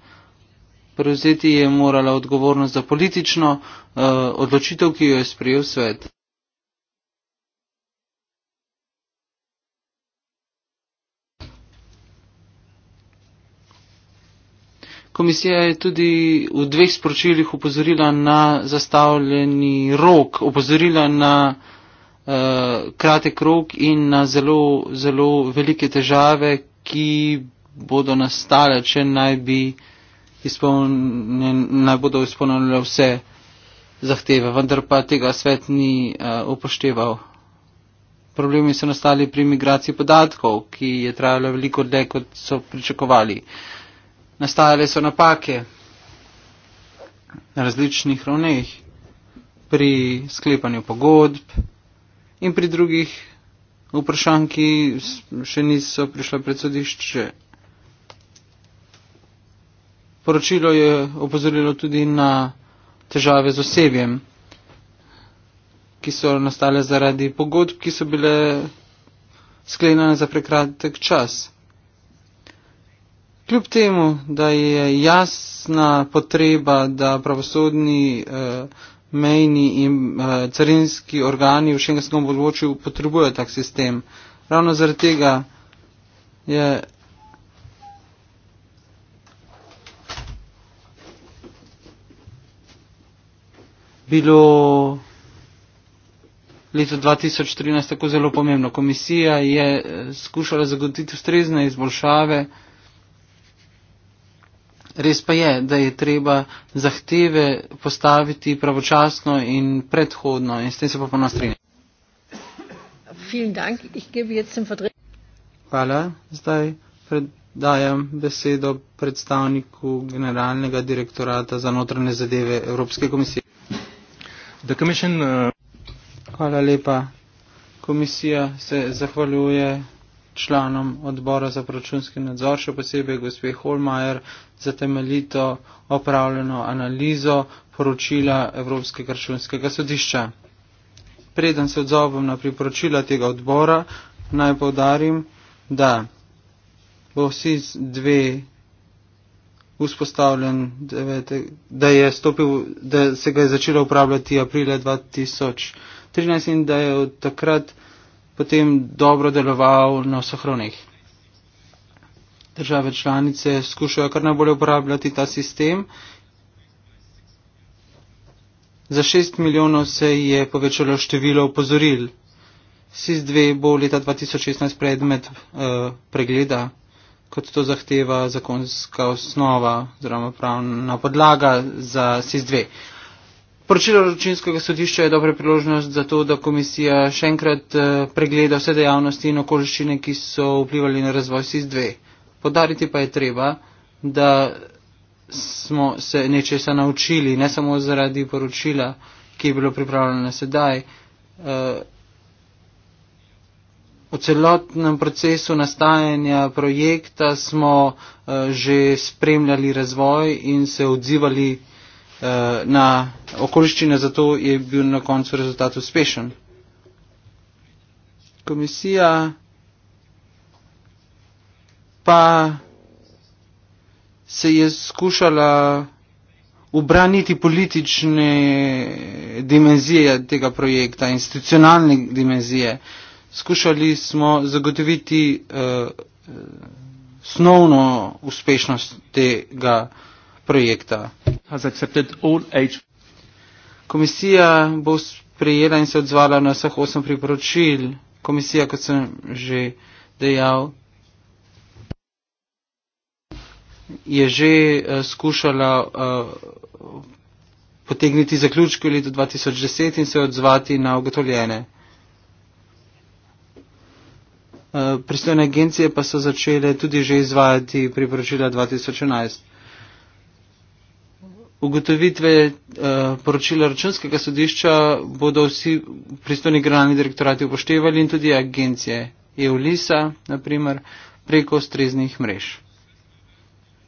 Prevzeti je morala odgovornost za politično uh, odločitev, ki jo je sprejel svet. Komisija je tudi v dveh sporočilih upozorila na zastavljeni rok, upozorila na uh, kratek rok in na zelo, zelo velike težave, ki bodo nastale, če naj, bi naj bodo izpolnile vse zahteve, vendar pa tega svet ni uh, upošteval. Problemi so nastali pri migraciji podatkov, ki je trajala veliko dlje, kot so pričakovali. Nastajale so napake na različnih ravneh, pri sklepanju pogodb in pri drugih vprašanj, ki še niso prišle pred sodišče. Poročilo je opozorilo tudi na težave z osebjem, ki so nastale zaradi pogodb, ki so bile sklenjene za prekratek čas. Kljub temu, da je jasna potreba, da pravosodni eh, mejni in uh, carinski organi v šengenskem področju potrebujejo tak sistem. Ravno zaradi tega je. Bilo leto 2013 tako zelo pomembno. Komisija je eh, skušala zagotiti ustrezne izboljšave uh, Res pa je, da je treba zahteve postaviti pravočasno in predhodno in s tem se pa ponovno strinjam. Hvala. Zdaj predajam besedo predstavniku Generalnega direktorata za notranje zadeve Evropske komisije. Uh, Hvala lepa. Komisija se zahvaljuje članom odbora za proračunski nadzor, še posebej gospe Holmajer, za temeljito opravljeno analizo poročila Evropskega računskega sodišča. Preden se odzovem na priporočila tega odbora, naj povdarim, da bo vsi dve vzpostavljen, da je stopil, da se ga je začelo upravljati aprila 2013 in da je od takrat potem dobro deloval na vseh ravneh. Države članice skušajo kar najbolje uporabljati ta sistem. Za 6 milijonov se je povečalo število opozoril. SIS-2 bo leta 2016 predmet eh, pregleda, kot to zahteva zakonska osnova oziroma pravna podlaga za SIS-2. Poročilo računskega sodišča je dobra priložnost za to, da komisija še enkrat eh, pregleda vse dejavnosti in okoliščine, ki so vplivali na razvoj SIS-2. Podariti pa je treba, da smo se nečesa naučili, ne samo zaradi poročila, ki je bilo pripravljeno sedaj. V eh, celotnem procesu nastajanja projekta smo eh, že spremljali razvoj in se odzivali Eh, na okoliščine, zato je bil na koncu rezultat uspešen. Komisija pa se je skušala ubraniti politične dimenzije tega projekta, institucionalne dimenzije. Skušali smo zagotoviti eh, snovno uspešnost tega projekta. Komisija bo sprejela in se odzvala na vseh osem priporočil. Komisija, kot sem že dejal, je že uh, skušala uh, potegniti zaključke v letu 2010 in se odzvati na ugotovljene. Uh, pristojne agencije pa so začele tudi že izvajati priporočila 2011 ugotovitve eh, poročila računskega sodišča bodo vsi pristojni generalni direktorati upoštevali in tudi agencije EULISA, naprimer, preko ustreznih mrež.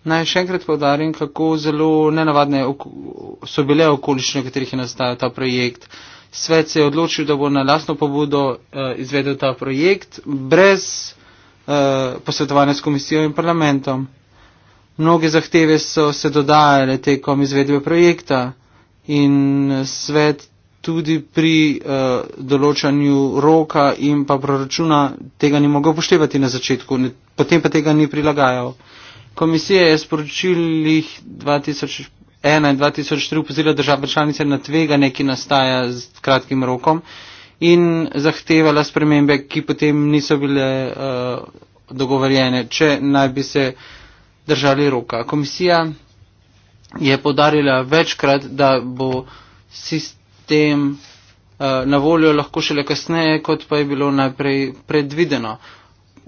Naj še enkrat povdarim, kako zelo nenavadne so bile okoliščine, v katerih je nastajal ta projekt. Svet se je odločil, da bo na lasno pobudo eh, izvedel ta projekt brez eh, posvetovanja s komisijo in parlamentom. Mnoge zahteve so se dodajale tekom izvedbe projekta in svet tudi pri uh, določanju roka in pa proračuna tega ni mogel upoštevati na začetku, ne, potem pa tega ni prilagajal. Komisija je sporočilih 2001 in 2003 upozorila države članice na tvega, neki nastaja z kratkim rokom in zahtevala spremembe, ki potem niso bile uh, dogovorjene, če naj bi se uh, držali roka. Komisija je podarila večkrat, da bo sistem eh, na voljo lahko šele kasneje, kot pa je bilo najprej predvideno.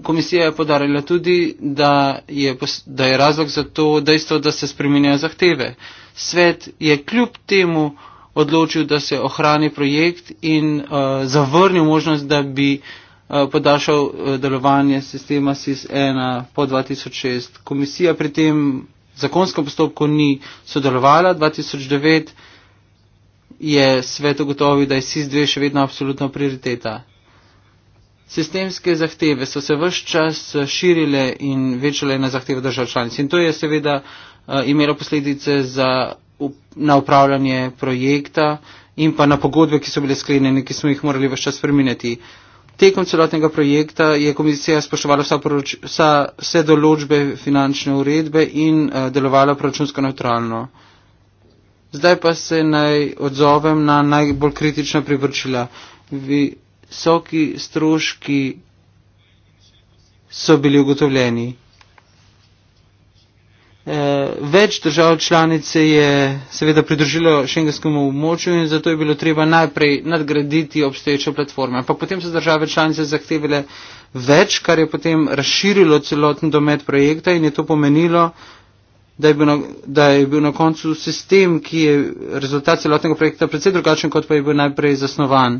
Komisija je podarila tudi, da je, da je razlog za to dejstvo, da se spreminjajo zahteve. Svet je kljub temu odločil, da se ohrani projekt in uh, zavrnil možnost, da bi uh, Eh, podaljšal eh, delovanje sistema SIS-1 po 2006. Komisija pri tem zakonskem postopku ni sodelovala. 2009 je svet ugotovil, da je SIS-2 še vedno absolutna prioriteta. Sistemske zahteve so se vse čas eh, širile in večale na zahteve držav članic. In to je seveda imelo posledice za, na upravljanje projekta in pa na pogodbe, ki so bile sklenjene, ki smo jih morali vse čas spremeniti. Tekom celotnega projekta je komisija spoštovala vsa poroč, vsa, vse določbe finančne uredbe in uh, delovala proračunsko neutralno. Zdaj pa se naj odzovem na najbolj kritična priporočila. Visoki stroški so bili ugotovljeni. Eh, več držav članic se je seveda pridružilo šengenskemu območju in zato je bilo treba najprej nadgraditi obstoječe platforme. Ampak potem so države članice zahtevile več, kar je potem razširilo celoten domet projekta in je to pomenilo, da je bil na, da je bil na koncu sistem, ki je rezultat celotnega projekta predvsej drugačen, kot pa je bil najprej zasnovan.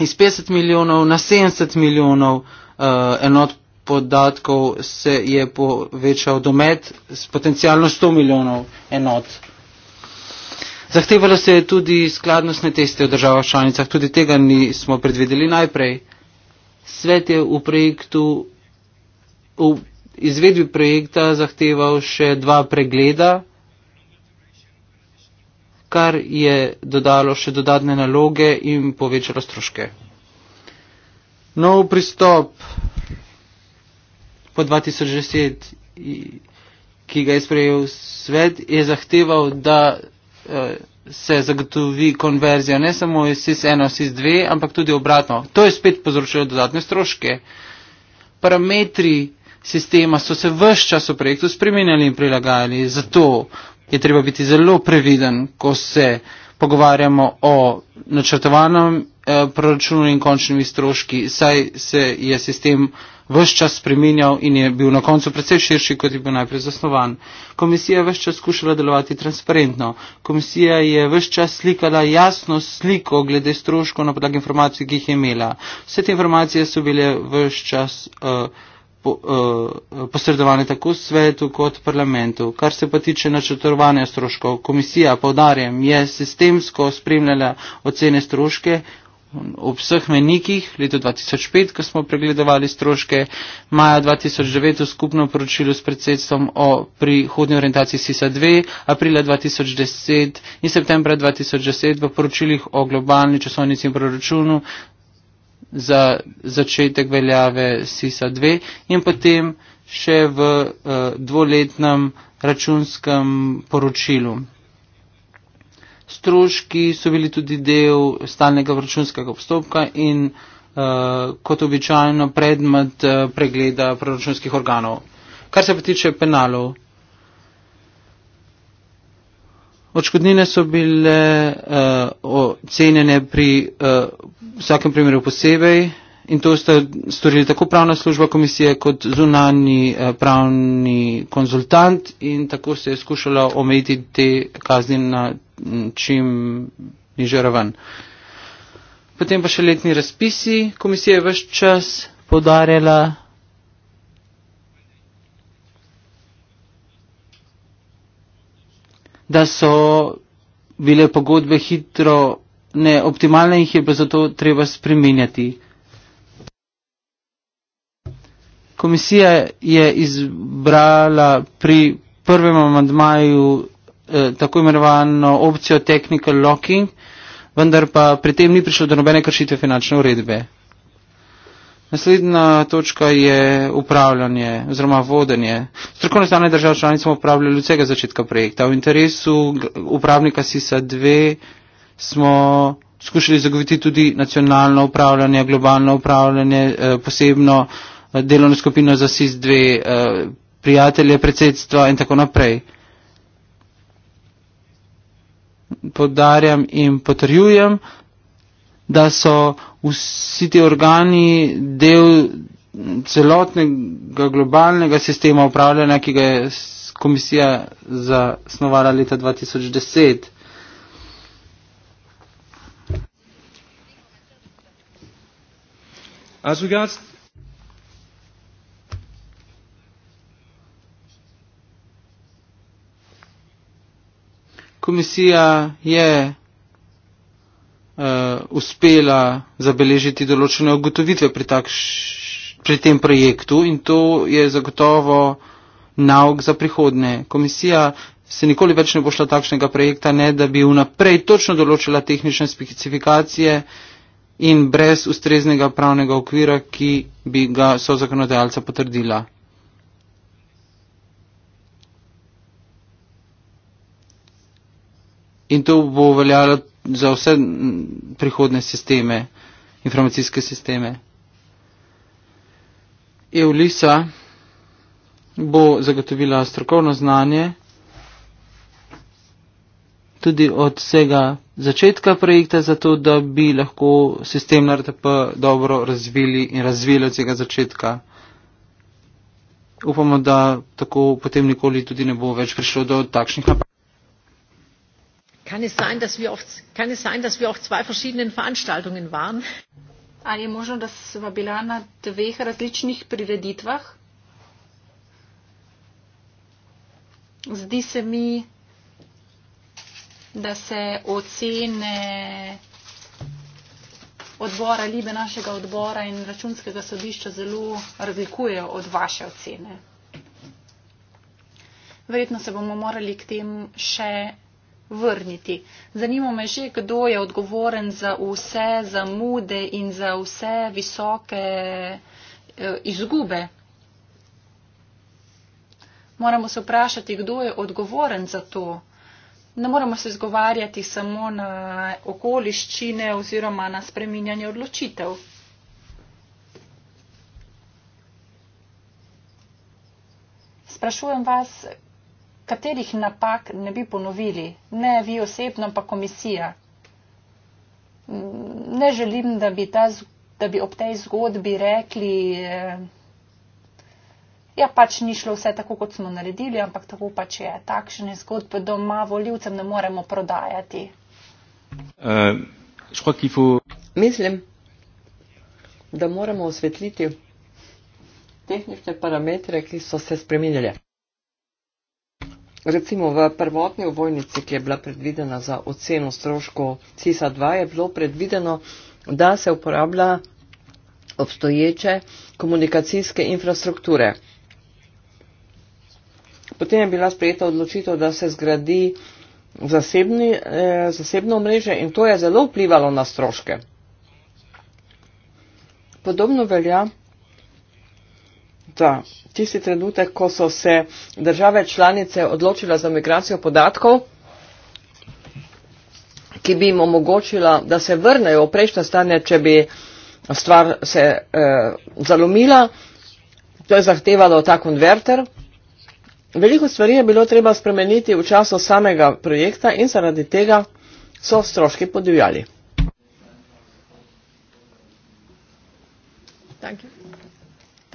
Iz 50 milijonov na 70 milijonov uh, enot podatkov se je povečal domet s potencijalno 100 milijonov enot. Zahtevalo se je tudi skladnostne teste v državah članicah, tudi tega nismo predvideli najprej. Svet je v projektu, v izvedbi projekta zahteval še dva pregleda, kar je dodalo še dodatne naloge in povečalo stroške. Nov pristop po 2010, ki ga je sprejel svet, je zahteval, da uh, se zagotovi konverzija ne samo iz SIS-1, SIS-2, ampak tudi obratno. To je spet povzročilo dodatne stroške. Parametri sistema so se vse čas v projektu spremenjali in prilagajali, zato je treba biti zelo previden, ko se pogovarjamo o načrtovanem eh, proračunu in končnimi stroški, saj se je sistem vse čas spreminjal in je bil na koncu precej širši, kot je bil najprej zasnovan. Komisija je vse čas skušala delovati transparentno. Komisija je vse čas slikala jasno sliko glede stroškov na podlagi informacij, ki jih je imela. Vse te informacije so bile vse čas. Uh, posredovane tako svetu kot parlamentu. Kar se pa tiče načrtovanja stroškov, komisija, povdarjam, je sistemsko spremljala ocene stroške, Ob vseh menikih, leto 2005, ko smo pregledovali stroške, maja 2009 v skupno poročilo s predsedstvom o prihodnji orientaciji SISA 2, aprila 2010 in septembra 2010 v poročilih o globalni časovnici in proračunu za začetek veljave SISA 2 in potem še v uh, dvoletnem računskem poročilu stroški so bili tudi del stalnega vračunskega postopka in uh, kot običajno predmet uh, pregleda proračunskih organov. Kar se pa tiče penalov, očkodnine so bile uh, ocenjene pri uh, vsakem primeru posebej in to sta storili tako pravna služba komisije kot zunani uh, pravni konzultant in tako se je skušalo omejiti te kazni na čim nižja raven. Potem pa še letni razpisi. Komisija je vse čas podarjala. da so bile pogodbe hitro neoptimalne in jih je pa zato treba spremenjati. Komisija je izbrala pri prvem amandmaju Eh, tako imenovano opcijo technical locking, vendar pa pri tem ni prišlo do nobene kršitve finančne uredbe. Naslednja točka je upravljanje oziroma vodenje. Strokovne stane držav članic smo upravljali od vsega začetka projekta. V interesu upravnika SISA 2 smo skušali zagoviti tudi nacionalno upravljanje, globalno upravljanje, eh, posebno eh, delovno skupino za SIS 2, prijatelje predsedstva in tako naprej podarjam in potrjujem, da so vsi ti organi del celotnega globalnega sistema upravljanja, ki ga je komisija zasnovala leta 2010. As regards komisija je uh, uspela zabeležiti določene ugotovitve pri, takš, pri tem projektu in to je zagotovo nauk za prihodne. Komisija se nikoli več ne bo šla takšnega projekta, ne da bi vnaprej točno določila tehnične specifikacije in brez ustreznega pravnega okvira, ki bi ga so zakonodajalca potrdila. In to bo veljalo za vse prihodne sisteme, informacijske sisteme. EULISA bo zagotovila strokovno znanje tudi od vsega začetka projekta, zato da bi lahko sistem NRTP dobro razvili in razvili od vsega začetka. Upamo, da tako potem nikoli tudi ne bo več prišlo do takšnih napak kan es sein, dass wir auf zwei verschiedenen Veranstaltungen waren? Ali je možno, da sva bila na dveh različnih prireditvah? Zdi se mi, da se ocene odbora Libe našega odbora in računskega sodišča zelo razlikujejo od vaše ocene. Verjetno se bomo morali k tem še vrniti. Zanima me že, kdo je odgovoren za vse zamude in za vse visoke eh, izgube. Moramo se vprašati, kdo je odgovoren za to. Ne moramo se izgovarjati samo na okoliščine oziroma na spreminjanje odločitev. Sprašujem vas, katerih napak ne bi ponovili, ne vi osebno, pa komisija. Ne želim, da bi, ta, da bi ob tej zgodbi rekli, ja pač ni šlo vse tako, kot smo naredili, ampak tako pač je. Takšne zgodbe doma voljivcem ne moremo prodajati. Uh, eh, škotifu... Mislim, da moramo osvetliti tehnične parametre, ki so se spremenili. Recimo v prvotni ovojnici, ki je bila predvidena za oceno stroško CISA-2, je bilo predvideno, da se uporablja obstoječe komunikacijske infrastrukture. Potem je bila sprejeta odločitev, da se zgradi zasebni, eh, zasebno mreže in to je zelo vplivalo na stroške. Podobno velja ta, tisti trenutek, ko so se države članice odločile za migracijo podatkov, ki bi jim omogočila, da se vrnejo v prejšnje stanje, če bi stvar se eh, zalomila, to je zahtevalo ta konverter. Veliko stvari je bilo treba spremeniti v času samega projekta in zaradi tega so stroški podivjali. Thank you.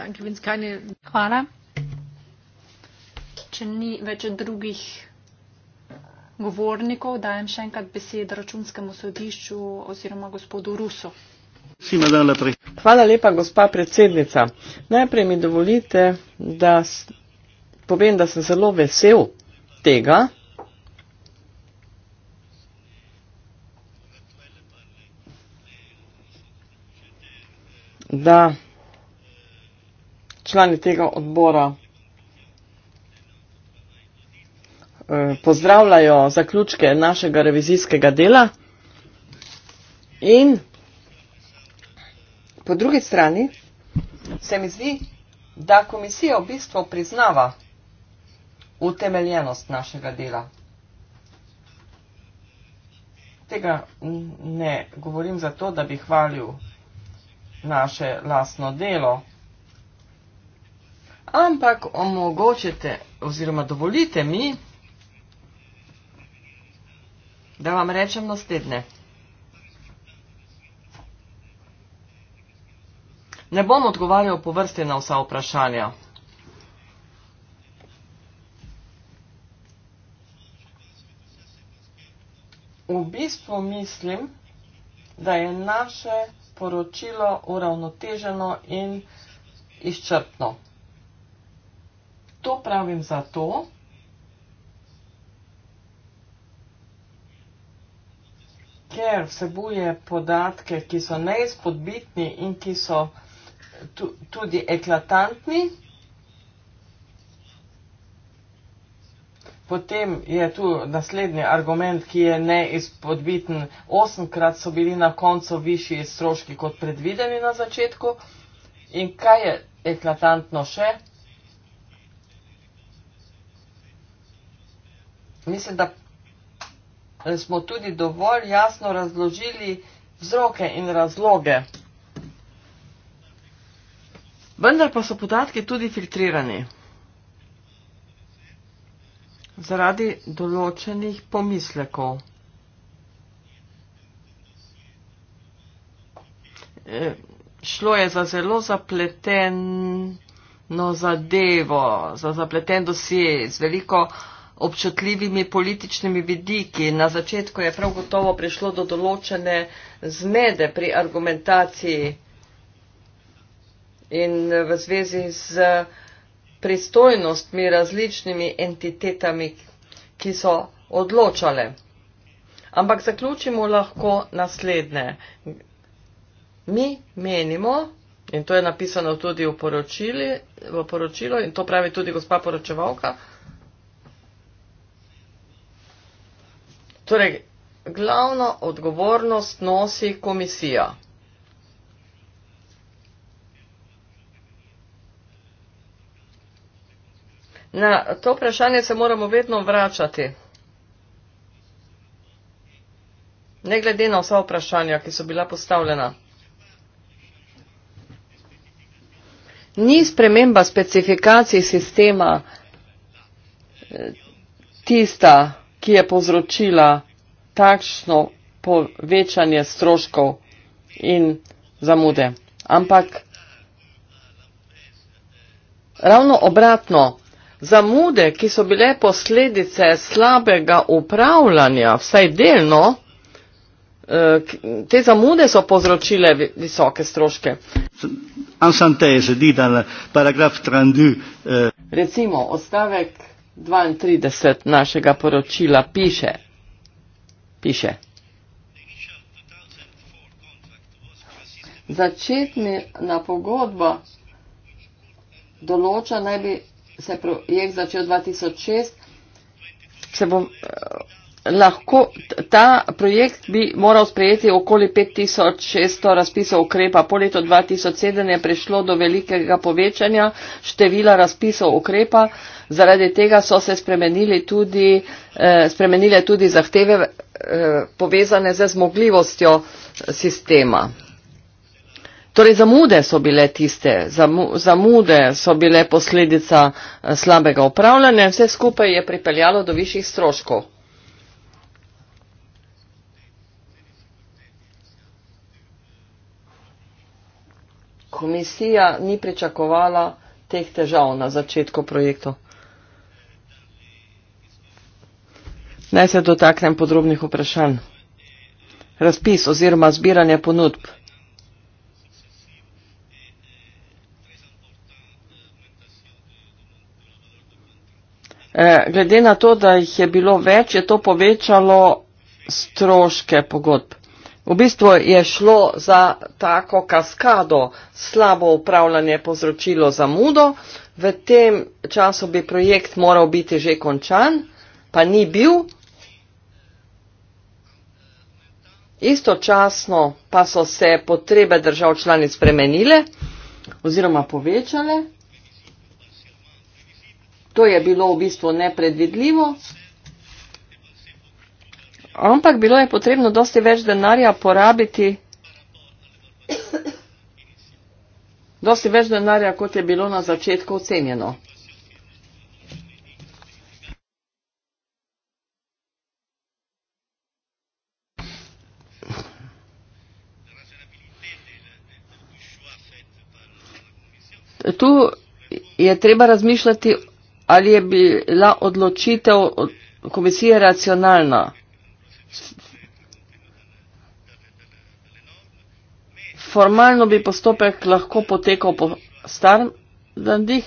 Hvala. Če ni več drugih govornikov, dajem še enkrat besed računskemu sodišču oziroma gospodu Rusu. Hvala lepa, gospa predsednica. Najprej mi dovolite, da povem, da sem zelo vesel tega. da člani tega odbora eh, pozdravljajo zaključke našega revizijskega dela in po drugi strani se mi zdi, da komisija v bistvu priznava utemeljenost našega dela. Tega ne govorim zato, da bi hvalil naše lastno delo ampak omogočite oziroma dovolite mi, da vam rečem naslednje. Ne bom odgovarjal po vrsti na vsa vprašanja. V bistvu mislim, da je naše poročilo uravnoteženo in izčrpno. To pravim zato, ker vsebuje podatke, ki so neizpodbitni in ki so tudi eklatantni. Potem je tu naslednji argument, ki je neizpodbiten. Osemkrat so bili na koncu višji stroški kot predvideni na začetku. In kaj je eklatantno še? mislim, da eh, smo tudi dovolj jasno razložili vzroke in razloge. Vendar pa so podatki tudi filtrirani zaradi določenih pomislekov. E, šlo je za zelo zapleteno zadevo, za zapleten dosje z veliko občutljivimi političnimi vidiki. Na začetku je prav gotovo prišlo do določene zmede pri argumentaciji in v zvezi z pristojnostmi različnimi entitetami, ki so odločale. Ampak zaključimo lahko naslednje. Mi menimo, in to je napisano tudi v poročilu, in to pravi tudi gospa poročevalka, Torej, glavno odgovornost nosi komisija. Na to vprašanje se moramo vedno vračati. Ne glede na vsa vprašanja, ki so bila postavljena. Ni sprememba specifikacij sistema eh, tista, ki je povzročila takšno povečanje stroškov in zamude. Ampak ravno obratno, zamude, ki so bile posledice slabega upravljanja, vsaj delno, eh, te zamude so povzročile visoke stroške. Euh. Recimo, odstavek 32 našega poročila piše, piše. Začetni na pogodbo določa, naj bi se projekt začel 2006, se bom. Uh, lahko ta projekt bi moral sprejeti okoli 5600 razpisov ukrepa. Po letu 2007 je prišlo do velikega povečanja števila razpisov ukrepa. Zaradi tega so se spremenili tudi, eh, spremenile tudi zahteve eh, povezane z zmogljivostjo sistema. Torej zamude so bile tiste, zamude so bile posledica eh, slabega upravljanja in vse skupaj je pripeljalo do višjih stroškov. komisija ni pričakovala teh težav na začetku projektu? Naj se dotaknem podrobnih vprašanj. Razpis oziroma zbiranje ponudb. E, glede na to, da jih je bilo več, je to povečalo stroške pogodb. V bistvu je šlo za tako kaskado slabo upravljanje povzročilo zamudo, v tem času bi projekt moral biti že končan, pa ni bil. Istočasno pa so se potrebe držav članic spremenile oziroma povečale. To je bilo v bistvu nepredvidljivo. Ampak bilo je potrebno dosti več denarja porabiti, dosti več denarja, kot je bilo na začetku ocenjeno. Tu je treba razmišljati, ali je bila odločitev komisije racionalna. Formalno bi postopek lahko potekal po starem zandih,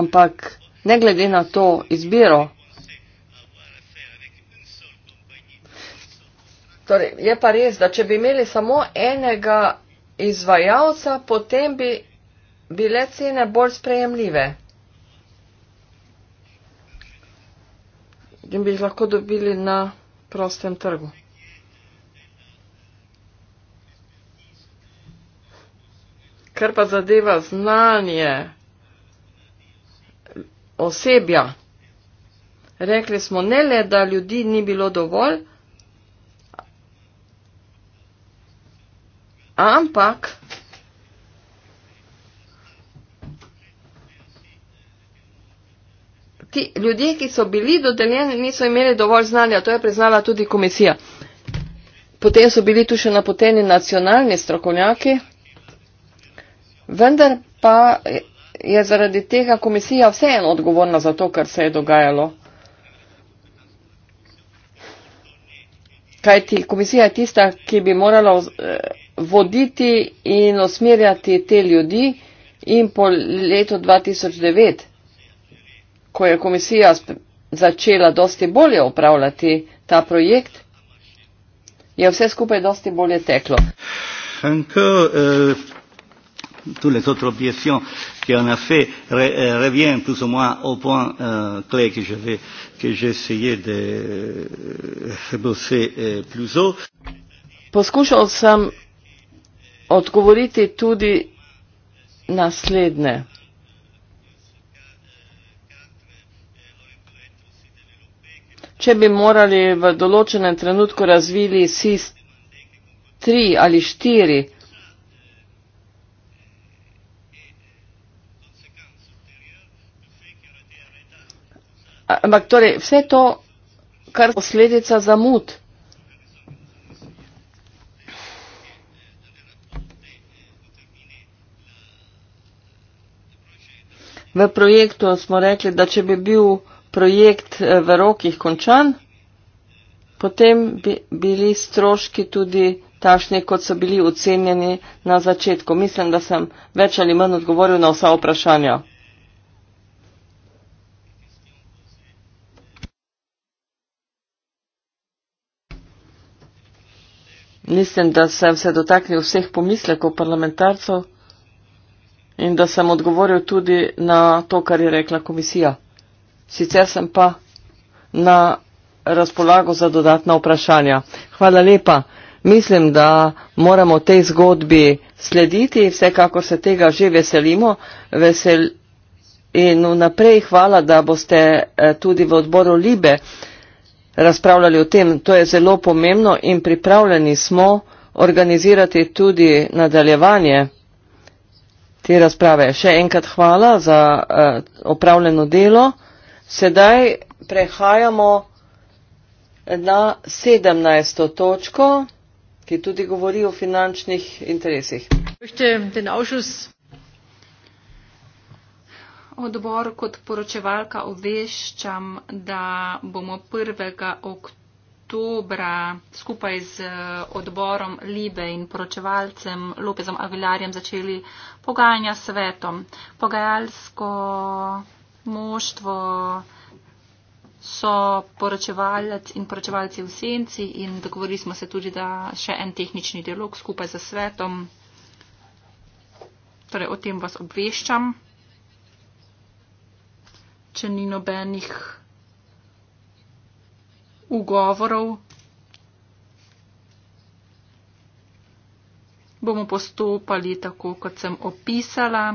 ampak ne glede na to izbiro. Torej, je pa res, da če bi imeli samo enega izvajalca, potem bi bile cene bolj sprejemljive. In bi jih lahko dobili na prostem trgu. Ker pa zadeva znanje osebja, rekli smo ne le, da ljudi ni bilo dovolj, ampak ti ljudje, ki so bili dodeljeni, niso imeli dovolj znanja, to je priznala tudi komisija. Potem so bili tu še napoteni nacionalni strokovnjaki, vendar pa je zaradi tega komisija vseeno odgovorna za to, kar se je dogajalo. Kajti komisija je tista, ki bi morala eh, voditi in osmerjati te ljudi in po letu 2009 ko je komisija začela dosti bolje upravljati ta projekt, je vse skupaj dosti bolje teklo. Euh, Tous les autres objections qu'on a fait re, euh, reviennent plus ou moins au point euh, clé que j'ai essayé de euh, bosser euh, plus haut. Poskušal sem odgovoriti tudi naslednje. če bi morali v določenem trenutku razvili SIS 3 ali 4, Ampak torej, vse to, kar posledica zamud. V projektu smo rekli, da če bi bil projekt eh, v rokih končan, potem bi bili stroški tudi takšni, kot so bili ocenjeni na začetku. Mislim, da sem več ali manj odgovoril na vsa vprašanja. Mislim, da sem se dotaknil vseh pomislekov parlamentarcev in da sem odgovoril tudi na to, kar je rekla komisija sicer sem pa na razpolago za dodatna vprašanja. Hvala lepa. Mislim, da moramo tej zgodbi slediti, vsekakor se tega že veselimo. Vesel in vnaprej hvala, da boste eh, tudi v odboru Libe razpravljali o tem. To je zelo pomembno in pripravljeni smo organizirati tudi nadaljevanje te razprave. Še enkrat hvala za eh, opravljeno delo. Sedaj prehajamo na sedemnajsto točko, ki tudi govori o finančnih interesih. Odbor kot poročevalka obveščam, da bomo 1. oktobra skupaj z eh, odborom Libe in poročevalcem Lopezom Avilarjem začeli pogajanja s svetom. Pogajalsko moštvo so poročevalec in poročevalci v senci in dogovorili smo se tudi, da še en tehnični dialog skupaj z svetom. Torej, o tem vas obveščam. Če ni nobenih ugovorov, bomo postopali tako, kot sem opisala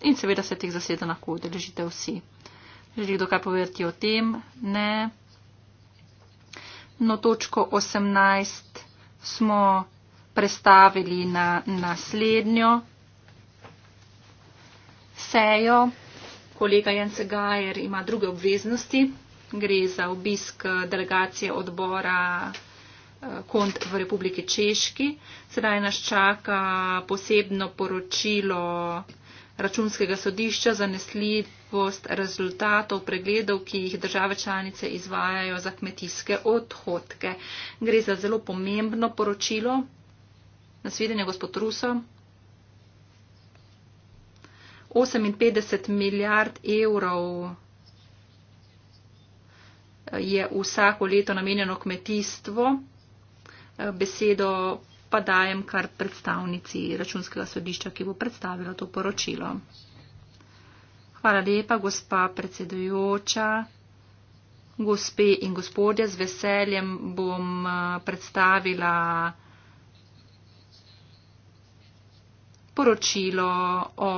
in seveda se teh zasedanj lahko udeležite vsi. Želi kdo kaj povedati o tem? Ne. No, točko 18 smo prestavili na naslednjo sejo. Kolega Jens Gajer ima druge obveznosti. Gre za obisk eh, delegacije odbora eh, kont v Republiki Češki. Sedaj nas čaka posebno poročilo računskega sodišča zanesljivost rezultatov pregledov, ki jih države članice izvajajo za kmetijske odhodke. Gre za zelo pomembno poročilo. Nasvidenje, gospod Ruso. 58 milijard evrov je vsako leto namenjeno kmetijstvo. Besedo pa dajem kar predstavnici računskega sodišča, ki bo predstavila to poročilo. Hvala lepa, gospa predsedujoča. Gospe in gospodje, z veseljem bom eh, predstavila poročilo o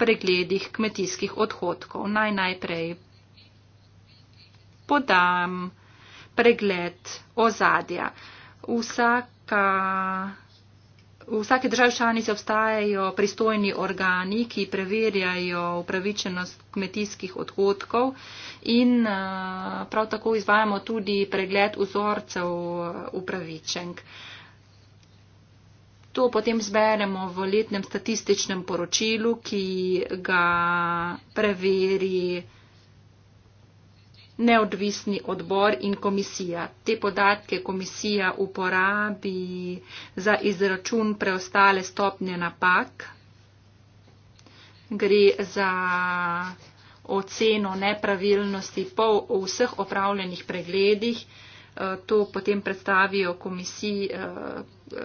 pregledih kmetijskih odhodkov. Naj najprej podam pregled ozadja. Vsak vsaka, v vsake države članice obstajajo pristojni organi, ki preverjajo upravičenost kmetijskih odhodkov in eh, prav tako izvajamo tudi pregled vzorcev eh, upravičenk. To potem zberemo v letnem statističnem poročilu, ki ga preveri neodvisni odbor in komisija. Te podatke komisija uporabi za izračun preostale stopnje napak. Gre za oceno nepravilnosti po vseh opravljenih pregledih. Eh, to potem predstavijo komisiji, eh,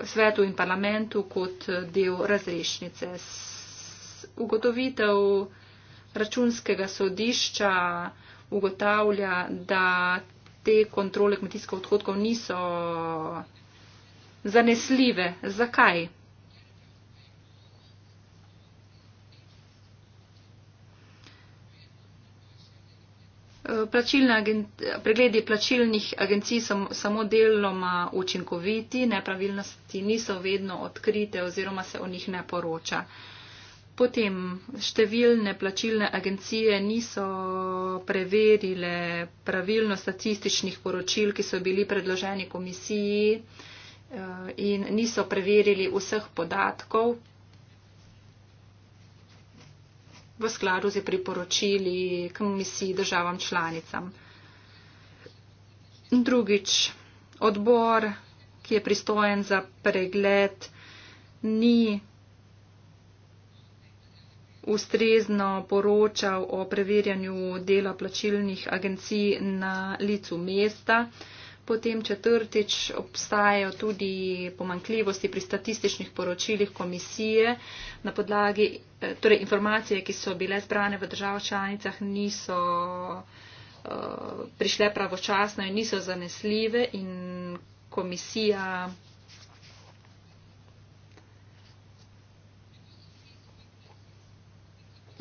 svetu in parlamentu kot eh, del razrešnice. Ugotovitev računskega sodišča ugotavlja, da te kontrole kmetijskih odhodkov niso zanesljive. Zakaj? Pregledi plačilnih agencij so samo deloma učinkoviti, nepravilnosti niso vedno odkrite oziroma se o njih ne poroča. Uh, Potem številne plačilne agencije niso preverile pravilno statističnih poročil, ki so bili predloženi komisiji eh, in niso preverili vseh podatkov v skladu z priporočili komisiji državam članicam. Drugič, odbor, ki je pristojen za pregled, ni ustrezno poročal o preverjanju dela plačilnih agencij na licu mesta. Potem četrtič obstajajo tudi pomankljivosti pri statističnih poročilih komisije. Na podlagi eh, torej informacije, ki so bile zbrane v državah članicah, niso uh, prišle pravočasno in niso zanesljive in komisija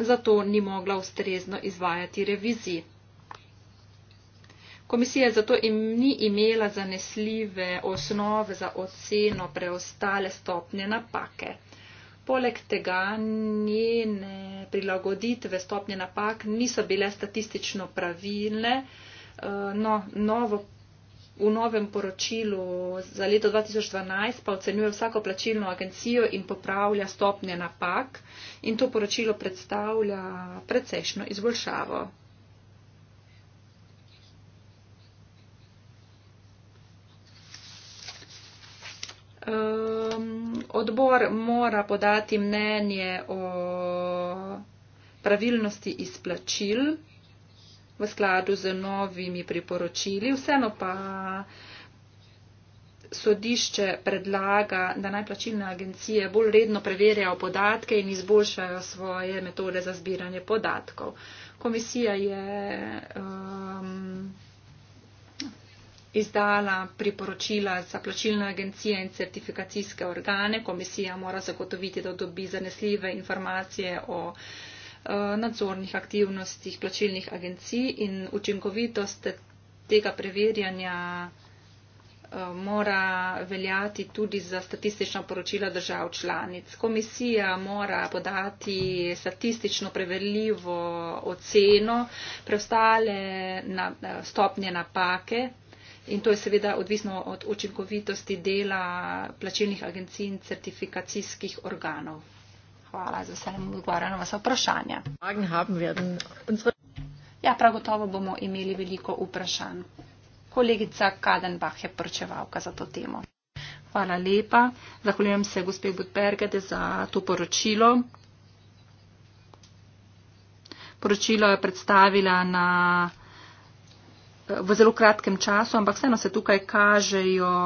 zato ni mogla ustrezno izvajati revizij. Komisija zato im ni imela zanesljive osnove za oceno preostale stopnje napake. Poleg tega njene prilagoditve stopnje napak niso bile statistično pravilne, eh, no, novo v novem poročilu za leto 2012 pa ocenjuje vsako plačilno agencijo in popravlja stopnje napak in to poročilo predstavlja precejšno izboljšavo. Um, odbor mora podati mnenje o pravilnosti izplačil v skladu z novimi priporočili. Vseeno pa sodišče predlaga, da najplačilne agencije bolj redno preverjajo podatke in izboljšajo svoje metode za zbiranje podatkov. Komisija je um, izdala priporočila za plačilne agencije in certifikacijske organe. Komisija mora zagotoviti, da dobi zanesljive informacije o uh, Eh, nadzornih aktivnostih plačilnih agencij in učinkovitost tega preverjanja eh, mora veljati tudi za statistična poročila držav članic. Komisija mora podati statistično preverljivo oceno preostale na, eh, stopnje napake in to je seveda odvisno od učinkovitosti dela plačilnih agencij in certifikacijskih organov. Hvala za vse odgovore na vaše vprašanje. Ja, prav gotovo bomo imeli veliko vprašanj. Kolegica Kadenbach je prčevalka za to temo. Hvala lepa. Zahvaljujem se gospe Budbergede za to poročilo. Poročilo je predstavila na, v zelo kratkem času, ampak vseeno se tukaj kažejo.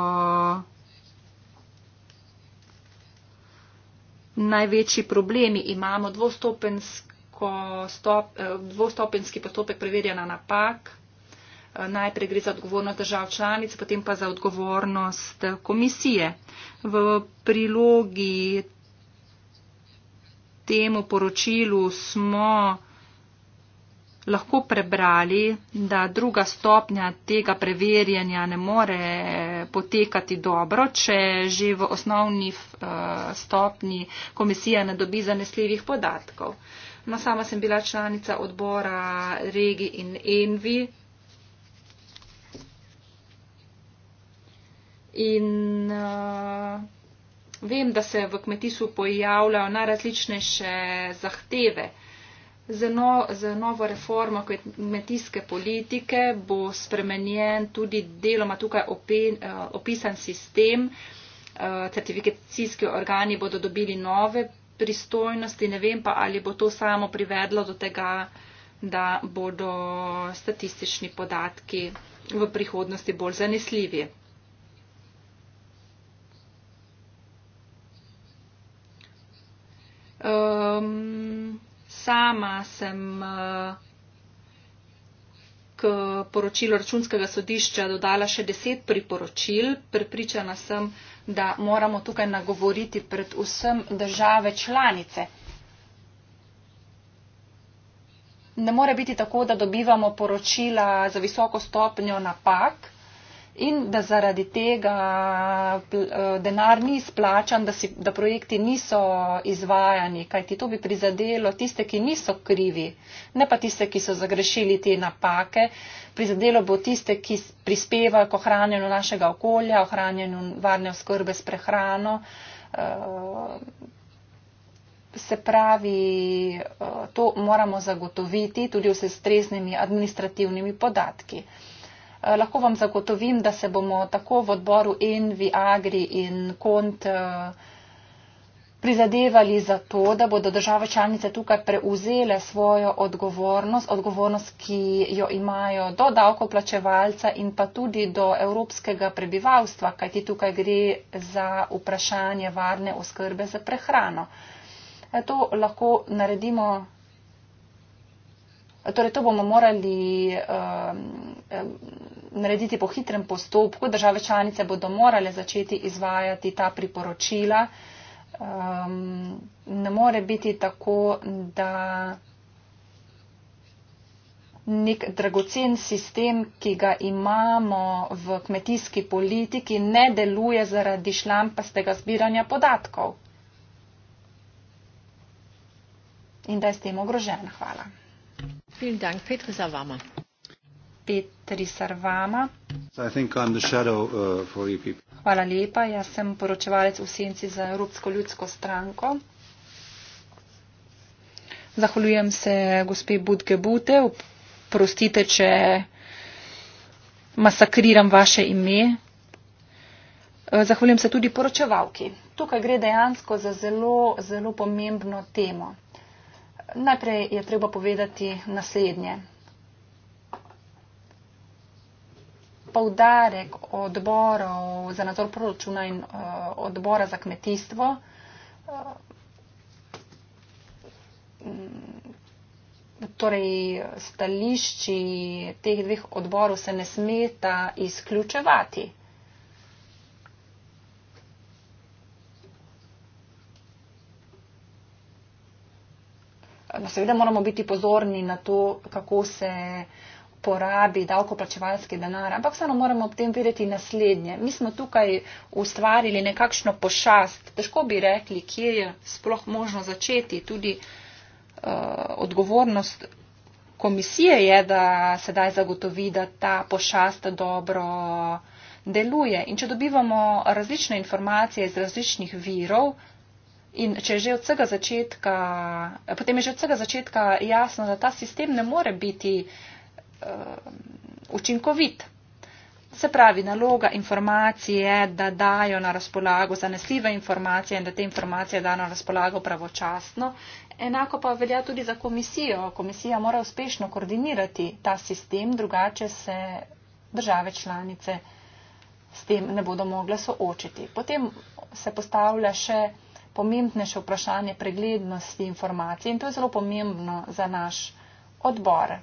največji problemi. Imamo dvostopensko, stop, eh, dvostopenski postopek preverjanja napak. Eh, najprej gre za odgovornost držav članic, potem pa za odgovornost eh, komisije. V prilogi temu poročilu smo lahko prebrali, da druga stopnja tega preverjanja ne more potekati dobro, če že v osnovni eh, stopni komisija ne dobi zanesljivih podatkov. No, sama sem bila članica odbora Regi in Envi. In uh, vem, da se v kmetijstvu pojavljajo najrazličnejše zahteve uh, Za, no, za novo reformo kmetijske politike bo spremenjen tudi deloma tukaj open, eh, opisan sistem. Eh, certifikacijski organi bodo dobili nove pristojnosti, ne vem pa, ali bo to samo privedlo do tega, da bodo statistični podatki v prihodnosti bolj zanesljivi. Um, sama sem eh, k poročilu računskega sodišča dodala še deset priporočil. Pripričana sem, da moramo tukaj nagovoriti predvsem države članice. Ne more biti tako, da dobivamo poročila za visoko stopnjo napak in da zaradi tega eh, denar ni izplačan, da, si, da projekti niso izvajani, kajti to bi prizadelo tiste, ki niso krivi, ne pa tiste, ki so zagrešili te napake. Prizadelo bo tiste, ki prispevajo k ohranjenju našega okolja, ohranjenju varne oskrbe s prehrano. Eh, se pravi, eh, to moramo zagotoviti tudi vse stresnimi administrativnimi podatki. Eh, lahko vam zagotovim, da se bomo tako v odboru in v Agri in Kont eh, prizadevali za to, da bodo države članice tukaj preuzele svojo odgovornost, odgovornost, ki jo imajo do davkoplačevalca in pa tudi do evropskega prebivalstva, kajti tukaj gre za vprašanje varne oskrbe za prehrano. Eh, to lahko naredimo, torej to bomo morali. Um, narediti po hitrem postopku. Države članice bodo morale začeti izvajati ta priporočila. Um, ne more biti tako, da nek dragocen sistem, ki ga imamo v kmetijski politiki, ne deluje zaradi šlampastega zbiranja podatkov. In da je s tem ogrožena. Hvala. Vielen Dank, Petra, za vama. Petri Sarvama. So uh, Hvala lepa, jaz sem poročevalec v senci za Evropsko ljudsko stranko. Zahvaljujem se gospe Budge Bute, prostite, če masakriram vaše ime. Eh, zahvaljujem se tudi poročevalki. Tukaj gre dejansko za zelo, zelo pomembno temo. Najprej je treba povedati naslednje. poudarek odborov za nadzor proračuna in eh, odbora za kmetijstvo. Eh, torej, stališči teh dveh odborov se ne smeta izključevati. No, seveda moramo biti pozorni na to, kako se uh, porabi davkoplačevalski denar. Ampak vseeno moramo ob tem videti naslednje. Mi smo tukaj ustvarili nekakšno pošast. Težko bi rekli, kje je sploh možno začeti. Tudi uh, odgovornost komisije je, da sedaj zagotovi, da ta pošast dobro deluje. In če dobivamo različne informacije iz različnih virov, In če je že od vsega začetka, potem je že od vsega začetka jasno, da ta sistem ne more biti uh, Eh, učinkovit. Se pravi, naloga informacije je, da dajo na razpolago zanesljive informacije in da te informacije dajo na razpolago pravočasno. Enako pa velja tudi za komisijo. Komisija mora uspešno koordinirati ta sistem, drugače se države članice s tem ne bodo mogle soočiti. Potem se postavlja še pomembnejše vprašanje preglednosti informacij in to je zelo pomembno za naš odbor.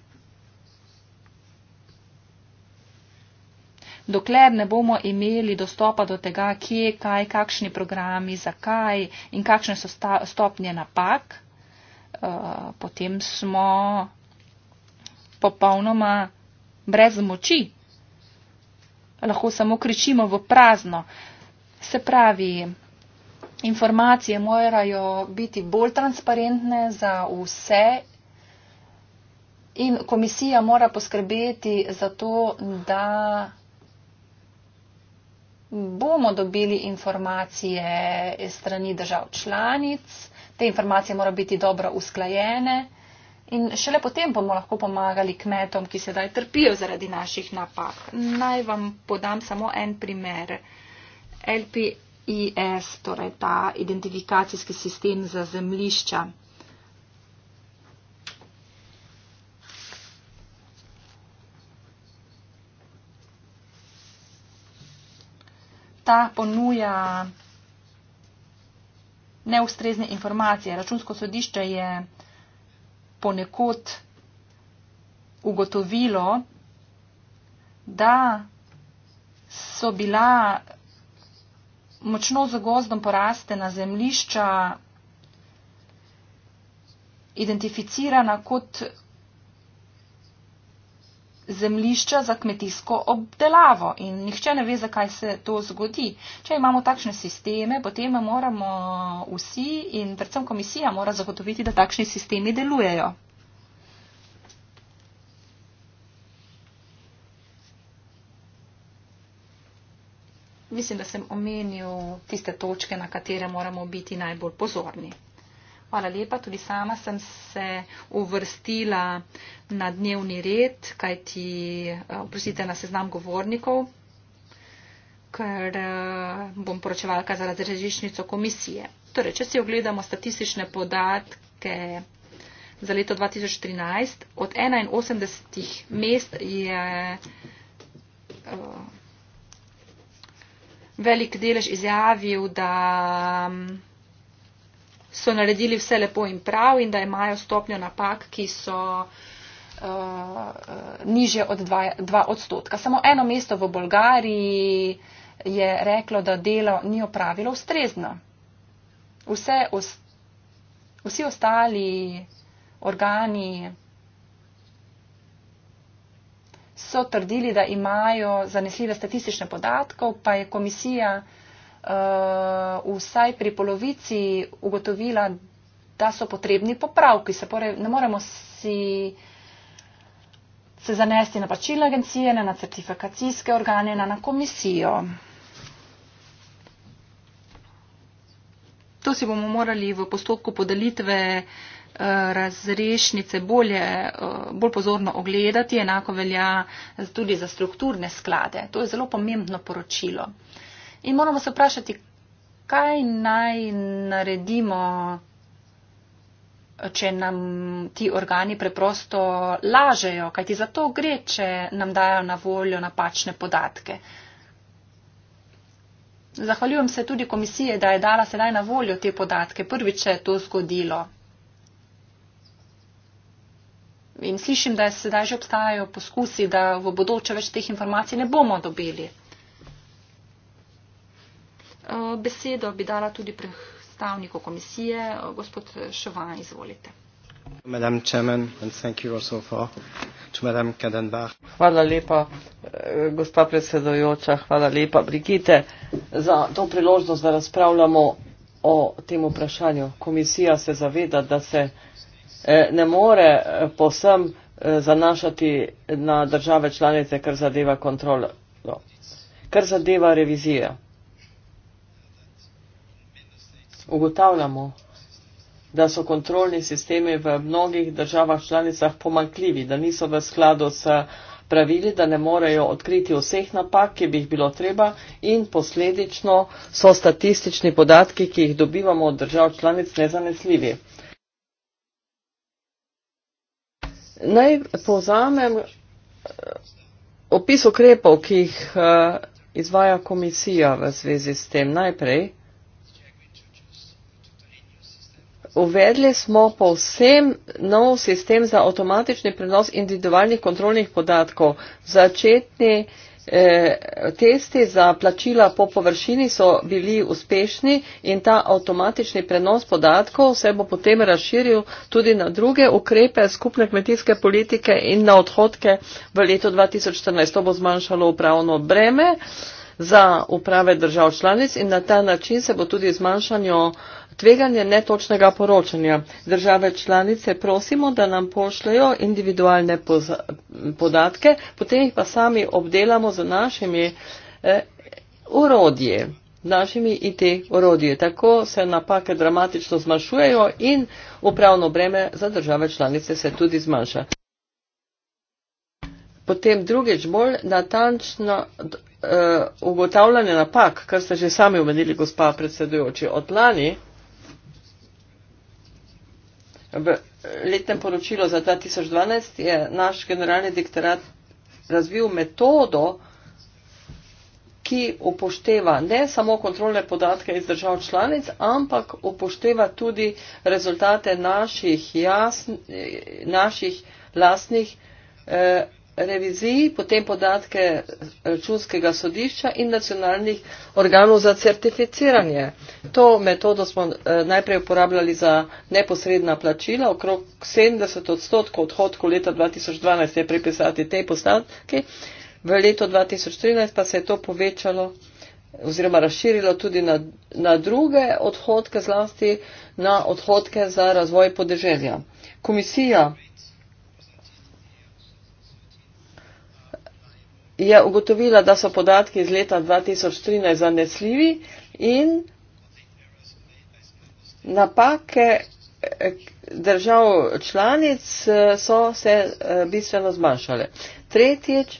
dokler ne bomo imeli dostopa do tega, kje, kaj, kakšni programi, zakaj in kakšne so sta, stopnje napak, uh, potem smo popolnoma brez moči. Lahko samo kričimo v prazno. Se pravi, informacije morajo biti bolj transparentne za vse. In komisija mora poskrbeti za to, da bomo dobili informacije strani držav članic, te informacije morajo biti dobro usklajene in šele potem bomo lahko pomagali kmetom, ki sedaj trpijo zaradi naših napak. Naj vam podam samo en primer. LPIS, torej ta identifikacijski sistem za zemlišča. ta ponuja neustrezne informacije. Računsko sodišče je ponekod ugotovilo, da so bila močno z gozdom porastena zemljišča identificirana kot zemlišča za kmetijsko obdelavo in nihče ne ve, zakaj se to zgodi. Če imamo takšne sisteme, potem moramo vsi in predvsem komisija mora zagotoviti, da takšni sistemi delujejo. Mislim, da sem omenil tiste točke, na katere moramo biti najbolj pozorni. Hvala lepa. Tudi sama sem se uvrstila na dnevni red, kaj ti eh, oprosite na seznam govornikov, ker eh, bom poročevalka za razrežišnico komisije. Torej, če si ogledamo statistične podatke za leto 2013, od 81 mest je uh, velik delež izjavil, da um, so naredili vse lepo in prav in da imajo stopnjo napak, ki so uh, eh, eh, niže od 2 odstotka. Samo eno mesto v Bolgariji je reklo, da delo ni opravilo ustrezno. Vse, vsi ostali organi so trdili, da imajo zanesljive statistične podatke, pa je komisija uh, vsaj pri polovici ugotovila, da so potrebni popravki. Se pore, ne moremo si se zanesti na plačilne agencije, ne na certifikacijske organe, ne na komisijo. To si bomo morali v postopku podelitve eh, razrešnice bolje, eh, bolj pozorno ogledati, enako velja tudi za strukturne sklade. To je zelo pomembno poročilo. In moramo se vprašati, kaj naj naredimo, če nam ti organi preprosto lažejo, kajti za to gre, če nam dajo na voljo napačne podatke. Zahvaljujem se tudi komisije, da je dala sedaj na voljo te podatke, prvič se je to zgodilo. In slišim, da sedaj že obstajajo poskusi, da v bodoče več teh informacij ne bomo dobili. Eh, besedo bi dala tudi predstavniku komisije, eh, gospod Ševan, izvolite. Hvala lepa, eh, gospa predsedojoča, hvala lepa, Brigite, za to priložnost, da razpravljamo o tem vprašanju. Komisija se zaveda, da se ne more posem zanašati na države članice, kar zadeva kontrolo, kar zadeva revizijo ugotavljamo, da so kontrolni sistemi v mnogih državah članicah pomankljivi, da niso v skladu s pravili, da ne morejo odkriti vseh napak, ki bi jih bilo treba in posledično so statistični podatki, ki jih dobivamo od držav članic, nezanesljivi. Naj povzamem eh, opis ukrepov, ki jih eh, izvaja komisija v zvezi s tem najprej. uvedli smo povsem nov sistem za avtomatični prenos individualnih kontrolnih podatkov. Začetni eh, testi za plačila po površini so bili uspešni in ta avtomatični prenos podatkov se bo potem razširil tudi na druge ukrepe skupne kmetijske politike in na odhodke v letu 2014. To bo zmanjšalo upravno breme za uprave držav članic in na ta način se bo tudi zmanjšanju eh, tveganje netočnega poročanja. Države članice prosimo, da nam pošljajo individualne podatke, potem jih pa sami obdelamo z našimi eh, urodje, našimi IT urodje. Tako se napake dramatično zmanjšujejo in upravno breme za države članice se tudi zmanjša. Potem drugič bolj natančno uh, ugotavljanje napak, kar ste že sami omenili, gospa predsedujoči, od lani V letnem poročilu za 2012 je naš generalni diktorat razvil metodo, ki upošteva ne samo kontrolne podatke iz držav članic, ampak upošteva tudi rezultate naših, jasn, naših lastnih eh, reviziji, potem podatke računskega sodišča in nacionalnih organov za certificiranje. To metodo smo eh, najprej uporabljali za neposredna plačila, okrog 70 odstotkov odhodkov leta 2012 je prepisati te postavke, v letu 2013 pa se je to povečalo oziroma razširilo tudi na, na druge odhodke, zlasti na odhodke za razvoj podeželja. Komisija je ugotovila, da so podatki iz leta 2013 zanesljivi in napake eh, držav članic eh, so se eh, bistveno zmanjšale. Tretjič,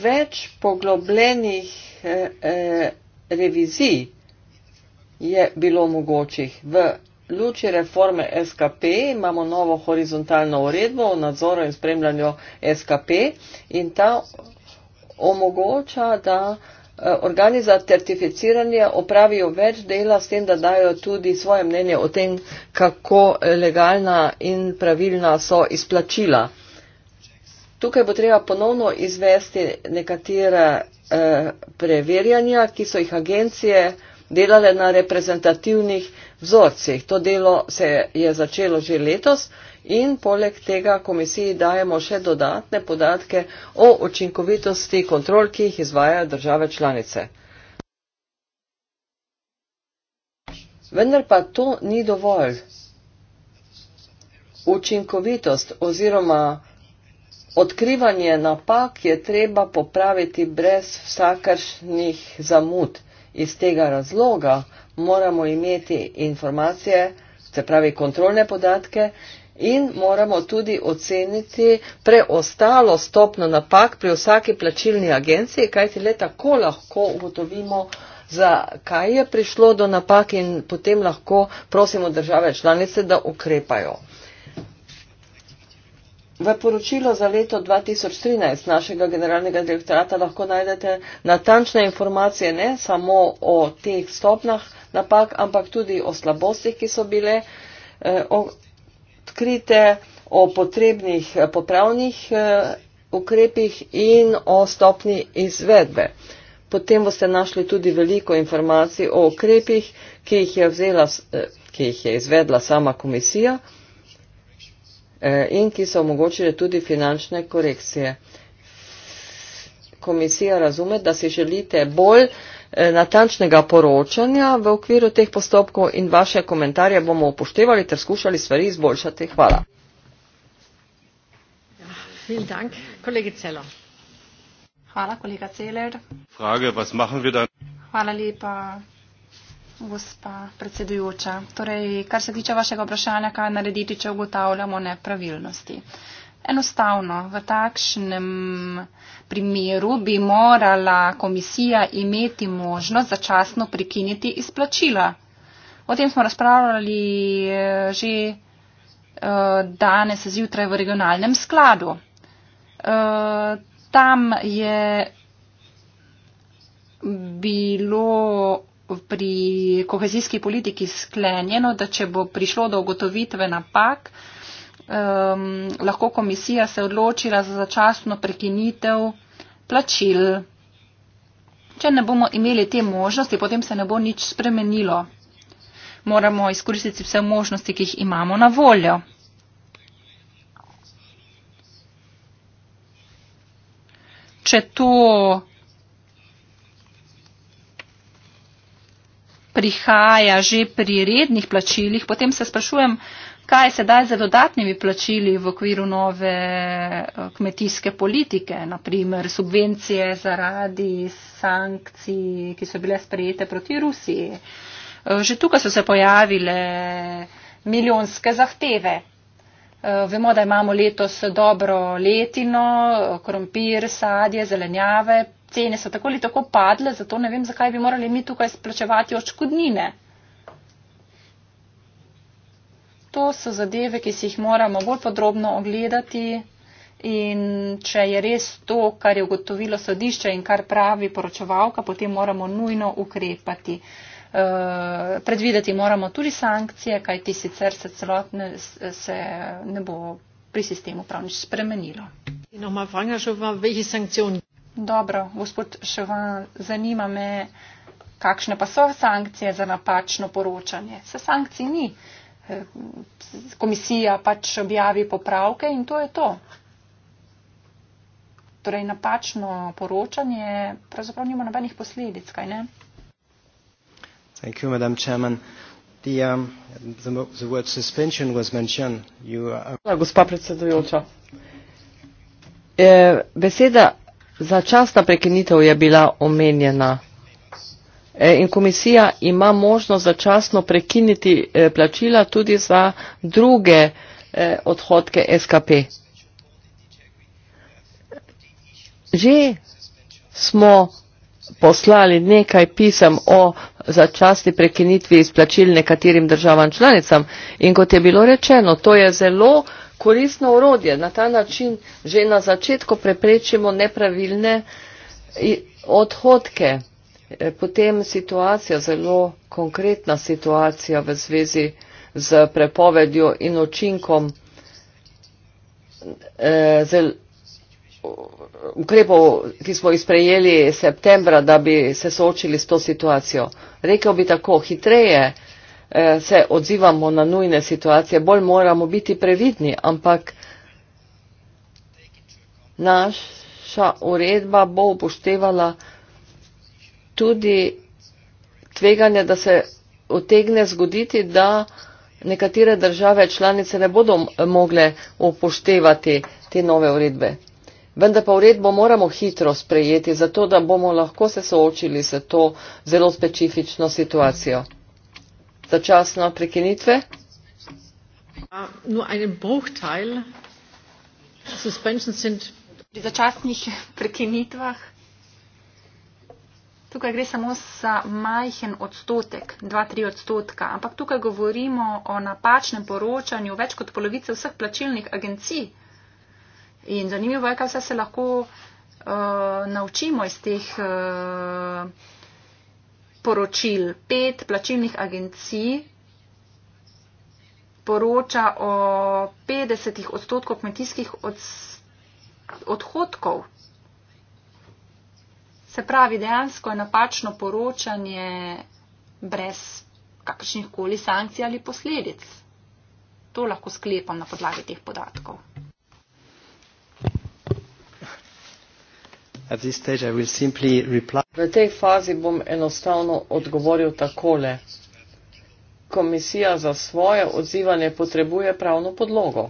več poglobljenih revizij je bilo mogočih. V luči reforme SKP imamo novo horizontalno uredbo o nadzoru in spremljanju SKP in ta omogoča, da eh, organi za certificiranje opravijo več dela s tem, da dajo tudi svoje mnenje o tem, kako legalna in pravilna so izplačila. Tukaj bo treba ponovno izvesti nekatere eh, preverjanja, ki so jih agencije delale na reprezentativnih vzorcih. To delo se je začelo že letos. Eh, in poleg tega komisiji dajemo še dodatne podatke o učinkovitosti kontrol, ki jih izvajajo države članice. Vendar pa to ni dovolj. Učinkovitost oziroma odkrivanje napak je treba popraviti brez vsakršnih zamud. Iz tega razloga moramo imeti informacije, se pravi kontrolne podatke, in moramo tudi oceniti preostalo stopno napak pri vsaki plačilni agenciji, kajti le tako lahko ugotovimo, za kaj je prišlo do napak in potem lahko prosimo države članice, da ukrepajo. V poročilo za leto 2013 našega generalnega direktorata lahko najdete natančne informacije ne samo o teh stopnah napak, ampak tudi o slabostih, ki so bile eh, odkrite o potrebnih eh, popravnih eh, ukrepih in o stopni izvedbe. Potem boste našli tudi veliko informacij o ukrepih, ki jih je, vzela, eh, ki jih je izvedla sama komisija in ki so omogočile tudi finančne korekcije. Komisija razume, da si želite bolj Eh, natančnega poročanja v okviru teh postopkov in vaše komentarje bomo upoštevali ter skušali stvari izboljšati. Hvala. Ja, Hvala, kolega Celer. Frage, was machen wir dann? Hvala lepa, gospa predsedujoča. Torej, kar se tiče vašega vprašanja, kaj narediti, če ugotavljamo nepravilnosti. Uh, Enostavno, v takšnem primeru bi morala komisija imeti možnost začasno prekiniti izplačila. O tem smo razpravljali eh, že eh, danes zjutraj v regionalnem skladu. Eh, tam je bilo pri kohezijski politiki sklenjeno, da če bo prišlo do ugotovitve napak, um, lahko komisija se odločila za začasno prekinitev plačil. Če ne bomo imeli te možnosti, potem se ne bo nič spremenilo. Moramo izkoristiti vse možnosti, ki jih imamo na voljo. Če to prihaja že pri rednih plačilih, potem se sprašujem, kaj sedaj za dodatnimi plačili v okviru nove eh, kmetijske politike, naprimer subvencije zaradi sankcij, ki so bile sprejete proti Rusiji. Eh, že tukaj so se pojavile milijonske zahteve. Eh, vemo, da imamo letos dobro letino, krompir, sadje, zelenjave. Cene so tako ali tako padle, zato ne vem, zakaj bi morali mi tukaj splačevati očkodnine. to so zadeve, ki si jih moramo bolj podrobno ogledati in če je res to, kar je ugotovilo sodišče in kar pravi poročevalka, potem moramo nujno ukrepati. E, predvideti moramo tudi sankcije, kaj ti sicer se celotne se ne bo pri sistemu prav nič spremenilo. Dobro, gospod Ševan, zanima me, kakšne pa so sankcije za napačno poročanje. Se sankcij ni. Eh, komisija pač objavi popravke in to je to. Torej, napačno poročanje pravzaprav nima nobenih posledic, kaj ne? Thank you, Madam Chairman. The, um, the, the word suspension was mentioned. You, uh, gospa predsedujoča. E, beseda začasna prekinitev je bila omenjena. E, in komisija ima možnost začasno prekiniti e, plačila tudi za druge e, odhodke SKP. Že smo poslali nekaj pisem o začasni prekinitvi izplačil nekaterim državam članicam in kot je bilo rečeno, to je zelo koristno urodje. Na ta način že na začetku preprečimo nepravilne odhodke. Eh, potem situacija, zelo konkretna situacija v zvezi z prepovedjo in očinkom eh, ukrepov, ki smo jih sprejeli septembra, da bi se soočili s to situacijo. Rekel bi tako, hitreje eh, se odzivamo na nujne situacije, bolj moramo biti previdni, ampak naša uredba bo upoštevala tudi tveganje, da se otegne zgoditi, da nekatere države članice ne bodo mogle upoštevati te nove uredbe. Vendar pa uredbo moramo hitro sprejeti, zato da bomo lahko se soočili s to zelo specifično situacijo. Začasno prekinitve. Ja, Pri začasnih prekinitvah Tukaj gre samo za majhen odstotek, 2-3 odstotka, ampak tukaj govorimo o napačnem poročanju več kot polovice vseh plačilnih agencij. In zanimivo je, kaj vse se lahko uh, naučimo iz teh uh, poročil. Pet plačilnih agencij poroča o 50 odstotkov kmetijskih odstotkov. Se pravi, dejansko je napačno poročanje brez kakršnih koli sankcij ali posledic. To lahko sklepam na podlagi teh podatkov. V tej fazi bom enostavno odgovoril takole. Komisija za svoje odzivanje potrebuje pravno podlogo.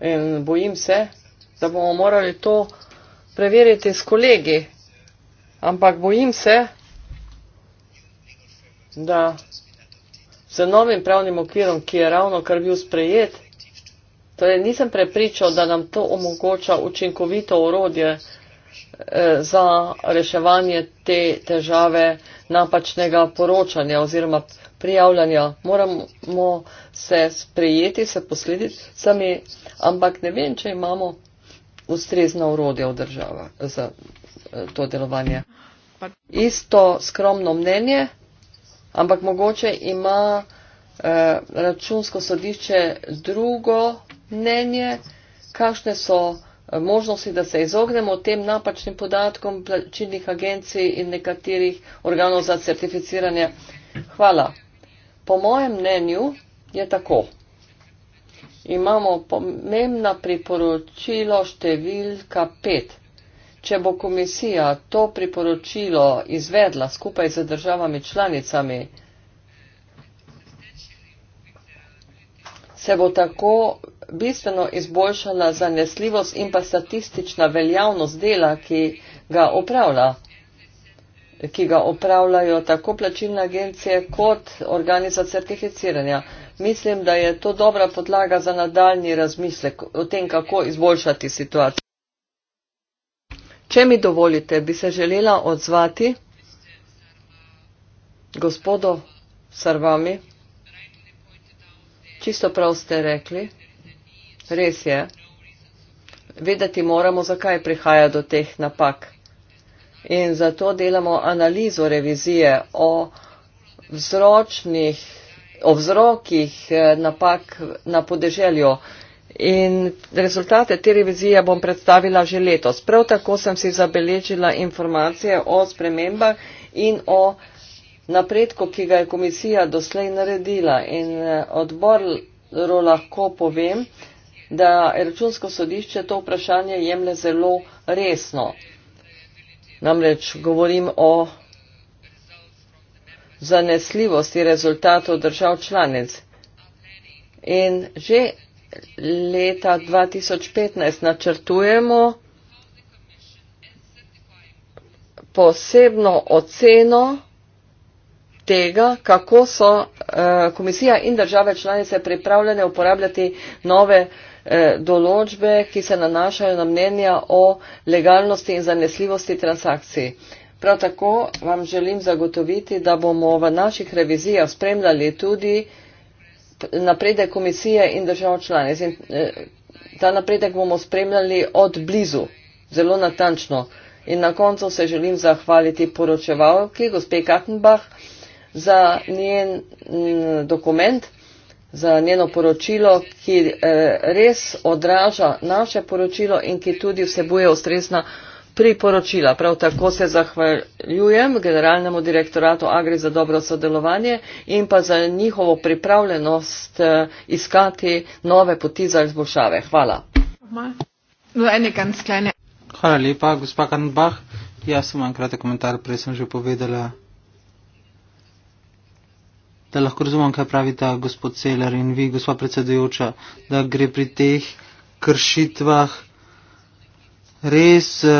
In bojim se, da bomo morali to preveriti s kolegi, ampak bojim se, da z novim pravnim okvirom, ki je ravno kar bil sprejet, torej nisem prepričal, da nam to omogoča učinkovito orodje eh, za reševanje te težave napačnega poročanja oziroma prijavljanja. Moramo se sprejeti, se poslediti sami, ampak ne vem, če imamo ustrezna urodja v država za eh, to delovanje. Isto skromno mnenje, ampak mogoče ima eh, računsko sodišče drugo mnenje, kakšne so eh, možnosti, da se izognemo tem napačnim podatkom plačilnih agencij in nekaterih organov za certificiranje. Hvala. Po mojem mnenju je tako imamo pomembna priporočilo številka pet. Če bo komisija to priporočilo izvedla skupaj z državami članicami, se bo tako bistveno izboljšala zanesljivost in pa statistična veljavnost dela, ki ga upravlja ki ga upravljajo tako plačilne agencije kot organi za certificiranja mislim, da je to dobra podlaga za nadaljni razmislek o tem, kako izboljšati situacijo. Če mi dovolite, bi se želela odzvati gospodo Sarvami. Čisto prav ste rekli. Res je. Vedeti moramo, zakaj prihaja do teh napak. In zato delamo analizo revizije o vzročnih o vzrokih eh, napak na podeželju. In rezultate te revizije bom predstavila že letos. Prav tako sem si zabeležila informacije o spremembah in o napredku, ki ga je komisija doslej naredila. In eh, odboru lahko povem, da računsko sodišče to vprašanje jemlje zelo resno. Namreč govorim o zanesljivosti rezultatov držav članic. In že leta 2015 načrtujemo posebno oceno tega, kako so eh, komisija in države članice pripravljene uporabljati nove eh, določbe, ki se nanašajo na mnenja o legalnosti in zanesljivosti transakcij. Prav tako vam želim zagotoviti, da bomo v naših revizijah spremljali tudi napredek komisije in držav članic. In eh, ta napredek bomo spremljali od blizu, zelo natančno. In na koncu se želim zahvaliti poročevalki, gospe Kattenbach, za njen mm, dokument, za njeno poročilo, ki eh, res odraža naše poročilo in ki tudi vsebuje ustrezna poročila priporočila. Prav tako se zahvaljujem generalnemu direktoratu Agri za dobro sodelovanje in pa za njihovo pripravljenost eh, iskati nove poti za izboljšave. Hvala. Hvala lepa, gospa Kanbah. Jaz sem vam kratek komentar, prej sem že povedala, da lahko razumem, kaj pravite, gospod Celer in vi, gospa predsedujoča, da gre pri teh kršitvah res uh,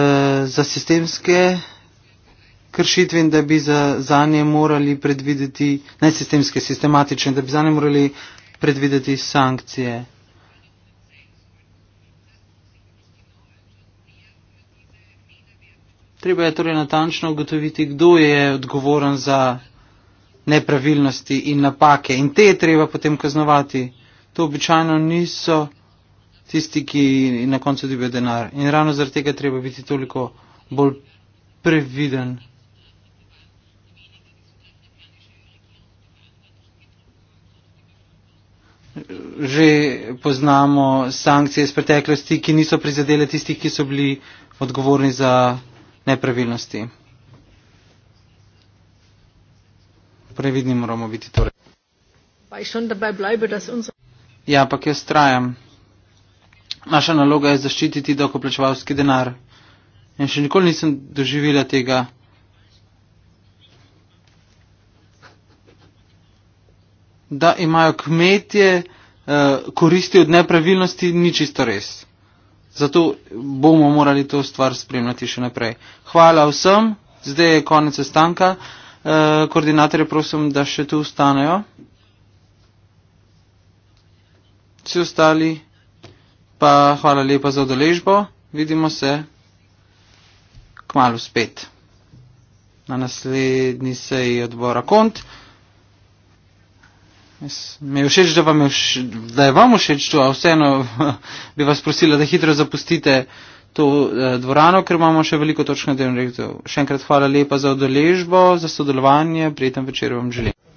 za sistemske kršitve in da bi za, za nje morali predvideti, ne sistemske, sistematične, da bi za nje morali predvideti sankcije. Treba je torej natančno ugotoviti, kdo je odgovoren za nepravilnosti in napake in te je treba potem kaznovati. To običajno niso tisti, ki na koncu dobijo denar. In ravno zaradi tega treba biti toliko bolj previden. Že poznamo sankcije iz preteklosti, ki niso prizadele tistih, ki so bili odgovorni za nepravilnosti. Previdni moramo biti torej. Ja, ampak jaz trajam naša naloga je zaščititi dokoplačevalski denar. In še nikoli nisem doživela tega. Da imajo kmetje uh, koristi od nepravilnosti, ni čisto res. Zato bomo morali to stvar spremljati še naprej. Hvala vsem, zdaj je konec stanka. Uh, eh, koordinatorje prosim, da še tu ostanejo. Vsi ostali pa hvala lepa za odeležbo. Vidimo se kmalo spet na naslednji seji odbora Kont. Mi je všeč, da, vam je všeč, da je vam všeč to, a vseeno [laughs] bi vas prosila, da hitro zapustite to eh, dvorano, ker imamo še veliko točno delovnih rektov. Še enkrat hvala lepa za odeležbo, za sodelovanje, prijeten večer vam želim.